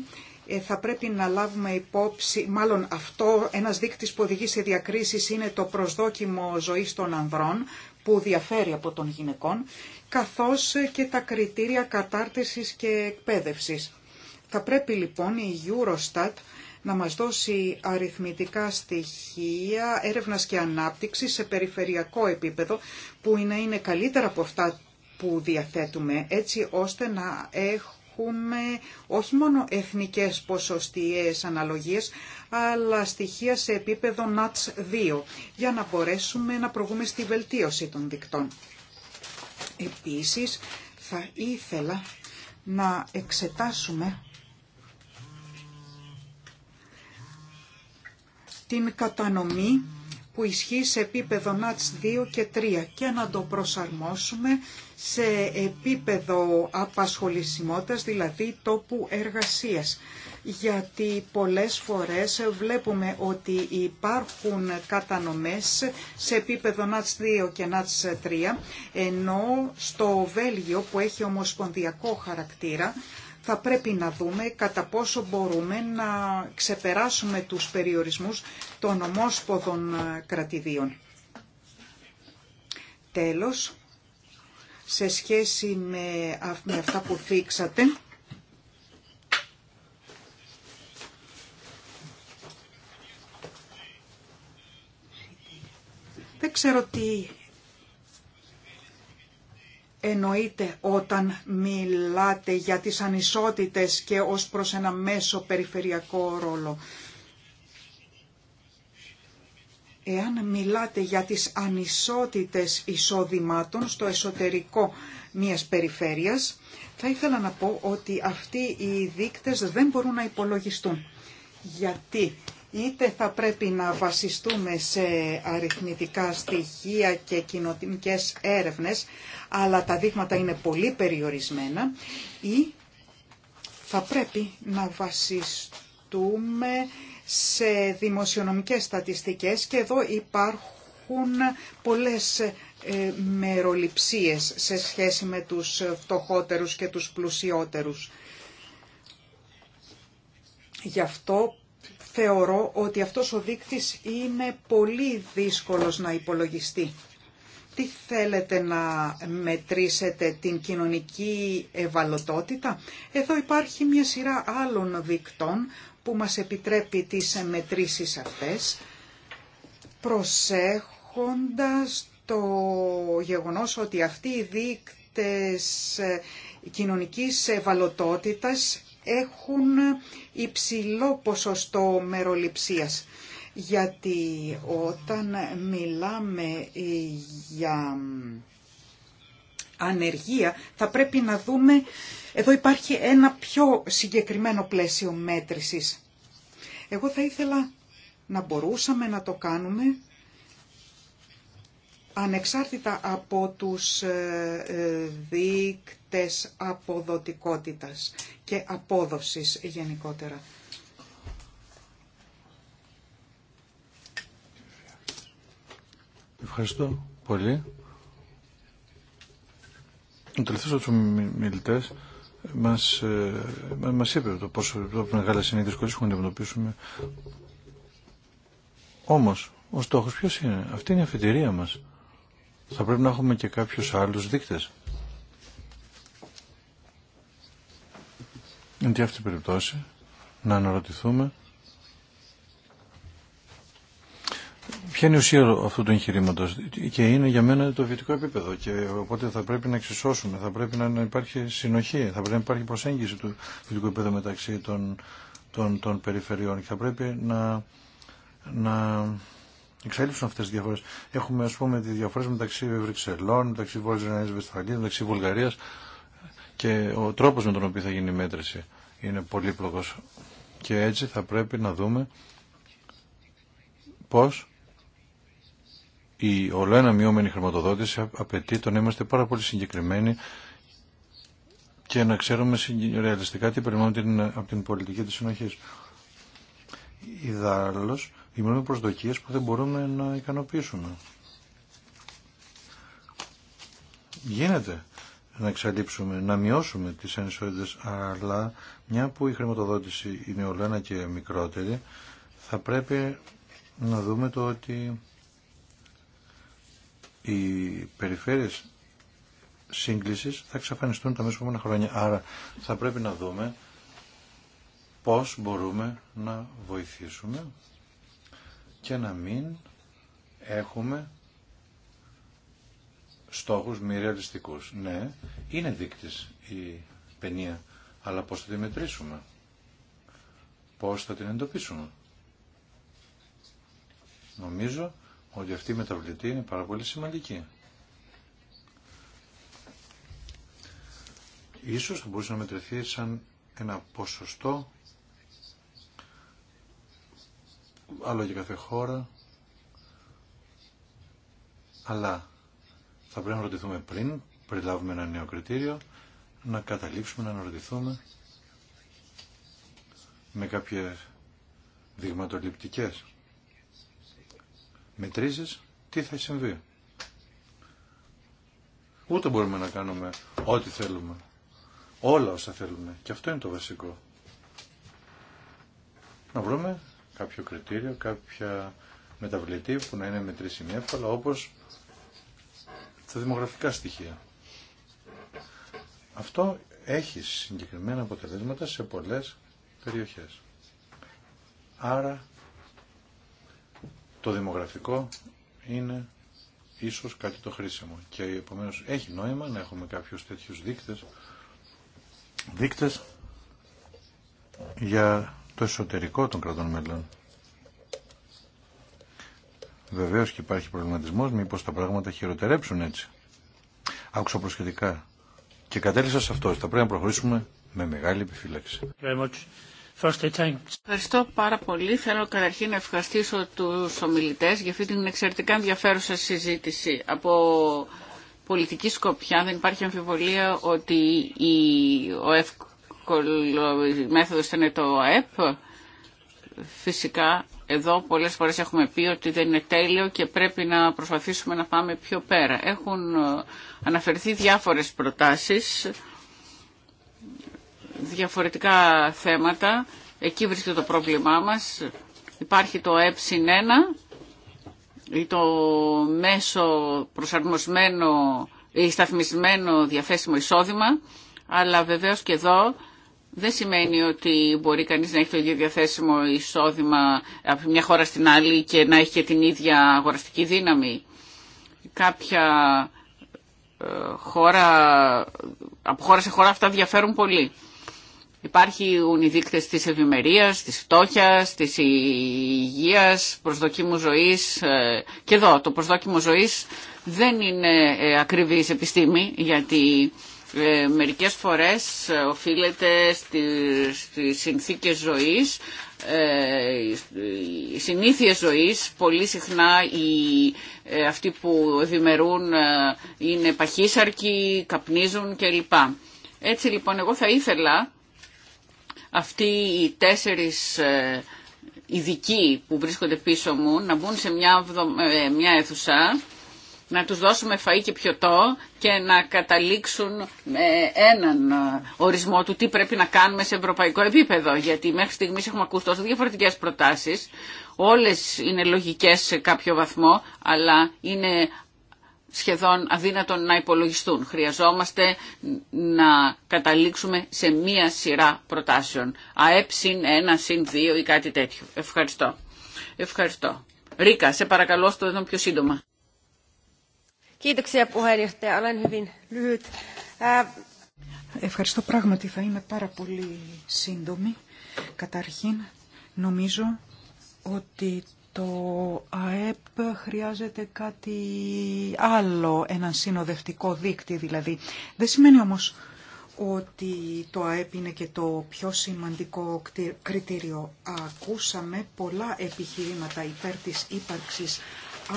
Ε, θα πρέπει να λάβουμε υπόψη, μάλλον αυτό, ένας δείκτης που οδηγεί σε διακρίσεις είναι το προσδόκιμο ζωής των ανδρών, που διαφέρει από των γυναικών, καθώς και τα κριτήρια κατάρτισης και εκπαίδευσης. Θα πρέπει λοιπόν η Eurostat να μας δώσει αριθμητικά στοιχεία έρευνας και ανάπτυξης σε περιφερειακό επίπεδο που να είναι καλύτερα από αυτά που διαθέτουμε έτσι ώστε να έχουμε όχι μόνο εθνικές ποσοστιαίες αναλογίες αλλά στοιχεία σε επίπεδο NATS 2 για να μπορέσουμε να προβούμε στη βελτίωση των δικτών. Επίσης θα ήθελα να εξετάσουμε την κατανομή που ισχύει σε επίπεδο ΝΑΤΣ 2 και 3 και να το προσαρμόσουμε σε επίπεδο απασχολησιμότητας, δηλαδή τόπου εργασίας. Γιατί πολλές φορές βλέπουμε ότι υπάρχουν κατανομές σε επίπεδο ΝΑΤΣ 2 και ΝΑΤΣ 3, ενώ στο Βέλγιο που έχει ομοσπονδιακό χαρακτήρα, θα πρέπει να δούμε κατά πόσο μπορούμε να ξεπεράσουμε τους περιορισμούς των ομόσποδων ε, κρατηδίων. Τέλος, σε σχέση με, αυτά που θίξατε, δεν ξέρω τι εννοείται όταν μιλάτε για τις ανισότητες και ως προς ένα μέσο περιφερειακό ρόλο. Εάν μιλάτε για τις ανισότητες εισόδημάτων στο εσωτερικό μιας περιφέρειας, θα ήθελα να πω ότι αυτοί οι δείκτες δεν μπορούν να υπολογιστούν. Γιατί είτε θα πρέπει να βασιστούμε σε αριθμητικά στοιχεία και κοινοτιμικές έρευνες, αλλά τα δείγματα είναι πολύ περιορισμένα, ή θα πρέπει να βασιστούμε σε δημοσιονομικές στατιστικές και εδώ υπάρχουν πολλές ε, μεροληψίες σε σχέση με τους φτωχότερους και τους πλουσιότερους. Γι' αυτό θεωρώ ότι αυτός ο δείκτης είναι πολύ δύσκολος να υπολογιστεί. Τι θέλετε να μετρήσετε την κοινωνική ευαλωτότητα. Εδώ υπάρχει μια σειρά άλλων δείκτων που μας επιτρέπει τις μετρήσεις αυτές, προσέχοντας το γεγονός ότι αυτοί οι δείκτες κοινωνικής ευαλωτότητας έχουν υψηλό ποσοστό μεροληψίας. Γιατί όταν μιλάμε για ανεργία θα πρέπει να δούμε, εδώ υπάρχει ένα πιο συγκεκριμένο πλαίσιο μέτρησης. Εγώ θα ήθελα να μπορούσαμε να το κάνουμε ανεξάρτητα από τους ε, ε, δείκτες αποδοτικότητας και απόδοσης γενικότερα. Ευχαριστώ πολύ. Ο τελευταίος από τους μιλητές ε, μας, μας είπε το πόσο το μεγάλες είναι οι δυσκολίες που αντιμετωπίσουμε. Όμως, ο στόχος ποιος είναι. Αυτή είναι η αφετηρία μας θα πρέπει να έχουμε και κάποιους άλλους δείκτες. Εν αυτή περιπτώσει, να αναρωτηθούμε ποια είναι η ουσία αυτού του εγχειρήματο και είναι για μένα το βιωτικό επίπεδο και οπότε θα πρέπει να εξισώσουμε, θα πρέπει να υπάρχει συνοχή, θα πρέπει να υπάρχει προσέγγιση του βιωτικού επίπεδου μεταξύ των, των, των περιφερειών και θα πρέπει να, να εξαλείψουν αυτέ τι διαφορέ. Έχουμε α πούμε τι διαφορέ μεταξύ Βρυξελών, μεταξύ Βόρεια Ρενανής μεταξύ Βουλγαρίας και ο τρόπο με τον οποίο θα γίνει η μέτρηση είναι πολύπλοκο. Και έτσι θα πρέπει να δούμε πώ η ολοένα μειώμενη χρηματοδότηση απαιτεί το να είμαστε πάρα πολύ συγκεκριμένοι και να ξέρουμε ρεαλιστικά τι περιμένουμε από την πολιτική της συνοχής. Ιδάλλως, δημιουργούμε προσδοκίες που δεν μπορούμε να ικανοποιήσουμε. Γίνεται να εξαλείψουμε, να μειώσουμε τις ανισότητες, αλλά μια που η χρηματοδότηση είναι ολένα και μικρότερη, θα πρέπει να δούμε το ότι οι περιφέρειες σύγκλησης θα εξαφανιστούν τα μέσα επόμενα χρόνια. Άρα θα πρέπει να δούμε πώς μπορούμε να βοηθήσουμε και να μην έχουμε στόχους μη ρεαλιστικούς. Ναι, είναι δείκτης η παινία, αλλά πώς θα τη μετρήσουμε, πώς θα την εντοπίσουμε. Νομίζω ότι αυτή η μεταβλητή είναι πάρα πολύ σημαντική. Ίσως θα μπορούσε να μετρηθεί σαν ένα ποσοστό άλλο για κάθε χώρα. Αλλά θα πρέπει να ρωτηθούμε πριν, πριν λάβουμε ένα νέο κριτήριο, να καταλήξουμε, να ρωτηθούμε με κάποιες δειγματοληπτικές μετρήσεις τι θα συμβεί. Ούτε μπορούμε να κάνουμε ό,τι θέλουμε. Όλα όσα θέλουμε. Και αυτό είναι το βασικό. Να βρούμε κάποιο κριτήριο, κάποια μεταβλητή που να είναι μετρήσιμη εύκολα, όπως τα δημογραφικά στοιχεία. Αυτό έχει συγκεκριμένα αποτελέσματα σε πολλές περιοχές. Άρα το δημογραφικό είναι ίσως κάτι το χρήσιμο και επομένως έχει νόημα να έχουμε κάποιους τέτοιους δείκτες δείκτες για το εσωτερικό των κρατών μελών. Βεβαίω και υπάρχει προβληματισμό μήπω τα πράγματα χειροτερέψουν έτσι. Άκουσα προσχετικά και κατέληξα σε αυτό. Θα πρέπει να προχωρήσουμε με μεγάλη επιφύλαξη. Ευχαριστώ πάρα πολύ. Θέλω καταρχήν να ευχαριστήσω τους ομιλητέ για αυτή την εξαιρετικά ενδιαφέρουσα συζήτηση. Από πολιτική σκοπιά δεν υπάρχει αμφιβολία ότι η, ο, εύκολο μέθοδος είναι το ΑΕΠ. Φυσικά εδώ πολλές φορές έχουμε πει ότι δεν είναι τέλειο και πρέπει να προσπαθήσουμε να πάμε πιο πέρα. Έχουν ε, αναφερθεί διάφορες προτάσεις, διαφορετικά θέματα. Εκεί βρίσκεται το πρόβλημά μας. Υπάρχει το ΑΕΠ 1 ή το μέσο προσαρμοσμένο ή σταθμισμένο διαθέσιμο εισόδημα, αλλά βεβαίως και εδώ δεν σημαίνει ότι μπορεί κανείς να έχει το ίδιο διαθέσιμο εισόδημα από μια χώρα στην άλλη και να έχει και την ίδια αγοραστική δύναμη. Κάποια ε, χώρα, από χώρα σε χώρα αυτά διαφέρουν πολύ. Υπάρχουν οι δείκτες της ευημερίας, της φτώχειας, της υγείας, προσδοκίμου ζωής. Ε, και εδώ το προσδόκιμο ζωής δεν είναι ε, ακριβής επιστήμη γιατί ε, μερικές φορές οφείλεται στι στις συνθήκες ζωής, ε, οι συνήθειες ζωής, πολύ συχνά οι, ε, αυτοί που ευημερούν ε, είναι παχύσαρκοι, καπνίζουν κλπ. Έτσι λοιπόν εγώ θα ήθελα αυτοί οι τέσσερις ειδικοί που βρίσκονται πίσω μου να μπουν σε μια, μια αίθουσα να τους δώσουμε φαΐ και πιωτό και να καταλήξουν με έναν ορισμό του τι πρέπει να κάνουμε σε ευρωπαϊκό επίπεδο. Γιατί μέχρι στιγμής έχουμε ακούσει τόσο διαφορετικές προτάσεις. Όλες είναι λογικές σε κάποιο βαθμό, αλλά είναι σχεδόν αδύνατον να υπολογιστούν. Χρειαζόμαστε να καταλήξουμε σε μία σειρά προτάσεων. ΑΕΠ συν 1, συν 2 ή κάτι τέτοιο. Ευχαριστώ. Ευχαριστώ. Ρίκα, σε παρακαλώ στο πιο σύντομα. Ευχαριστώ πράγματι. Θα είμαι πάρα πολύ σύντομη. Καταρχήν, νομίζω ότι το ΑΕΠ χρειάζεται κάτι άλλο, έναν συνοδευτικό δίκτυο δηλαδή. Δεν σημαίνει όμως ότι το ΑΕΠ είναι και το πιο σημαντικό κριτήριο. Ακούσαμε πολλά επιχειρήματα υπέρ της ύπαρξης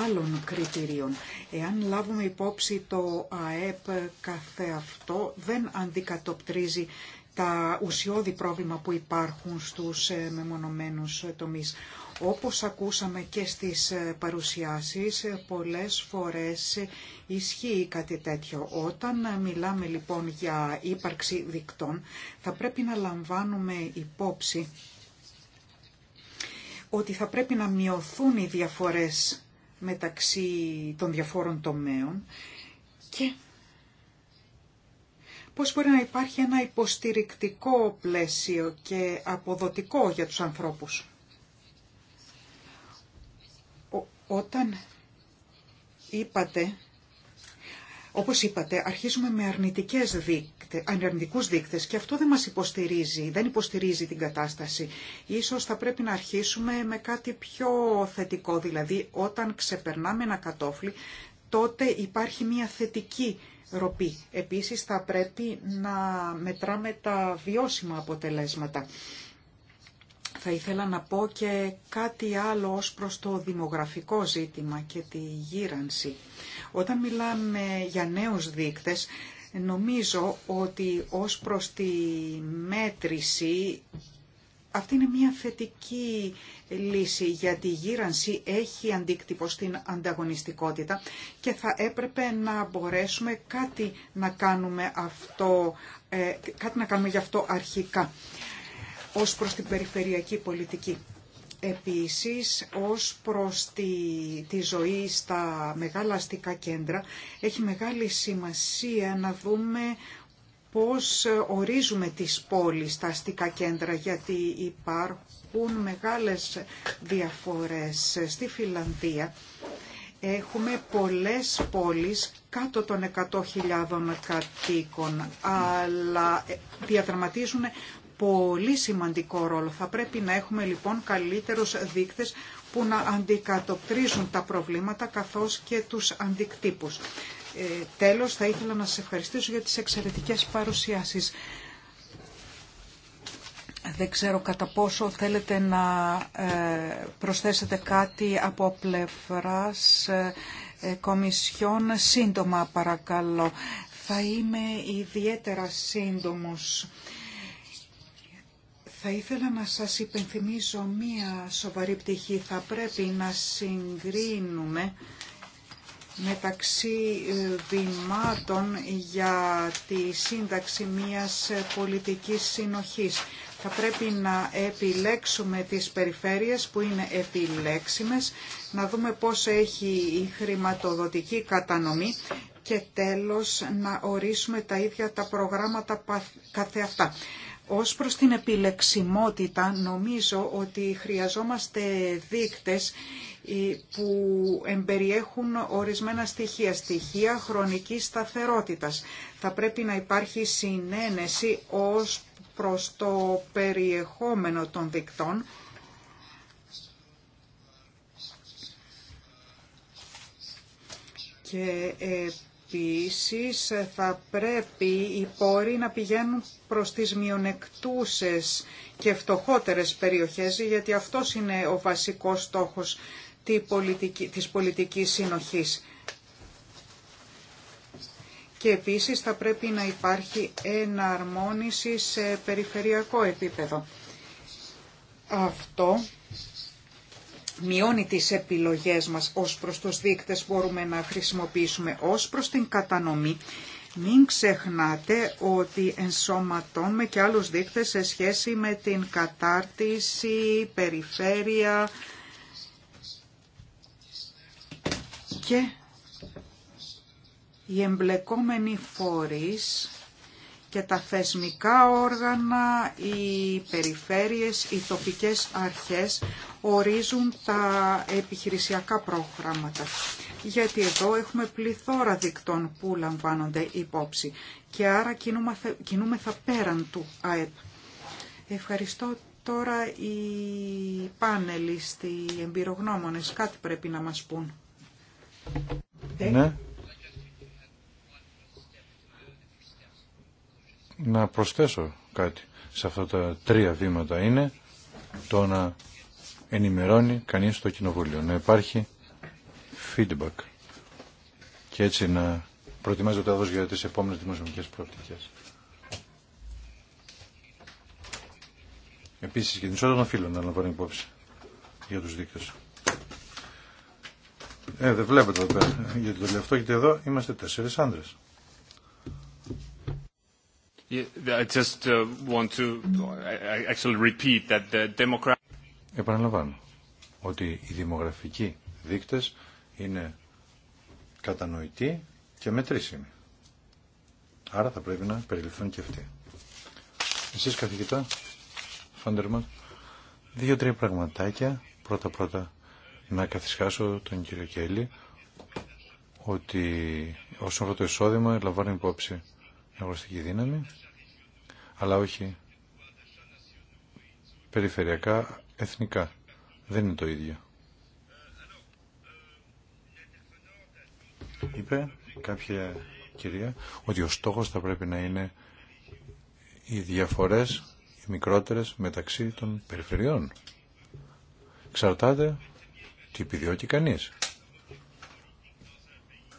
άλλων κριτηρίων. Εάν λάβουμε υπόψη το ΑΕΠ καθεαυτό δεν αντικατοπτρίζει τα ουσιώδη πρόβλημα που υπάρχουν στους ε, μεμονωμένους ε, τομείς. Όπως ακούσαμε και στις ε, παρουσιάσεις, πολλές φορές ισχύει κάτι τέτοιο. Όταν μιλάμε λοιπόν για ύπαρξη δικτών, θα πρέπει να λαμβάνουμε υπόψη ότι θα πρέπει να μειωθούν οι διαφορές μεταξύ των διαφόρων τομέων και πώς μπορεί να υπάρχει ένα υποστηρικτικό πλαίσιο και αποδοτικό για τους ανθρώπους. όταν είπατε, όπως είπατε, αρχίζουμε με αρνητικές δίκ, δείκτε, δείκτες και αυτό δεν μας υποστηρίζει, δεν υποστηρίζει την κατάσταση. Ίσως θα πρέπει να αρχίσουμε με κάτι πιο θετικό, δηλαδή όταν ξεπερνάμε ένα κατόφλι, τότε υπάρχει μια θετική ροπή. Επίσης θα πρέπει να μετράμε τα βιώσιμα αποτελέσματα. Θα ήθελα να πω και κάτι άλλο ως προς το δημογραφικό ζήτημα και τη γύρανση. Όταν μιλάμε για νέους δείκτες Νομίζω ότι ως προς τη μέτρηση αυτή είναι μια θετική λύση γιατί η γύρανση έχει αντίκτυπο στην ανταγωνιστικότητα και θα έπρεπε να μπορέσουμε κάτι να κάνουμε, αυτό, ε, κάτι να κάνουμε γι' αυτό αρχικά ως προς την περιφερειακή πολιτική. Επίσης, ως προς τη, τη ζωή στα μεγάλα αστικά κέντρα, έχει μεγάλη σημασία να δούμε πώς ορίζουμε τις πόλεις στα αστικά κέντρα, γιατί υπάρχουν μεγάλες διαφορές στη Φιλανδία. Έχουμε πολλές πόλεις κάτω των 100.000 κατοίκων, αλλά διαδραματίζουν πολύ σημαντικό ρόλο. Θα πρέπει να έχουμε λοιπόν καλύτερους δείκτες που να αντικατοπτρίζουν τα προβλήματα καθώς και τους αντικτύπους. Ε, τέλος, θα ήθελα να σας ευχαριστήσω για τις εξαιρετικές παρουσιάσεις. Δεν ξέρω κατά πόσο θέλετε να ε, προσθέσετε κάτι από πλευράς ε, ε, Κομισιόν. Σύντομα παρακαλώ. Θα είμαι ιδιαίτερα σύντομος. Θα ήθελα να σας υπενθυμίσω μία σοβαρή πτυχή. Θα πρέπει να συγκρίνουμε μεταξύ ε, βημάτων για τη σύνταξη μιας πολιτικής συνοχής. Θα πρέπει να επιλέξουμε τις περιφέρειες που είναι επιλέξιμες, να δούμε πώς έχει η χρηματοδοτική κατανομή και τέλος να ορίσουμε τα ίδια τα προγράμματα καθεαυτά. Ως προς την επιλεξιμότητα νομίζω ότι χρειαζόμαστε δείκτες ε, που εμπεριέχουν ορισμένα στοιχεία, στοιχεία χρονικής σταθερότητας. Θα πρέπει να υπάρχει συνένεση ως προς το περιεχόμενο των δικτών και ε, επίσης ε, θα πρέπει οι πόροι να πηγαίνουν προς τις μειονεκτούσες και φτωχότερες περιοχές, γιατί αυτό είναι ο βασικός στόχος της πολιτικής συνοχής. Και επίσης θα πρέπει να υπάρχει εναρμόνιση σε περιφερειακό επίπεδο. Αυτό μειώνει τις επιλογές μας ως προς τους δείκτες μπορούμε να χρησιμοποιήσουμε ως προς την κατανομή. Μην ξεχνάτε ότι ενσωματώνουμε και άλλους δείκτες σε σχέση με την κατάρτιση, περιφέρεια και οι εμπλεκόμενοι φορείς και τα θεσμικά όργανα, οι περιφέρειες, οι τοπικές αρχές ορίζουν τα επιχειρησιακά προγράμματα. Γιατί εδώ έχουμε πληθώρα δικτών που λαμβάνονται υπόψη και άρα κινούμεθα πέραν του ΑΕΠ. Ευχαριστώ τώρα οι πάνελιστοι, οι εμπειρογνώμονες. Κάτι πρέπει να μας πούν. Ναι. να προσθέσω κάτι σε αυτά τα τρία βήματα είναι το να ενημερώνει κανείς το κοινοβούλιο, να υπάρχει feedback και έτσι να προετοιμάζει ο τάδος για τις επόμενες δημοσιονομικές προοπτικές. Επίσης και την ισότητα των φίλων να λαμβάνει υπόψη για τους δείκτες. Ε, δεν βλέπετε εδώ πέρα, γιατί το λέω αυτό, γιατί εδώ είμαστε τέσσερις άντρες. Επαναλαμβάνω ότι οι δημογραφικοί δείκτες είναι κατανοητοί και μετρήσιμοι. Άρα θα πρέπει να περιληφθούν και αυτοί. Εσείς καθηγητά, Φάντερμαν, δύο-τρία πραγματάκια. Πρώτα-πρώτα να καθισχάσω τον κύριο Κέλλη ότι όσον αφορά το εισόδημα λαμβάνει υπόψη αγροτική δύναμη αλλά όχι περιφερειακά, εθνικά. Δεν είναι το ίδιο. Είπε κάποια κυρία ότι ο στόχος θα πρέπει να είναι οι διαφορές οι μικρότερες μεταξύ των περιφερειών. Ξαρτάται τι επιδιώκει κανείς.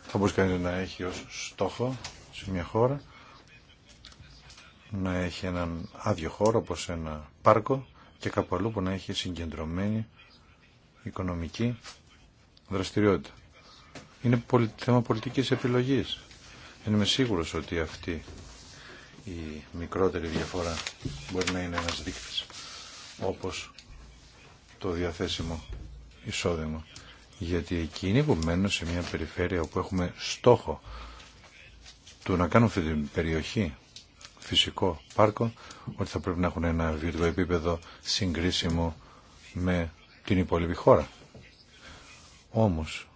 Θα μπορούσε κανείς να έχει ως στόχο σε μια χώρα να έχει έναν άδειο χώρο όπως ένα πάρκο και κάπου αλλού που να έχει συγκεντρωμένη οικονομική δραστηριότητα. Είναι θέμα πολιτικής επιλογής. Δεν είμαι σίγουρος ότι αυτή η μικρότερη διαφορά μπορεί να είναι ένας δείκτης όπως το διαθέσιμο εισόδημα. Γιατί εκείνοι που μένουν σε μια περιφέρεια όπου έχουμε στόχο του να κάνουν αυτή την περιοχή φυσικό πάρκο, ότι θα πρέπει να έχουν ένα βιωτικό επίπεδο συγκρίσιμο με την υπόλοιπη χώρα. Όμως,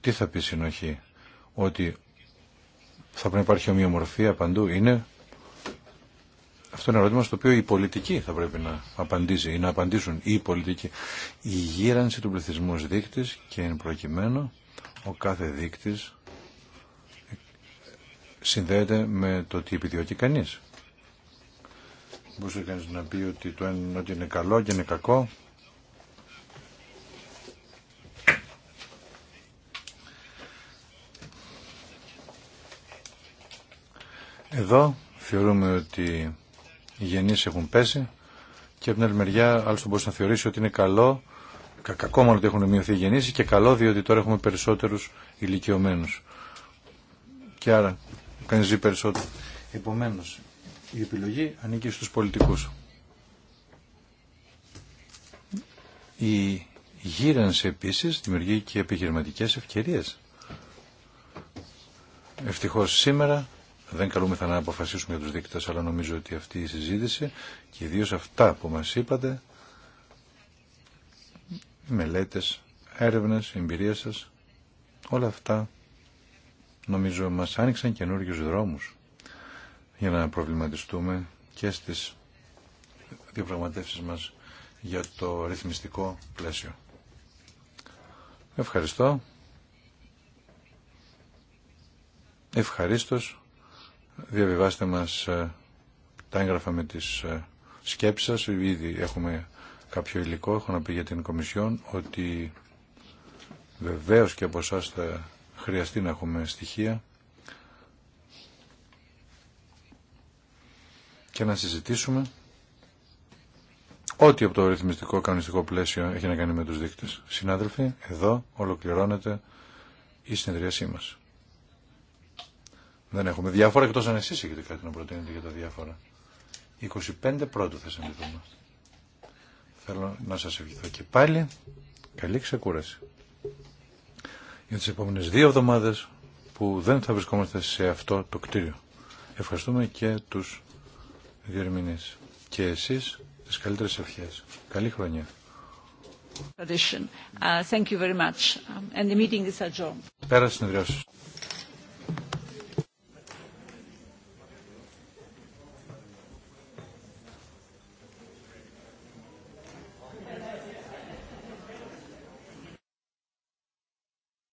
τι θα πει συνοχή, ότι θα πρέπει να υπάρχει ομοιομορφία παντού, είναι αυτό το ένα ερώτημα στο οποίο η πολιτική θα πρέπει να απαντήσει ή να απαντήσουν οι πολιτικοί. Η γύρανση του πληθυσμού δείκτης και εν προκειμένου ο κάθε δείκτης συνδέεται με το τι επιδιώκει κανείς. Μπορούσε κανείς να πει ότι το είναι καλό και είναι κακό. Εδώ θεωρούμε ότι οι γεννήσεις έχουν πέσει και από την άλλη μεριά άλλωστε μπορείς να θεωρήσει ότι είναι καλό κακό μόνο ότι έχουν μειωθεί οι γεννήσεις και καλό διότι τώρα έχουμε περισσότερους ηλικιωμένους. Και άρα κανείς ζει περισσότερο. Επομένως, η επιλογή ανήκει στους πολιτικούς. Η γύρανση επίσης δημιουργεί και επιχειρηματικές ευκαιρίες. Ευτυχώς σήμερα δεν καλούμεθα να αποφασίσουμε για τους δίκτυες αλλά νομίζω ότι αυτή η συζήτηση και ιδίως αυτά που μας είπατε, μελέτες, έρευνες, εμπειρία σας, όλα αυτά νομίζω μας άνοιξαν καινούριου δρόμους για να προβληματιστούμε και στις διαπραγματεύσεις μας για το ρυθμιστικό πλαίσιο. Ευχαριστώ. Ευχαρίστως. Διαβιβάστε μας ε, τα έγγραφα με τις ε, σκέψεις σας. Ήδη έχουμε κάποιο υλικό. Έχω να πει για την Κομισιόν ότι βεβαίως και από εσάς θα χρειαστεί να έχουμε στοιχεία και να συζητήσουμε ό,τι από το ρυθμιστικό κανονιστικό πλαίσιο έχει να κάνει με τους δείκτες. Συνάδελφοι, εδώ ολοκληρώνεται η συνεδρίασή μας. Δεν έχουμε διάφορα εκτός αν εσείς έχετε κάτι να προτείνετε για τα διάφορα. 25 πρώτο θα συνδεθούμε. Θέλω να σας ευχηθώ και πάλι. Καλή ξεκούραση για τις επόμενες δύο εβδομάδες που δεν θα βρισκόμαστε σε αυτό το κτίριο. Ευχαριστούμε και τους διερμηνείς και εσείς τις καλύτερες ευχές. Καλή χρονιά. Uh, thank you very much. Um, and the meeting is adjourned. Πέρα